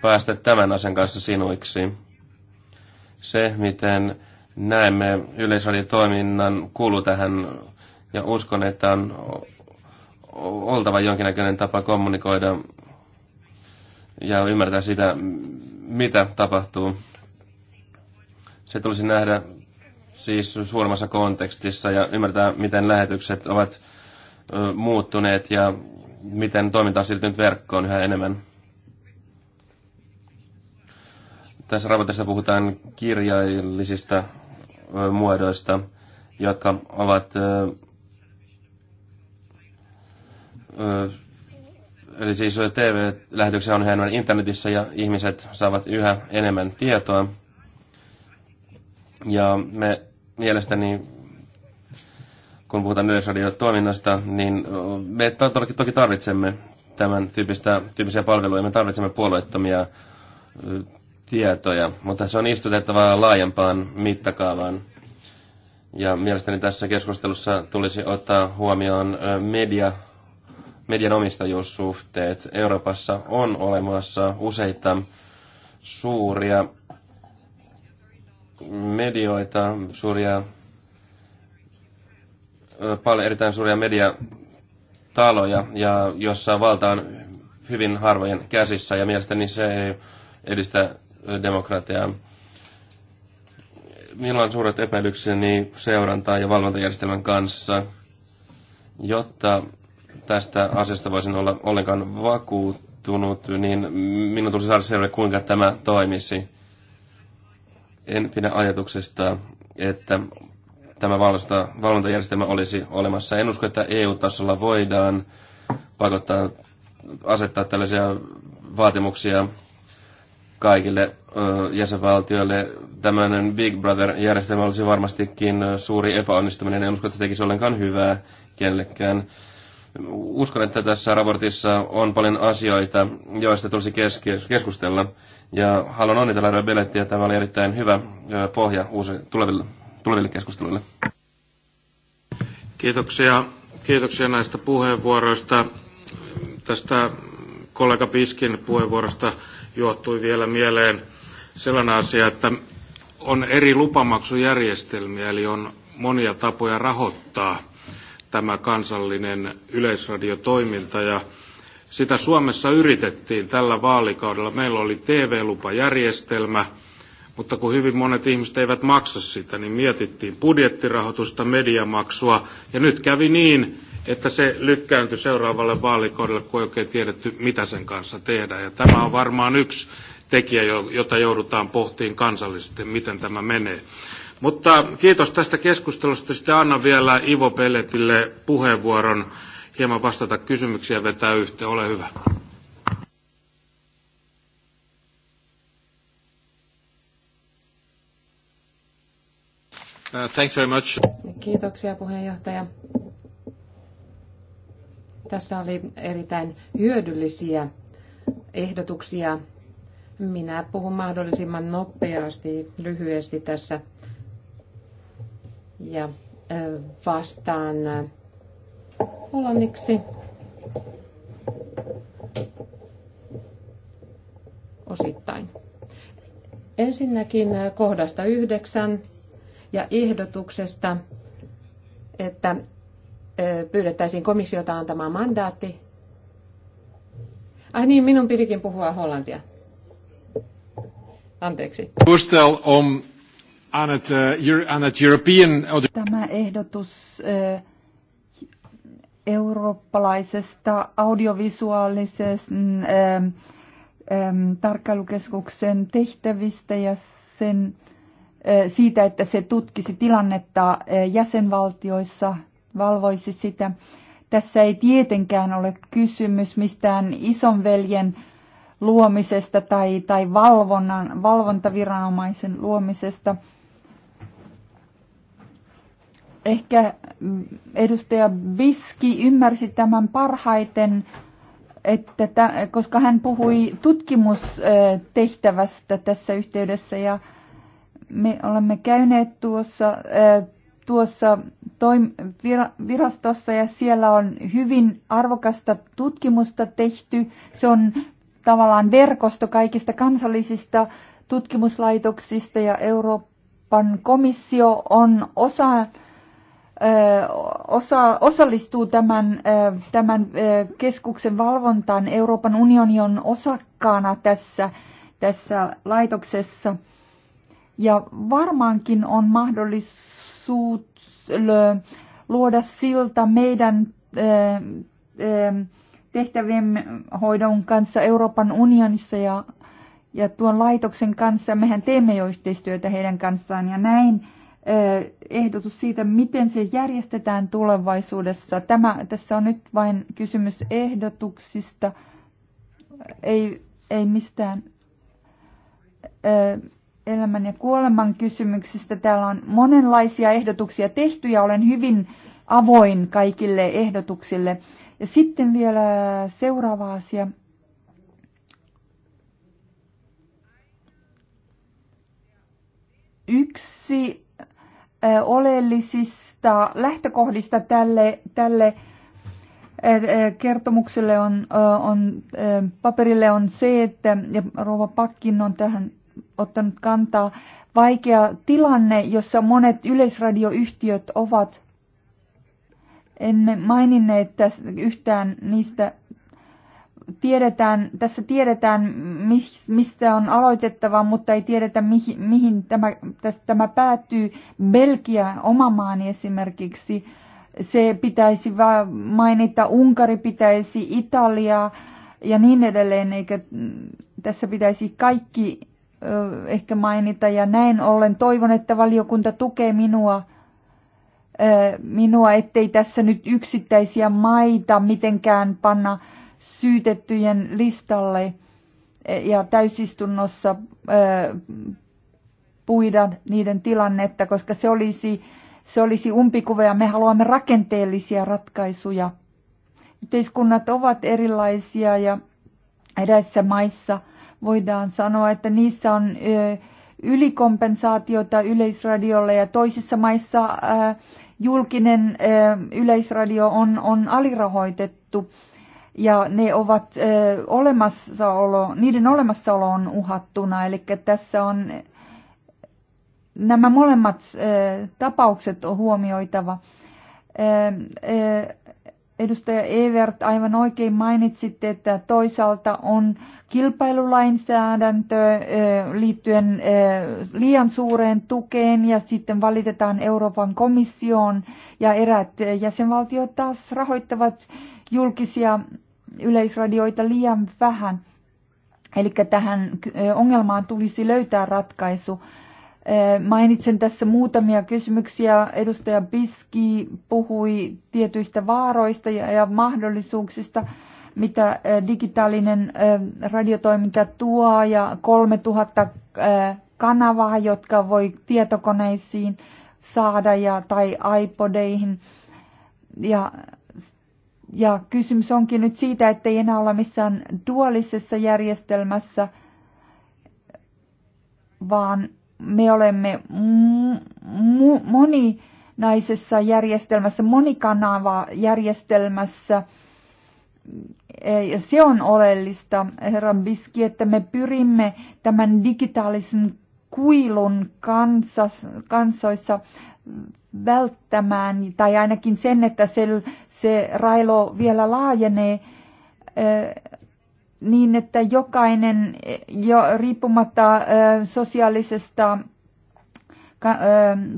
päästä tämän asian kanssa sinuiksi. Se, miten näemme yleisradiotoiminnan, kuuluu tähän ja uskon, että on oltava jonkinnäköinen tapa kommunikoida ja ymmärtää sitä, mitä tapahtuu. Se tulisi nähdä siis suuremmassa kontekstissa ja ymmärtää, miten lähetykset ovat muuttuneet ja miten toiminta on siirtynyt verkkoon yhä enemmän. Tässä raportissa puhutaan kirjaillisista muodoista, jotka ovat Eli siis TV-lähetyksiä on yhä enemmän internetissä ja ihmiset saavat yhä enemmän tietoa. Ja me mielestäni, kun puhutaan yleisradiotoiminnasta, niin me toki tarvitsemme tämän tyyppistä, tyyppisiä palveluja. Me tarvitsemme puolueettomia tietoja, mutta se on istutettava laajempaan mittakaavaan. Ja mielestäni tässä keskustelussa tulisi ottaa huomioon media median omistajuussuhteet. Euroopassa on olemassa useita suuria medioita, suuria, paljon erittäin suuria mediataloja, ja jossa valta on hyvin harvojen käsissä, ja mielestäni se ei edistä demokratiaa. Minulla on suuret epäilykseni seurantaa ja valvontajärjestelmän kanssa, jotta tästä asiasta voisin olla ollenkaan vakuuttunut, niin minun tulisi saada selville, kuinka tämä toimisi. En pidä ajatuksesta, että tämä valvontajärjestelmä olisi olemassa. En usko, että EU-tasolla voidaan pakottaa, asettaa tällaisia vaatimuksia kaikille ö, jäsenvaltioille. Tämmöinen Big Brother-järjestelmä olisi varmastikin suuri epäonnistuminen. En usko, että tekisi ollenkaan hyvää kenellekään. Uskon, että tässä raportissa on paljon asioita, joista tulisi keskustella. Ja haluan onnitella Rebelettiä. Tämä oli erittäin hyvä pohja uusi, tuleville, tuleville keskusteluille. Kiitoksia. Kiitoksia näistä puheenvuoroista. Tästä kollega Piskin puheenvuorosta johtui vielä mieleen sellainen asia, että on eri lupamaksujärjestelmiä, eli on monia tapoja rahoittaa tämä kansallinen yleisradiotoiminta. Ja sitä Suomessa yritettiin tällä vaalikaudella. Meillä oli TV-lupajärjestelmä, mutta kun hyvin monet ihmiset eivät maksa sitä, niin mietittiin budjettirahoitusta, mediamaksua. Ja nyt kävi niin, että se lykkääntyi seuraavalle vaalikaudelle, kun ei oikein tiedetty, mitä sen kanssa tehdään. Ja tämä on varmaan yksi tekijä, jota joudutaan pohtiin kansallisesti, miten tämä menee. Mutta kiitos tästä keskustelusta. Sitten annan vielä Ivo Pelletille puheenvuoron hieman vastata kysymyksiä ja vetää yhteen. Ole hyvä. Uh, thanks very much. Kiitoksia puheenjohtaja. Tässä oli erittäin hyödyllisiä ehdotuksia. Minä puhun mahdollisimman nopeasti, lyhyesti tässä ja vastaan hollanniksi. Osittain. Ensinnäkin kohdasta yhdeksän ja ehdotuksesta, että pyydettäisiin komissiota antamaan mandaatti. Ai niin, minun pidikin puhua hollantia. Anteeksi. Voorstel om Eh, Tämä ehdotus eh, eurooppalaisesta audiovisuaalisen eh, tarkkailukeskuksen tehtävistä ja sen, siitä, että se tutkisi tilannetta jäsenvaltioissa, valvoisi sitä. Tässä ei tietenkään ole kysymys mistään isonveljen luomisesta tai, tai valvonnan, valvontaviranomaisen luomisesta – Ehkä mm, edustaja Biski ymmärsi tämän parhaiten, että ta, koska hän puhui tutkimustehtävästä tässä yhteydessä ja me olemme käyneet tuossa, tuossa toim, virastossa ja siellä on hyvin arvokasta tutkimusta tehty. Se on tavallaan verkosto kaikista kansallisista tutkimuslaitoksista ja Euroopan komissio on osa osa, osallistuu tämän, tämän keskuksen valvontaan. Euroopan unioni on osakkaana tässä, tässä laitoksessa. Ja varmaankin on mahdollisuus luoda silta meidän tehtävien hoidon kanssa Euroopan unionissa ja, ja tuon laitoksen kanssa. Mehän teemme jo yhteistyötä heidän kanssaan ja näin Eh, ehdotus siitä, miten se järjestetään tulevaisuudessa. Tämä, tässä on nyt vain kysymys ehdotuksista, ei, ei mistään eh, elämän ja kuoleman kysymyksistä. Täällä on monenlaisia ehdotuksia tehty ja olen hyvin avoin kaikille ehdotuksille. Ja sitten vielä seuraava asia. Yksi oleellisista lähtökohdista tälle, tälle kertomukselle on, on, paperille on se, että ja rova Pakkin on tähän ottanut kantaa vaikea tilanne, jossa monet yleisradioyhtiöt ovat. en maininneet tässä yhtään niistä tiedetään, tässä tiedetään, mistä on aloitettava, mutta ei tiedetä, mihin, mihin tämä, tässä, tämä päättyy. Belgia, oma maani esimerkiksi, se pitäisi mainita, Unkari pitäisi, Italia ja niin edelleen, eikä tässä pitäisi kaikki ehkä mainita. Ja näin ollen toivon, että valiokunta tukee minua minua, ettei tässä nyt yksittäisiä maita mitenkään panna syytettyjen listalle ja täysistunnossa puida niiden tilannetta, koska se olisi, se olisi umpikuva ja me haluamme rakenteellisia ratkaisuja. Yhteiskunnat ovat erilaisia ja edessä maissa voidaan sanoa, että niissä on ylikompensaatiota yleisradiolle ja toisissa maissa julkinen yleisradio on, on alirahoitettu ja ne ovat olemassaolo, niiden olemassaolo on uhattuna, eli tässä on nämä molemmat tapaukset on huomioitava. Edustaja Evert, aivan oikein mainitsitte, että toisaalta on kilpailulainsäädäntö liittyen liian suureen tukeen ja sitten valitetaan Euroopan komissioon ja erät jäsenvaltiot taas rahoittavat julkisia yleisradioita liian vähän. Eli tähän ongelmaan tulisi löytää ratkaisu. Mainitsen tässä muutamia kysymyksiä. Edustaja Biski puhui tietyistä vaaroista ja mahdollisuuksista, mitä digitaalinen radiotoiminta tuo ja 3000 kanavaa, jotka voi tietokoneisiin saada ja, tai iPodeihin. Ja ja kysymys onkin nyt siitä, ei enää olla missään dualisessa järjestelmässä, vaan me olemme mu- moninaisessa järjestelmässä, monikanava järjestelmässä. E, ja se on oleellista, herra Biski, että me pyrimme tämän digitaalisen kuilun kansas, kansoissa välttämään, tai ainakin sen, että se, se railo vielä laajenee niin, että jokainen, jo riippumatta sosiaalisesta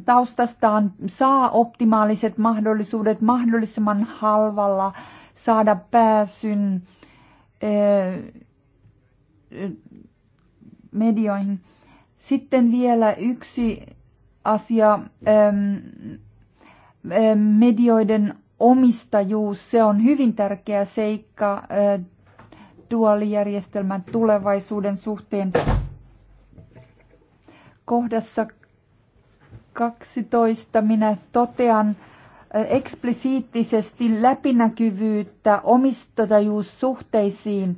taustastaan, saa optimaaliset mahdollisuudet mahdollisimman halvalla saada pääsyn medioihin. Sitten vielä yksi asia, ähm, ähm, medioiden omistajuus, se on hyvin tärkeä seikka äh, duaalijärjestelmän tulevaisuuden suhteen. Kohdassa 12 minä totean äh, eksplisiittisesti läpinäkyvyyttä omistajuussuhteisiin.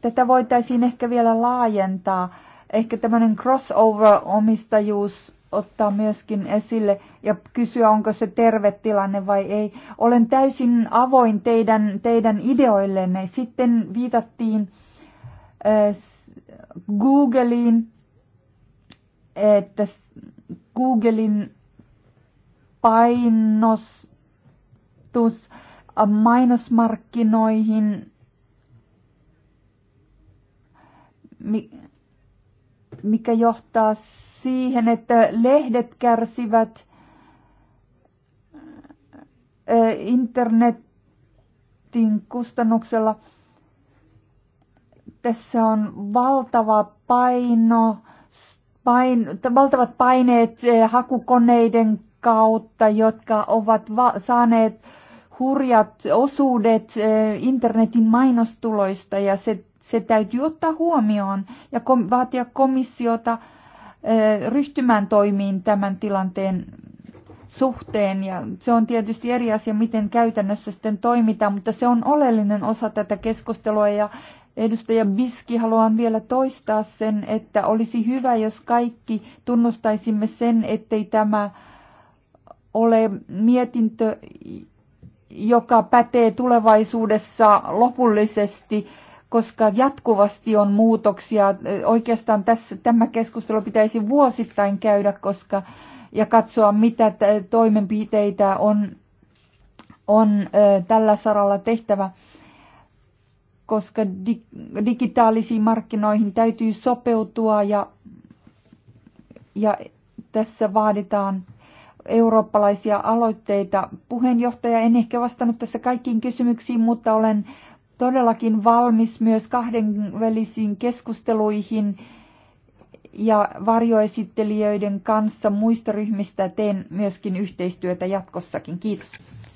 Tätä voitaisiin ehkä vielä laajentaa Ehkä tämmöinen crossover-omistajuus ottaa myöskin esille ja kysyä, onko se terve tilanne vai ei. Olen täysin avoin teidän, teidän ideoillenne. Sitten viitattiin äh, Googleen, että Googlein painostus äh, mainosmarkkinoihin, mikä johtaa siihen, että lehdet kärsivät, internetin kustannuksella. Tässä on valtava paino, pain, valtavat paineet hakukoneiden kautta, jotka ovat va- saaneet hurjat osuudet internetin mainostuloista ja se se täytyy ottaa huomioon ja kom- vaatia komissiota ryhtymään toimiin tämän tilanteen suhteen. Ja se on tietysti eri asia, miten käytännössä sitten toimitaan, mutta se on oleellinen osa tätä keskustelua. Ja edustaja Biski, haluan vielä toistaa sen, että olisi hyvä, jos kaikki tunnustaisimme sen, ettei tämä ole mietintö, joka pätee tulevaisuudessa lopullisesti koska jatkuvasti on muutoksia. Oikeastaan tässä, tämä keskustelu pitäisi vuosittain käydä koska, ja katsoa, mitä toimenpiteitä on, on tällä saralla tehtävä koska di- digitaalisiin markkinoihin täytyy sopeutua ja, ja tässä vaaditaan eurooppalaisia aloitteita. Puheenjohtaja, en ehkä vastannut tässä kaikkiin kysymyksiin, mutta olen todellakin valmis myös kahdenvälisiin keskusteluihin ja varjoesittelijöiden kanssa muista ryhmistä teen myöskin yhteistyötä jatkossakin. Kiitos.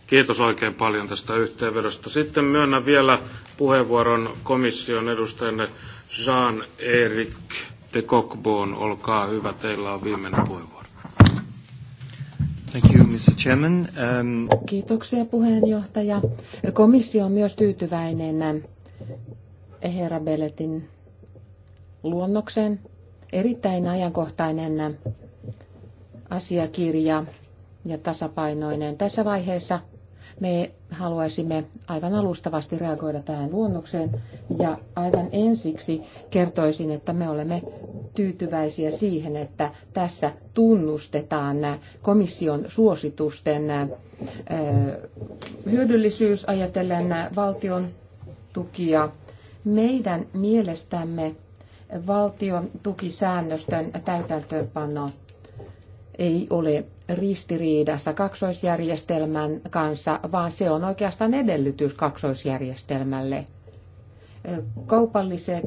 Kiitos oikein paljon tästä yhteenvedosta. Sitten myönnän vielä puheenvuoron komission edustajalle Jean-Eric de Cockbone. Olkaa hyvä, teillä on viimeinen puheenvuoro. Thank you, Mr. Chairman. Um... Kiitoksia puheenjohtaja. Komissio on myös tyytyväinen eh, herra Belletin luonnokseen Erittäin ajankohtainen eh, asiakirja ja tasapainoinen. Tässä vaiheessa me haluaisimme aivan alustavasti reagoida tähän luonnokseen ja aivan ensiksi kertoisin, että me olemme tyytyväisiä siihen, että tässä tunnustetaan komission suositusten äh, hyödyllisyys ajatellen valtion tukia. Meidän mielestämme valtion tukisäännöstön täytäntöönpano ei ole ristiriidassa kaksoisjärjestelmän kanssa, vaan se on oikeastaan edellytys kaksoisjärjestelmälle. Kaupalliset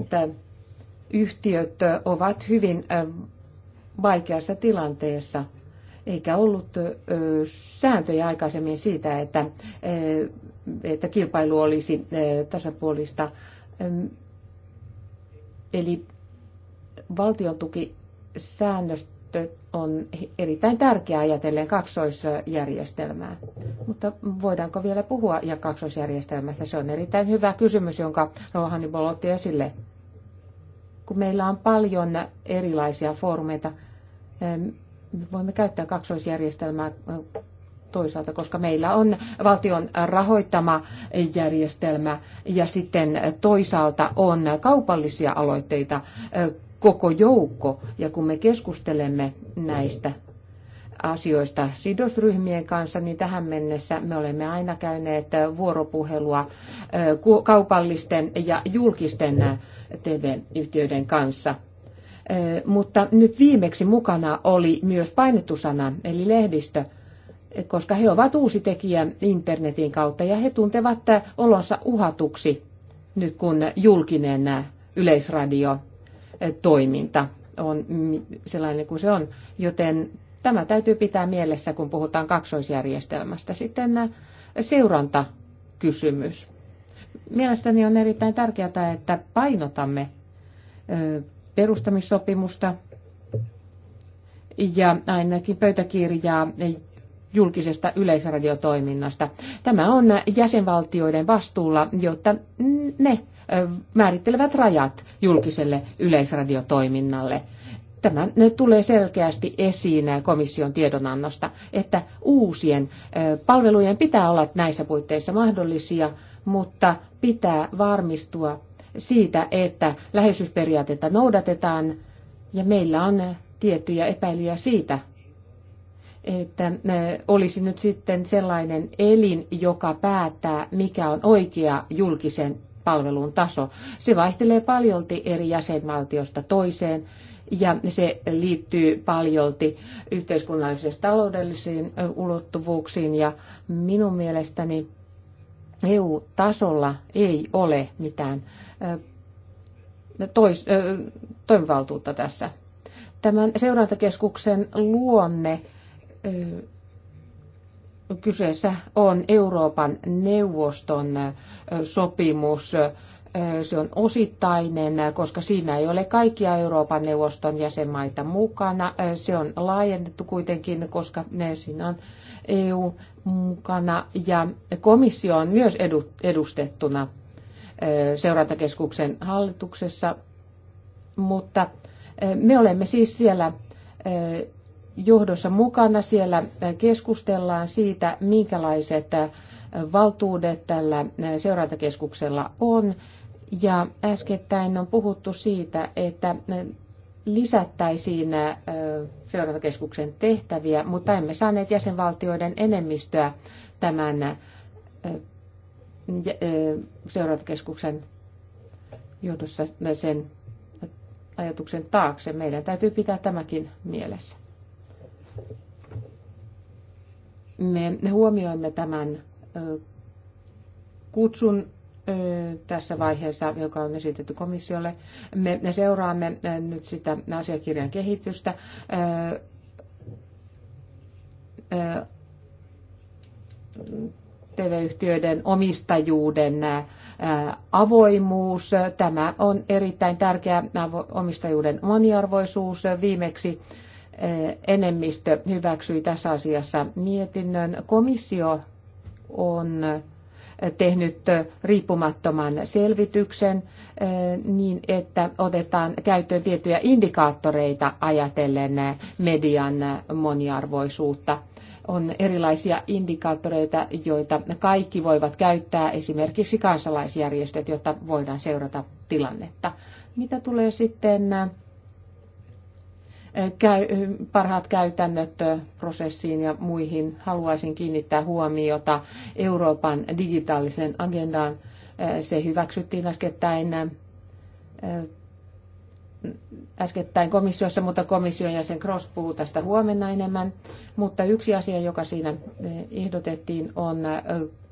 yhtiöt ovat hyvin vaikeassa tilanteessa, eikä ollut sääntöjä aikaisemmin siitä, että, että kilpailu olisi tasapuolista. Eli valtion tukisäännös on erittäin tärkeää ajatellen kaksoisjärjestelmää. Mutta voidaanko vielä puhua ja kaksoisjärjestelmästä? Se on erittäin hyvä kysymys, jonka Rohani Bol otti esille. Kun meillä on paljon erilaisia foorumeita, me voimme käyttää kaksoisjärjestelmää toisaalta, koska meillä on valtion rahoittama järjestelmä ja sitten toisaalta on kaupallisia aloitteita koko joukko. Ja kun me keskustelemme näistä asioista sidosryhmien kanssa, niin tähän mennessä me olemme aina käyneet vuoropuhelua kaupallisten ja julkisten TV-yhtiöiden kanssa. Mutta nyt viimeksi mukana oli myös painetusana, eli lehdistö, koska he ovat uusi tekijä internetin kautta ja he tuntevat olonsa uhatuksi nyt kun julkinen yleisradio toiminta on sellainen kuin se on, joten tämä täytyy pitää mielessä, kun puhutaan kaksoisjärjestelmästä. Sitten äh, seurantakysymys. Mielestäni on erittäin tärkeää, että painotamme äh, perustamissopimusta ja ainakin pöytäkirjaa julkisesta yleisradiotoiminnasta. Tämä on jäsenvaltioiden vastuulla, jotta ne määrittelevät rajat julkiselle yleisradiotoiminnalle. Tämä tulee selkeästi esiin komission tiedonannosta, että uusien palvelujen pitää olla näissä puitteissa mahdollisia, mutta pitää varmistua siitä, että läheisyysperiaatetta noudatetaan ja meillä on tiettyjä epäilyjä siitä, että olisi nyt sitten sellainen elin, joka päättää, mikä on oikea julkisen palvelun taso. Se vaihtelee paljolti eri jäsenvaltiosta toiseen ja se liittyy paljolti yhteiskunnallisiin taloudellisiin ulottuvuuksiin ja minun mielestäni EU-tasolla ei ole mitään tois, toimivaltuutta tässä. Tämän seurantakeskuksen luonne kyseessä on Euroopan neuvoston sopimus. Se on osittainen, koska siinä ei ole kaikkia Euroopan neuvoston jäsenmaita mukana. Se on laajennettu kuitenkin, koska ne siinä on EU mukana ja komissio on myös edustettuna seurantakeskuksen hallituksessa, mutta me olemme siis siellä johdossa mukana. Siellä keskustellaan siitä, minkälaiset valtuudet tällä seurantakeskuksella on. Ja äskettäin on puhuttu siitä, että lisättäisiin seurantakeskuksen tehtäviä, mutta emme saaneet jäsenvaltioiden enemmistöä tämän seurantakeskuksen johdossa sen ajatuksen taakse. Meidän täytyy pitää tämäkin mielessä. Me huomioimme tämän kutsun tässä vaiheessa, joka on esitetty komissiolle. Me seuraamme nyt sitä asiakirjan kehitystä. TV-yhtiöiden omistajuuden avoimuus. Tämä on erittäin tärkeä omistajuuden moniarvoisuus. Viimeksi enemmistö hyväksyi tässä asiassa mietinnön. Komissio on tehnyt riippumattoman selvityksen eh, niin, että otetaan käyttöön tiettyjä indikaattoreita ajatellen median moniarvoisuutta. On erilaisia indikaattoreita, joita kaikki voivat käyttää, esimerkiksi kansalaisjärjestöt, jotta voidaan seurata tilannetta. Mitä tulee sitten käy, parhaat käytännöt prosessiin ja muihin. Haluaisin kiinnittää huomiota Euroopan digitaalisen agendaan. Se hyväksyttiin äskettäin äskettäin komissiossa, mutta komission jäsen Cross puhuu tästä huomenna enemmän. Mutta yksi asia, joka siinä ehdotettiin, on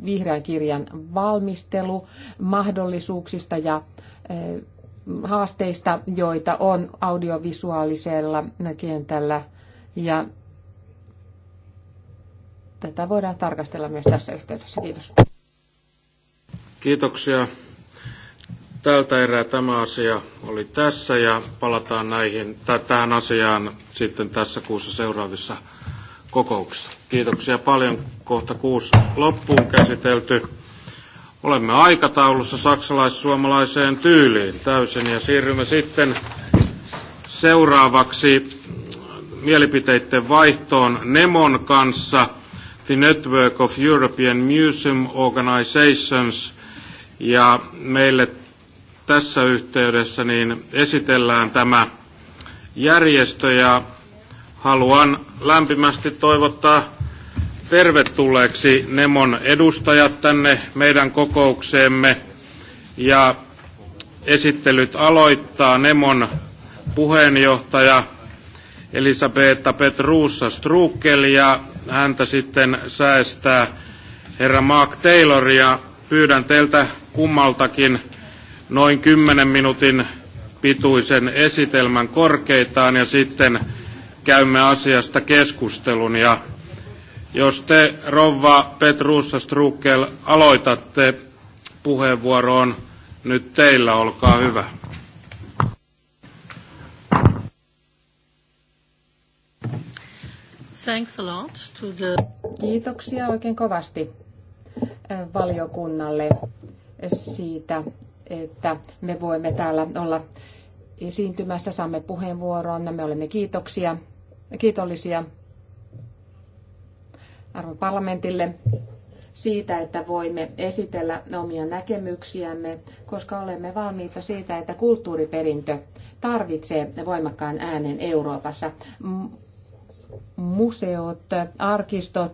vihreän kirjan valmistelu mahdollisuuksista ja haasteista, joita on audiovisuaalisella kentällä. Ja tätä voidaan tarkastella myös tässä yhteydessä. Kiitos. Kiitoksia. Tältä erää tämä asia oli tässä ja palataan näihin, tähän asiaan sitten tässä kuussa seuraavissa kokouksissa. Kiitoksia paljon. Kohta kuusi loppuun käsitelty. Olemme aikataulussa saksalais-suomalaiseen tyyliin täysin ja siirrymme sitten seuraavaksi mielipiteiden vaihtoon Nemon kanssa The Network of European Museum Organizations ja meille tässä yhteydessä niin esitellään tämä järjestö ja haluan lämpimästi toivottaa tervetulleeksi Nemon edustajat tänne meidän kokoukseemme. Ja esittelyt aloittaa Nemon puheenjohtaja Elisabetta Petruussa Strukel ja häntä sitten säästää herra Mark Taylor ja pyydän teiltä kummaltakin noin 10 minuutin pituisen esitelmän korkeitaan ja sitten käymme asiasta keskustelun ja jos te, Rova Petruussa Strukel, aloitatte puheenvuoroon nyt teillä, olkaa hyvä. Thanks a lot to the... Kiitoksia oikein kovasti eh, valiokunnalle siitä, että me voimme täällä olla esiintymässä, saamme puheenvuoron. Me olemme kiitoksia, kiitollisia arvon parlamentille siitä, että voimme esitellä omia näkemyksiämme, koska olemme valmiita siitä, että kulttuuriperintö tarvitsee voimakkaan äänen Euroopassa. Museot, arkistot,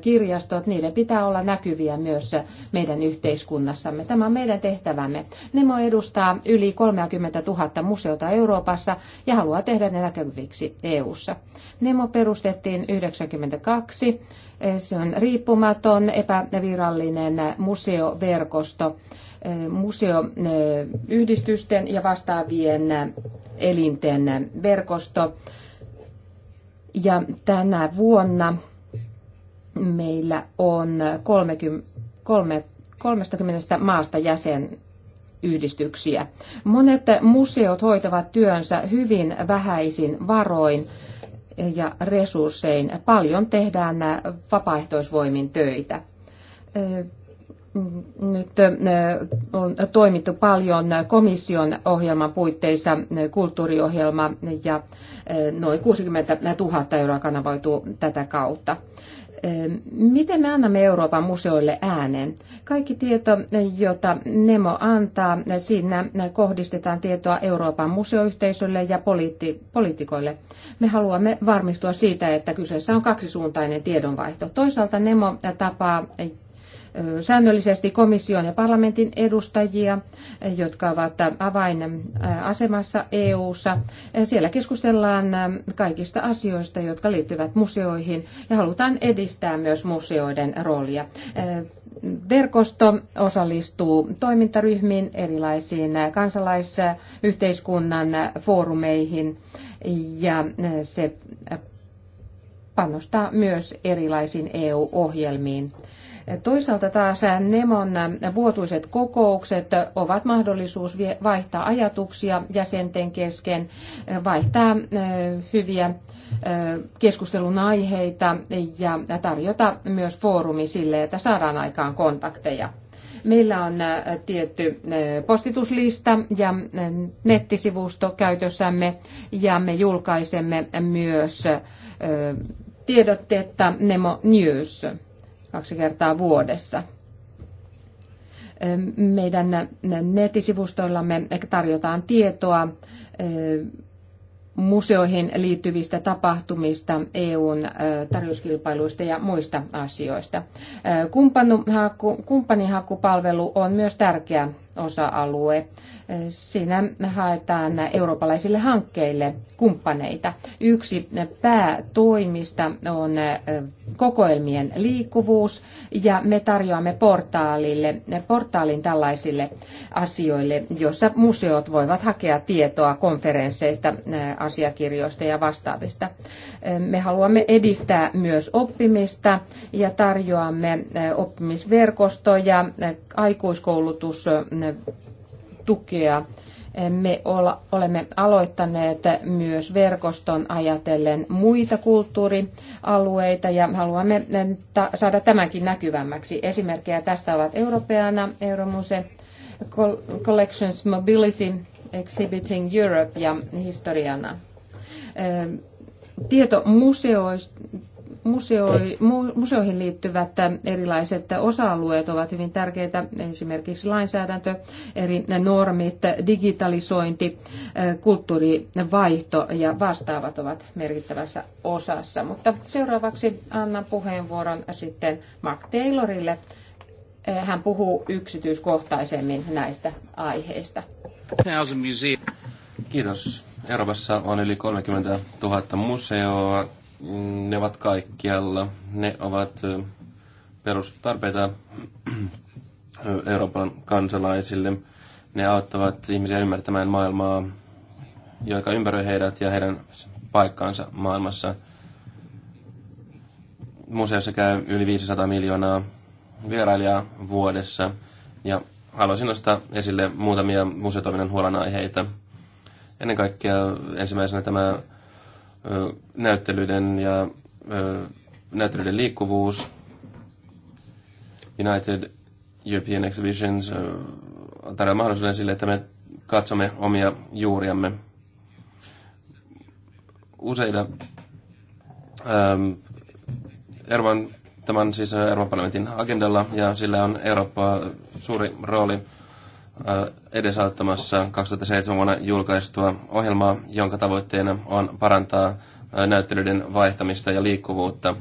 kirjastot, niiden pitää olla näkyviä myös meidän yhteiskunnassamme. Tämä on meidän tehtävämme. Nemo edustaa yli 30 000 museota Euroopassa ja haluaa tehdä ne näkyviksi EU:ssa. Nemo perustettiin 1992 Eh, se on riippumaton, epävirallinen museoverkosto, eh, museoyhdistysten eh, ja vastaavien elinten verkosto. Ja tänä vuonna meillä on 30, maasta jäsenyhdistyksiä. Monet museot hoitavat työnsä hyvin vähäisin varoin ja resurssein. Paljon tehdään vapaaehtoisvoimin töitä. Nyt on toimittu paljon komission ohjelman puitteissa, kulttuuriohjelma ja noin 60 000 euroa kanavoituu tätä kautta. Miten me annamme Euroopan museoille äänen? Kaikki tieto, jota Nemo antaa, siinä kohdistetaan tietoa Euroopan museoyhteisölle ja poliitti, poliitikoille. Me haluamme varmistua siitä, että kyseessä on kaksisuuntainen tiedonvaihto. Toisaalta Nemo tapaa säännöllisesti komission ja parlamentin edustajia, jotka ovat avainasemassa EU-ssa. Siellä keskustellaan kaikista asioista, jotka liittyvät museoihin ja halutaan edistää myös museoiden roolia. Verkosto osallistuu toimintaryhmiin, erilaisiin kansalaisyhteiskunnan foorumeihin ja se panostaa myös erilaisiin EU-ohjelmiin Toisaalta taas Nemon vuotuiset kokoukset ovat mahdollisuus vaihtaa ajatuksia jäsenten kesken, vaihtaa hyviä keskustelun aiheita ja tarjota myös foorumi sille, että saadaan aikaan kontakteja. Meillä on tietty postituslista ja nettisivusto käytössämme ja me julkaisemme myös tiedotteetta Nemo News kaksi kertaa vuodessa. Meidän nettisivustoillamme tarjotaan tietoa eh, museoihin liittyvistä tapahtumista, EUn eh, tarjouskilpailuista ja muista asioista. Eh, kumppanihakupalvelu on myös tärkeä osa-alue. Siinä haetaan eurooppalaisille hankkeille kumppaneita. Yksi päätoimista on kokoelmien liikkuvuus ja me tarjoamme portaalille, portaalin tällaisille asioille, jossa museot voivat hakea tietoa konferensseista, äh, asiakirjoista ja vastaavista. Äh, me haluamme edistää myös oppimista ja tarjoamme äh, oppimisverkostoja, aikuiskoulutus tukea me olemme aloittaneet myös verkoston ajatellen muita kulttuurialueita ja haluamme eh, saada tämänkin näkyvämmäksi. Esimerkkejä tästä ovat Europeana, Euromuse, Collections Mobility, Exhibiting Europe ja Historiana. Eh, tieto museoista, museoihin liittyvät erilaiset osa-alueet ovat hyvin tärkeitä, esimerkiksi lainsäädäntö, eri normit, digitalisointi, kulttuurivaihto ja vastaavat ovat merkittävässä osassa. Mutta seuraavaksi annan puheenvuoron sitten Mark Taylorille. Hän puhuu yksityiskohtaisemmin näistä aiheista. Kiitos. Euroopassa on yli 30 000 museoa, ne ovat kaikkialla. Ne ovat perustarpeita Euroopan kansalaisille. Ne auttavat ihmisiä ymmärtämään maailmaa, joka ympäröi heidät ja heidän paikkaansa maailmassa. Museossa käy yli 500 miljoonaa vierailijaa vuodessa ja haluaisin nostaa esille muutamia museotoiminnan huolenaiheita. Ennen kaikkea ensimmäisenä tämä näyttelyiden ja näyttelyiden liikkuvuus, United European Exhibitions tarjoaa mahdollisuuden sille, että me katsomme omia juuriamme. Useita ähm, Ervan, tämän siis Euroopan parlamentin agendalla ja sillä on Eurooppa suuri rooli edesauttamassa 2007 vuonna julkaistua ohjelmaa, jonka tavoitteena on parantaa näyttelyiden vaihtamista ja liikkuvuutta.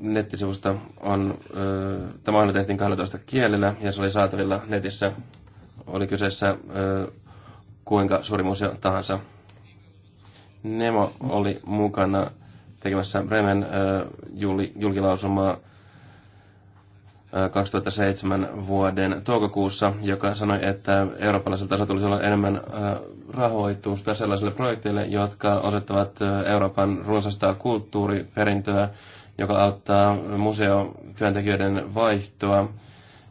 Nettisivusta on, tämä ohjelma tehtiin 12 kielellä ja se oli saatavilla netissä. Oli kyseessä kuinka suuri museo tahansa. Nemo oli mukana tekemässä Bremen julkilausumaa 2007 vuoden toukokuussa, joka sanoi, että eurooppalaisella tasolla tulisi olla enemmän rahoitusta sellaisille projekteille, jotka osoittavat Euroopan runsasta kulttuuriperintöä, joka auttaa museotyöntekijöiden vaihtoa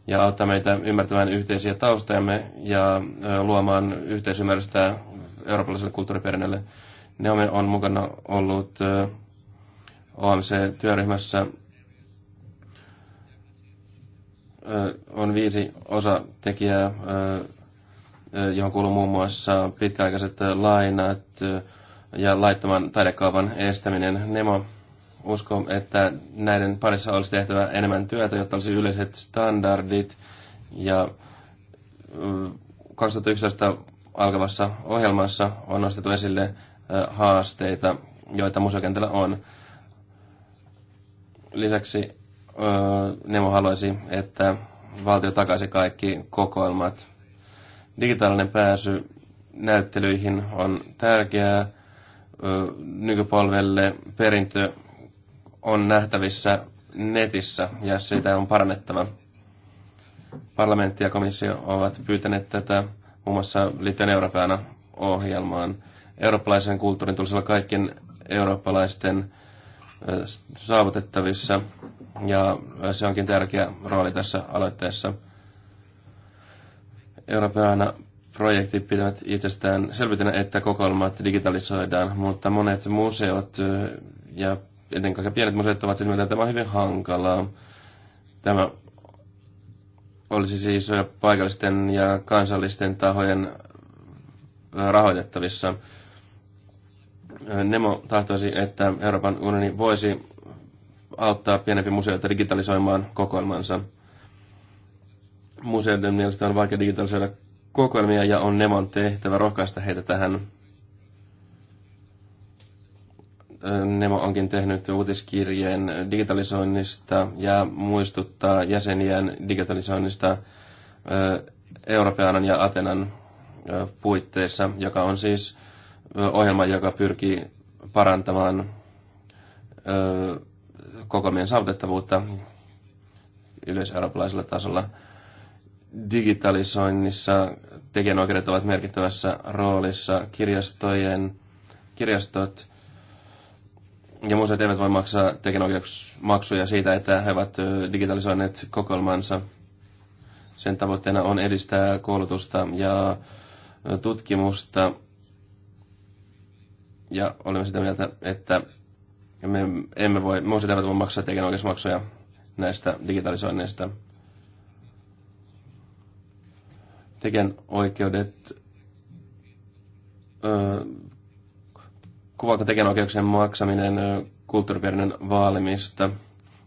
ja auttaa meitä ymmärtämään yhteisiä taustajamme ja luomaan yhteisymmärrystä eurooppalaiselle kulttuuriperinnölle. Neome on mukana ollut OMC-työryhmässä on viisi osatekijää, johon kuuluu muun muassa pitkäaikaiset lainat ja laittoman taidekaupan estäminen. Nemo usko, että näiden parissa olisi tehtävä enemmän työtä, jotta olisi yleiset standardit ja 2011 alkavassa ohjelmassa on nostettu esille haasteita, joita museokentällä on. Lisäksi Nemo haluaisi, että valtio takaisi kaikki kokoelmat. Digitaalinen pääsy näyttelyihin on tärkeää. Nykypolvelle perintö on nähtävissä netissä ja sitä on parannettava. Parlamentti ja komissio ovat pyytäneet tätä muun muassa liittyen Euroopan ohjelmaan. Eurooppalaisen kulttuurin tulisi olla kaikkien eurooppalaisten saavutettavissa ja se onkin tärkeä rooli tässä aloitteessa. Euroopan projektit pitävät itsestään selvitänä, että kokoelmat digitalisoidaan, mutta monet museot ja ennen kaikki pienet museot ovat sitä mieltä, että tämä on hyvin hankalaa. Tämä olisi siis paikallisten ja kansallisten tahojen rahoitettavissa. Nemo tahtoisi, että Euroopan unioni voisi auttaa pienempi museoita digitalisoimaan kokoelmansa. Museoiden mielestä on vaikea digitalisoida kokoelmia ja on Nemon tehtävä rohkaista heitä tähän. Nemo onkin tehnyt uutiskirjeen digitalisoinnista ja muistuttaa jäseniään digitalisoinnista Euroopanan ja Atenan puitteissa, joka on siis ohjelma, joka pyrkii parantamaan kokoelmien saavutettavuutta yleiseurooppalaisella tasolla. Digitalisoinnissa tekijänoikeudet ovat merkittävässä roolissa. Kirjastojen, kirjastot ja museot eivät voi maksaa tekijänoikeusmaksuja siitä, että he ovat digitalisoineet kokoelmansa. Sen tavoitteena on edistää koulutusta ja tutkimusta. Ja olemme sitä mieltä, että me emme voi, me eivät voi maksaa tekijänoikeusmaksuja näistä digitalisoinneista. Tekijänoikeudet, öö, kuvaako tekijänoikeuksien maksaminen öö, kulttuuriperinnön vaalimista?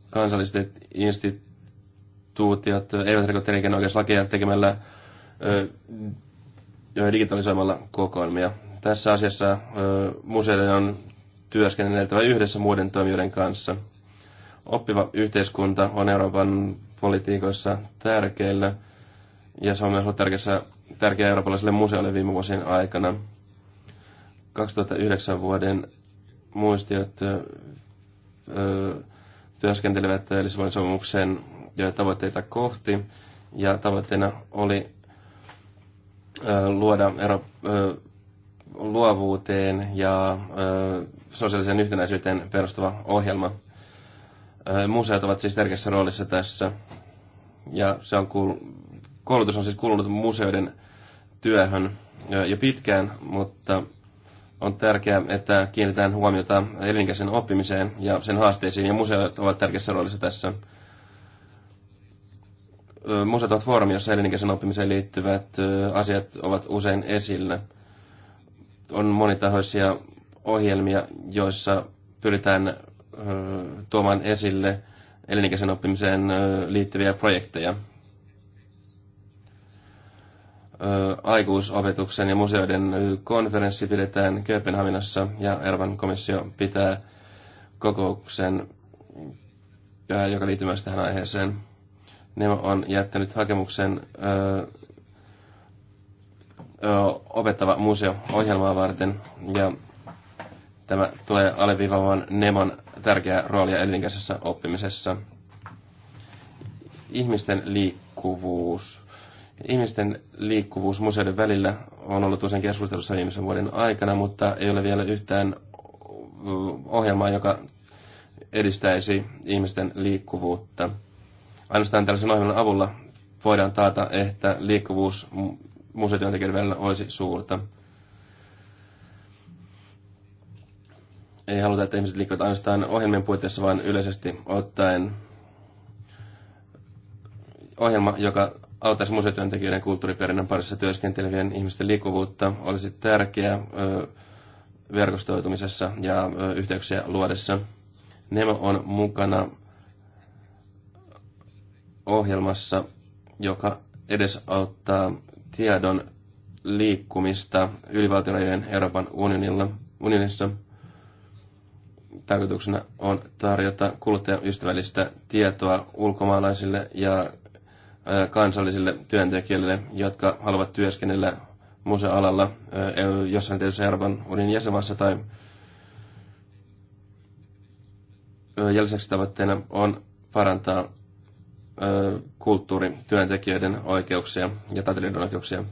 Kansalliset instituutiot eivät rikko tekijänoikeuslakia tekemällä öö, digitalisoimalla kokoelmia. Tässä asiassa öö, museoiden on työskenneltävä yhdessä muiden toimijoiden kanssa. Oppiva yhteiskunta on Euroopan politiikoissa tärkeillä ja se on myös ollut tärkeä, tärkeä eurooppalaiselle museolle viime vuosien aikana. 2009 vuoden muistiot öö, työskentelevät Lissabonin sopimuksen tavoitteita kohti ja tavoitteena oli luoda ero, luovuuteen ja sosiaalisen yhtenäisyyteen perustuva ohjelma. Museot ovat siis tärkeässä roolissa tässä. Ja se on kuul- koulutus on siis kuulunut museoiden työhön jo pitkään, mutta on tärkeää, että kiinnitetään huomiota elinikäisen oppimiseen ja sen haasteisiin, ja museot ovat tärkeässä roolissa tässä. Museot ovat foorumi, jossa elinikäisen oppimiseen liittyvät asiat ovat usein esillä. On monitahoisia ohjelmia, joissa pyritään tuomaan esille elinikäisen oppimiseen liittyviä projekteja. Aikuisopetuksen ja museoiden konferenssi pidetään Kööpenhaminassa ja Euroopan komissio pitää kokouksen, joka liittyy myös tähän aiheeseen. Nemo on jättänyt hakemuksen opettava museo ohjelmaa varten ja Tämä tulee alleviivaamaan Nemon tärkeää roolia elinikäisessä oppimisessa. Ihmisten liikkuvuus. Ihmisten liikkuvuus museoiden välillä on ollut usein keskustelussa viimeisen vuoden aikana, mutta ei ole vielä yhtään mm, ohjelmaa, joka edistäisi ihmisten liikkuvuutta. Ainoastaan tällaisen ohjelman avulla voidaan taata, että liikkuvuus museotyöntekijöiden välillä olisi suurta. ei haluta, että ihmiset liikkuvat ainoastaan ohjelmien puitteissa, vaan yleisesti ottaen ohjelma, joka auttaisi museotyöntekijöiden ja kulttuuriperinnön parissa työskentelevien ihmisten liikkuvuutta, olisi tärkeä verkostoitumisessa ja yhteyksiä luodessa. Nemo on mukana ohjelmassa, joka edesauttaa tiedon liikkumista ylivaltiorajojen Euroopan unionilla, unionissa – tarkoituksena on tarjota kuluttajaystävällistä tietoa ulkomaalaisille ja kansallisille työntekijöille, jotka haluavat työskennellä museoalalla jossain tietyssä Euroopan unionin jäsenmaassa tai ja lisäksi tavoitteena on parantaa kulttuurityöntekijöiden oikeuksia ja taiteilijoiden oikeuksia.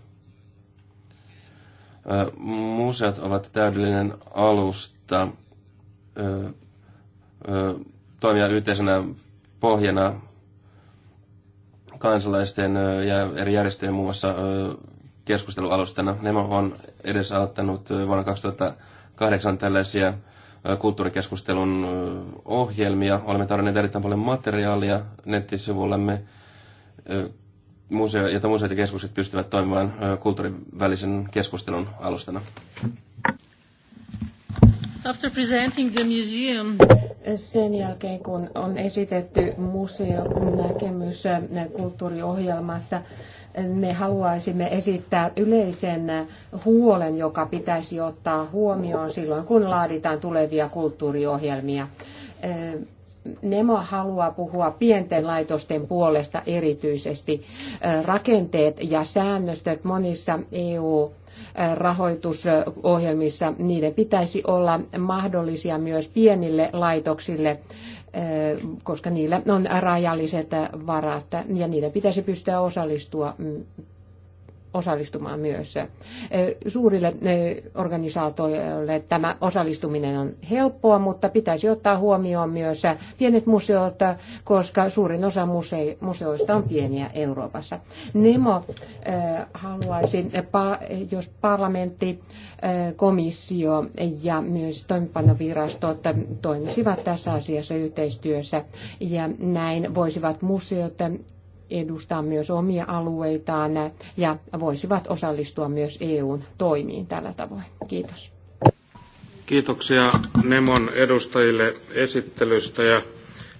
Museot ovat täydellinen alusta toimia yhteisenä pohjana kansalaisten ja eri järjestöjen muun muassa keskustelualustana. Nemo on edesauttanut vuonna 2008 tällaisia kulttuurikeskustelun ohjelmia. Olemme tarjonneet erittäin paljon materiaalia nettisivullamme, museo, jota museot ja keskukset pystyvät toimimaan kulttuurivälisen keskustelun alustana. After presenting the museum. Sen jälkeen, kun on esitetty museonäkemys äh, kulttuuriohjelmassa, äh, me haluaisimme esittää yleisen äh, huolen, joka pitäisi ottaa huomioon silloin, kun laaditaan tulevia kulttuuriohjelmia Nemo haluaa puhua pienten laitosten puolesta erityisesti. Rakenteet ja säännöstöt monissa EU-rahoitusohjelmissa, niiden pitäisi olla mahdollisia myös pienille laitoksille, koska niillä on rajalliset varat ja niiden pitäisi pystyä osallistua mm, osallistumaan myös. Eh, suurille eh, organisaatioille tämä osallistuminen on helppoa, mutta pitäisi ottaa huomioon myös pienet museot, koska suurin osa museoista on pieniä Euroopassa. Nemo eh, haluaisin, jos parlamentti, komissio ja myös toimipanovirastot toimisivat tässä asiassa yhteistyössä ja näin voisivat museot edustaa myös omia alueitaan ja voisivat osallistua myös EUn toimiin tällä tavoin. Kiitos. Kiitoksia Nemon edustajille esittelystä ja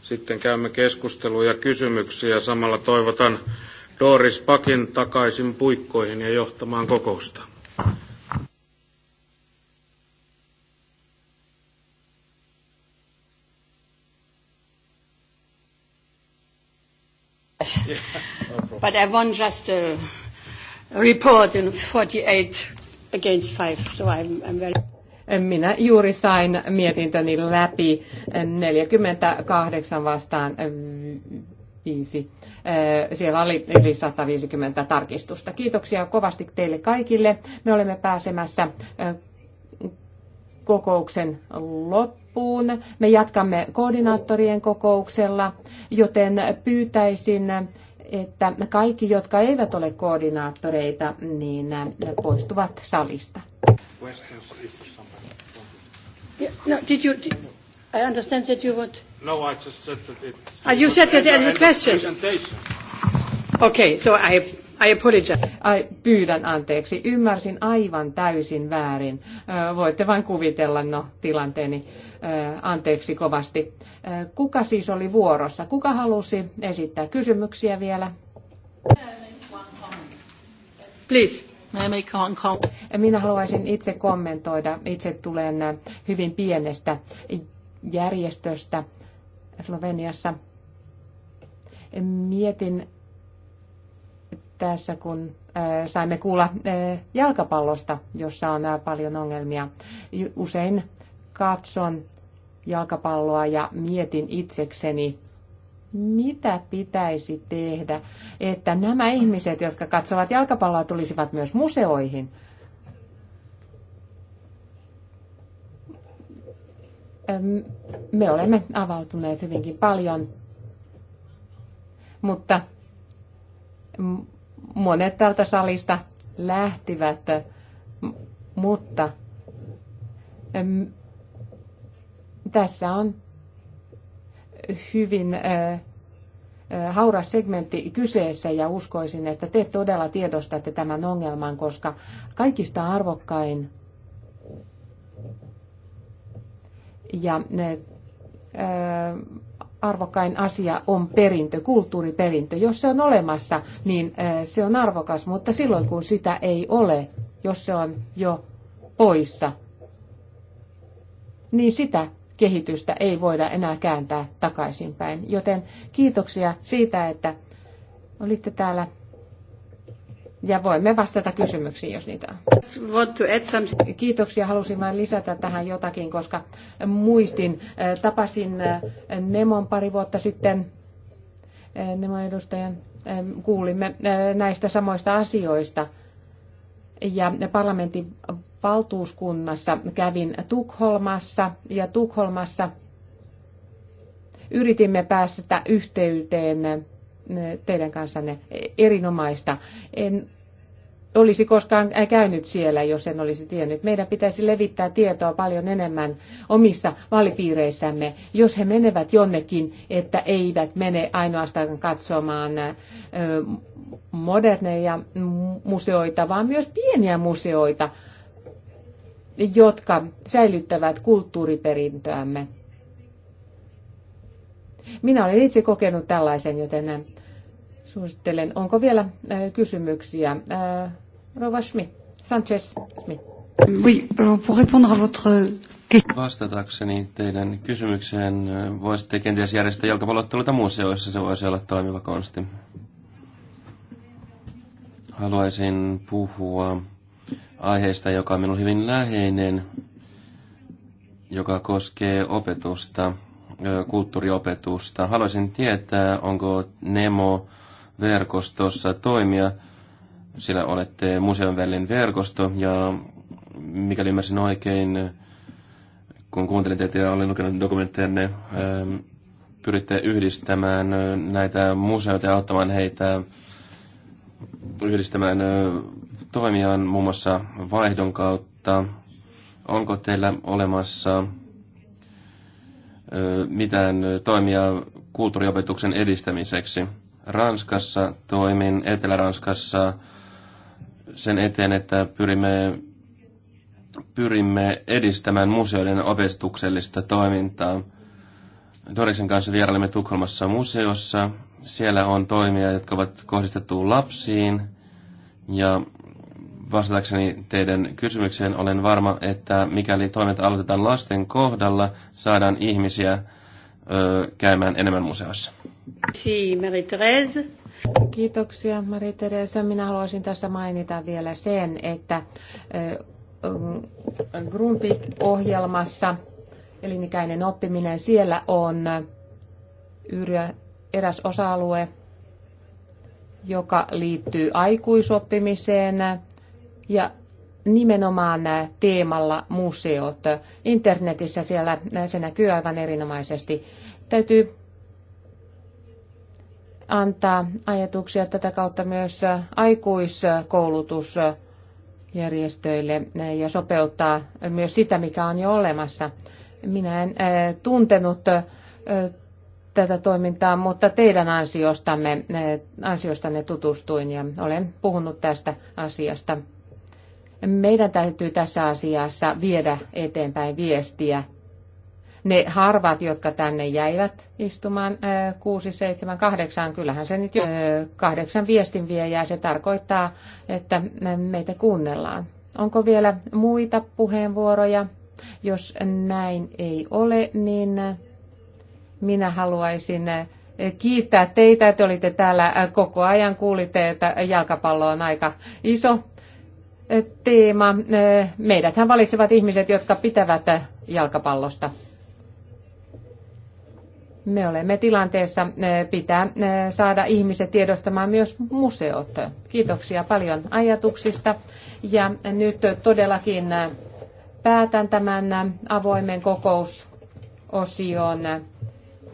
sitten käymme keskustelua ja kysymyksiä. Samalla toivotan Doris Pakin takaisin puikkoihin ja johtamaan kokousta. but I won just a report in 48 against 5, so I'm, I'm very... Minä juuri sain mietintöni läpi 48 vastaan 5. Siellä oli yli 150 tarkistusta. Kiitoksia kovasti teille kaikille. Me olemme pääsemässä kokouksen loppuun. Me jatkamme koordinaattorien kokouksella, joten pyytäisin, että kaikki, jotka eivät ole koordinaattoreita, niin poistuvat salista. no, did you, did, I understand that you would... No, I just said that it... Ah, you said that Okay, so I I apologize. Ai, pyydän anteeksi. Ymmärsin aivan täysin väärin. Voitte vain kuvitella no, tilanteeni. Anteeksi kovasti. Kuka siis oli vuorossa? Kuka halusi esittää kysymyksiä vielä? Please. Minä haluaisin itse kommentoida. Itse tulen hyvin pienestä järjestöstä Sloveniassa. Mietin tässä, kun saimme kuulla jalkapallosta, jossa on paljon ongelmia. Usein katson jalkapalloa ja mietin itsekseni, mitä pitäisi tehdä, että nämä ihmiset, jotka katsovat jalkapalloa, tulisivat myös museoihin. Me olemme avautuneet hyvinkin paljon, mutta monet tältä salista lähtivät, mutta tässä on hyvin hauras segmentti kyseessä ja uskoisin, että te todella tiedostatte tämän ongelman, koska kaikista arvokkain ja ne, arvokkain asia on perintö, kulttuuriperintö. Jos se on olemassa, niin äh, se on arvokas, mutta silloin kun sitä ei ole, jos se on jo poissa, niin sitä kehitystä ei voida enää kääntää takaisinpäin. Joten kiitoksia siitä, että olitte täällä ja voimme vastata kysymyksiin, jos niitä on. Kiitoksia. Halusin vain lisätä tähän jotakin, koska muistin. Tapasin äh, Nemon pari vuotta sitten. Äh, Nemon edustajan ähm, kuulimme äh, näistä samoista asioista. Ja parlamentin valtuuskunnassa kävin Tukholmassa ja Tukholmassa yritimme päästä yhteyteen teidän kanssanne erinomaista. En olisi koskaan käynyt siellä, jos en olisi tiennyt. Meidän pitäisi levittää tietoa paljon enemmän omissa vaalipiireissämme, jos he menevät jonnekin, että eivät mene ainoastaan katsomaan moderneja museoita, vaan myös pieniä museoita, jotka säilyttävät kulttuuriperintöämme. Minä olen itse kokenut tällaisen, joten äh, suosittelen. Onko vielä äh, kysymyksiä? Äh, Rova Schmi, Sanchez Schmi. Oui, pour répondre à votre Vastatakseni teidän kysymykseen, voisitte kenties järjestää jalkapallotteluita museoissa, se voisi olla toimiva konsti. Haluaisin puhua aiheesta, joka on minulle hyvin läheinen, joka koskee opetusta kulttuuriopetusta. Haluaisin tietää, onko Nemo-verkostossa toimia, sillä olette museon välin verkosto, ja mikäli ymmärsin oikein, kun kuuntelin teitä ja olin lukenut dokumenttejanne, ähm, pyritte yhdistämään näitä museoita ja auttamaan heitä yhdistämään toimiaan muun muassa vaihdon kautta. Onko teillä olemassa mitään toimia kulttuuriopetuksen edistämiseksi. Ranskassa toimin, Etelä-Ranskassa sen eteen, että pyrimme, pyrimme edistämään museoiden opetuksellista toimintaa. Doriksen kanssa vierailimme Tukholmassa museossa. Siellä on toimia, jotka ovat kohdistettu lapsiin ja Vastatakseni teidän kysymykseen olen varma, että mikäli toimet aloitetaan lasten kohdalla, saadaan ihmisiä ö, käymään enemmän museossa. Marie-Thérèse. Kiitoksia Marie-Therese. Minä haluaisin tässä mainita vielä sen, että um, Grundvik-ohjelmassa elinikäinen oppiminen, siellä on eräs osa-alue, joka liittyy aikuisoppimiseen ja nimenomaan teemalla museot. Internetissä siellä se näkyy aivan erinomaisesti. Täytyy antaa ajatuksia tätä kautta myös aikuiskoulutusjärjestöille ja sopeuttaa myös sitä, mikä on jo olemassa. Minä en eh, tuntenut eh, tätä toimintaa, mutta teidän eh, ansiostanne tutustuin ja olen puhunut tästä asiasta meidän täytyy tässä asiassa viedä eteenpäin viestiä. Ne harvat, jotka tänne jäivät istumaan 6, 7, 8, kyllähän se nyt jo kahdeksan ja se tarkoittaa, että meitä kuunnellaan. Onko vielä muita puheenvuoroja? Jos näin ei ole, niin minä haluaisin kiittää teitä, että olitte täällä koko ajan. Kuulitte, että jalkapallo on aika iso teema. Meidäthän valitsevat ihmiset, jotka pitävät jalkapallosta. Me olemme tilanteessa, eh, pitää eh, saada ihmiset tiedostamaan myös museot. Kiitoksia paljon ajatuksista. Ja nyt todellakin eh, päätän tämän avoimen kokousosion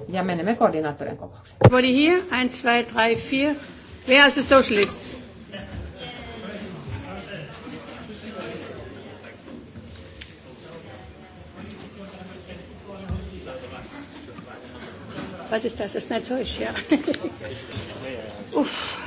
ja menemme koordinaattorin kokoukseen. Everybody here? 1, 2, 3, 4. Where are the socialists? Was ist das? Das ist nicht Deutsch, ja. Uff.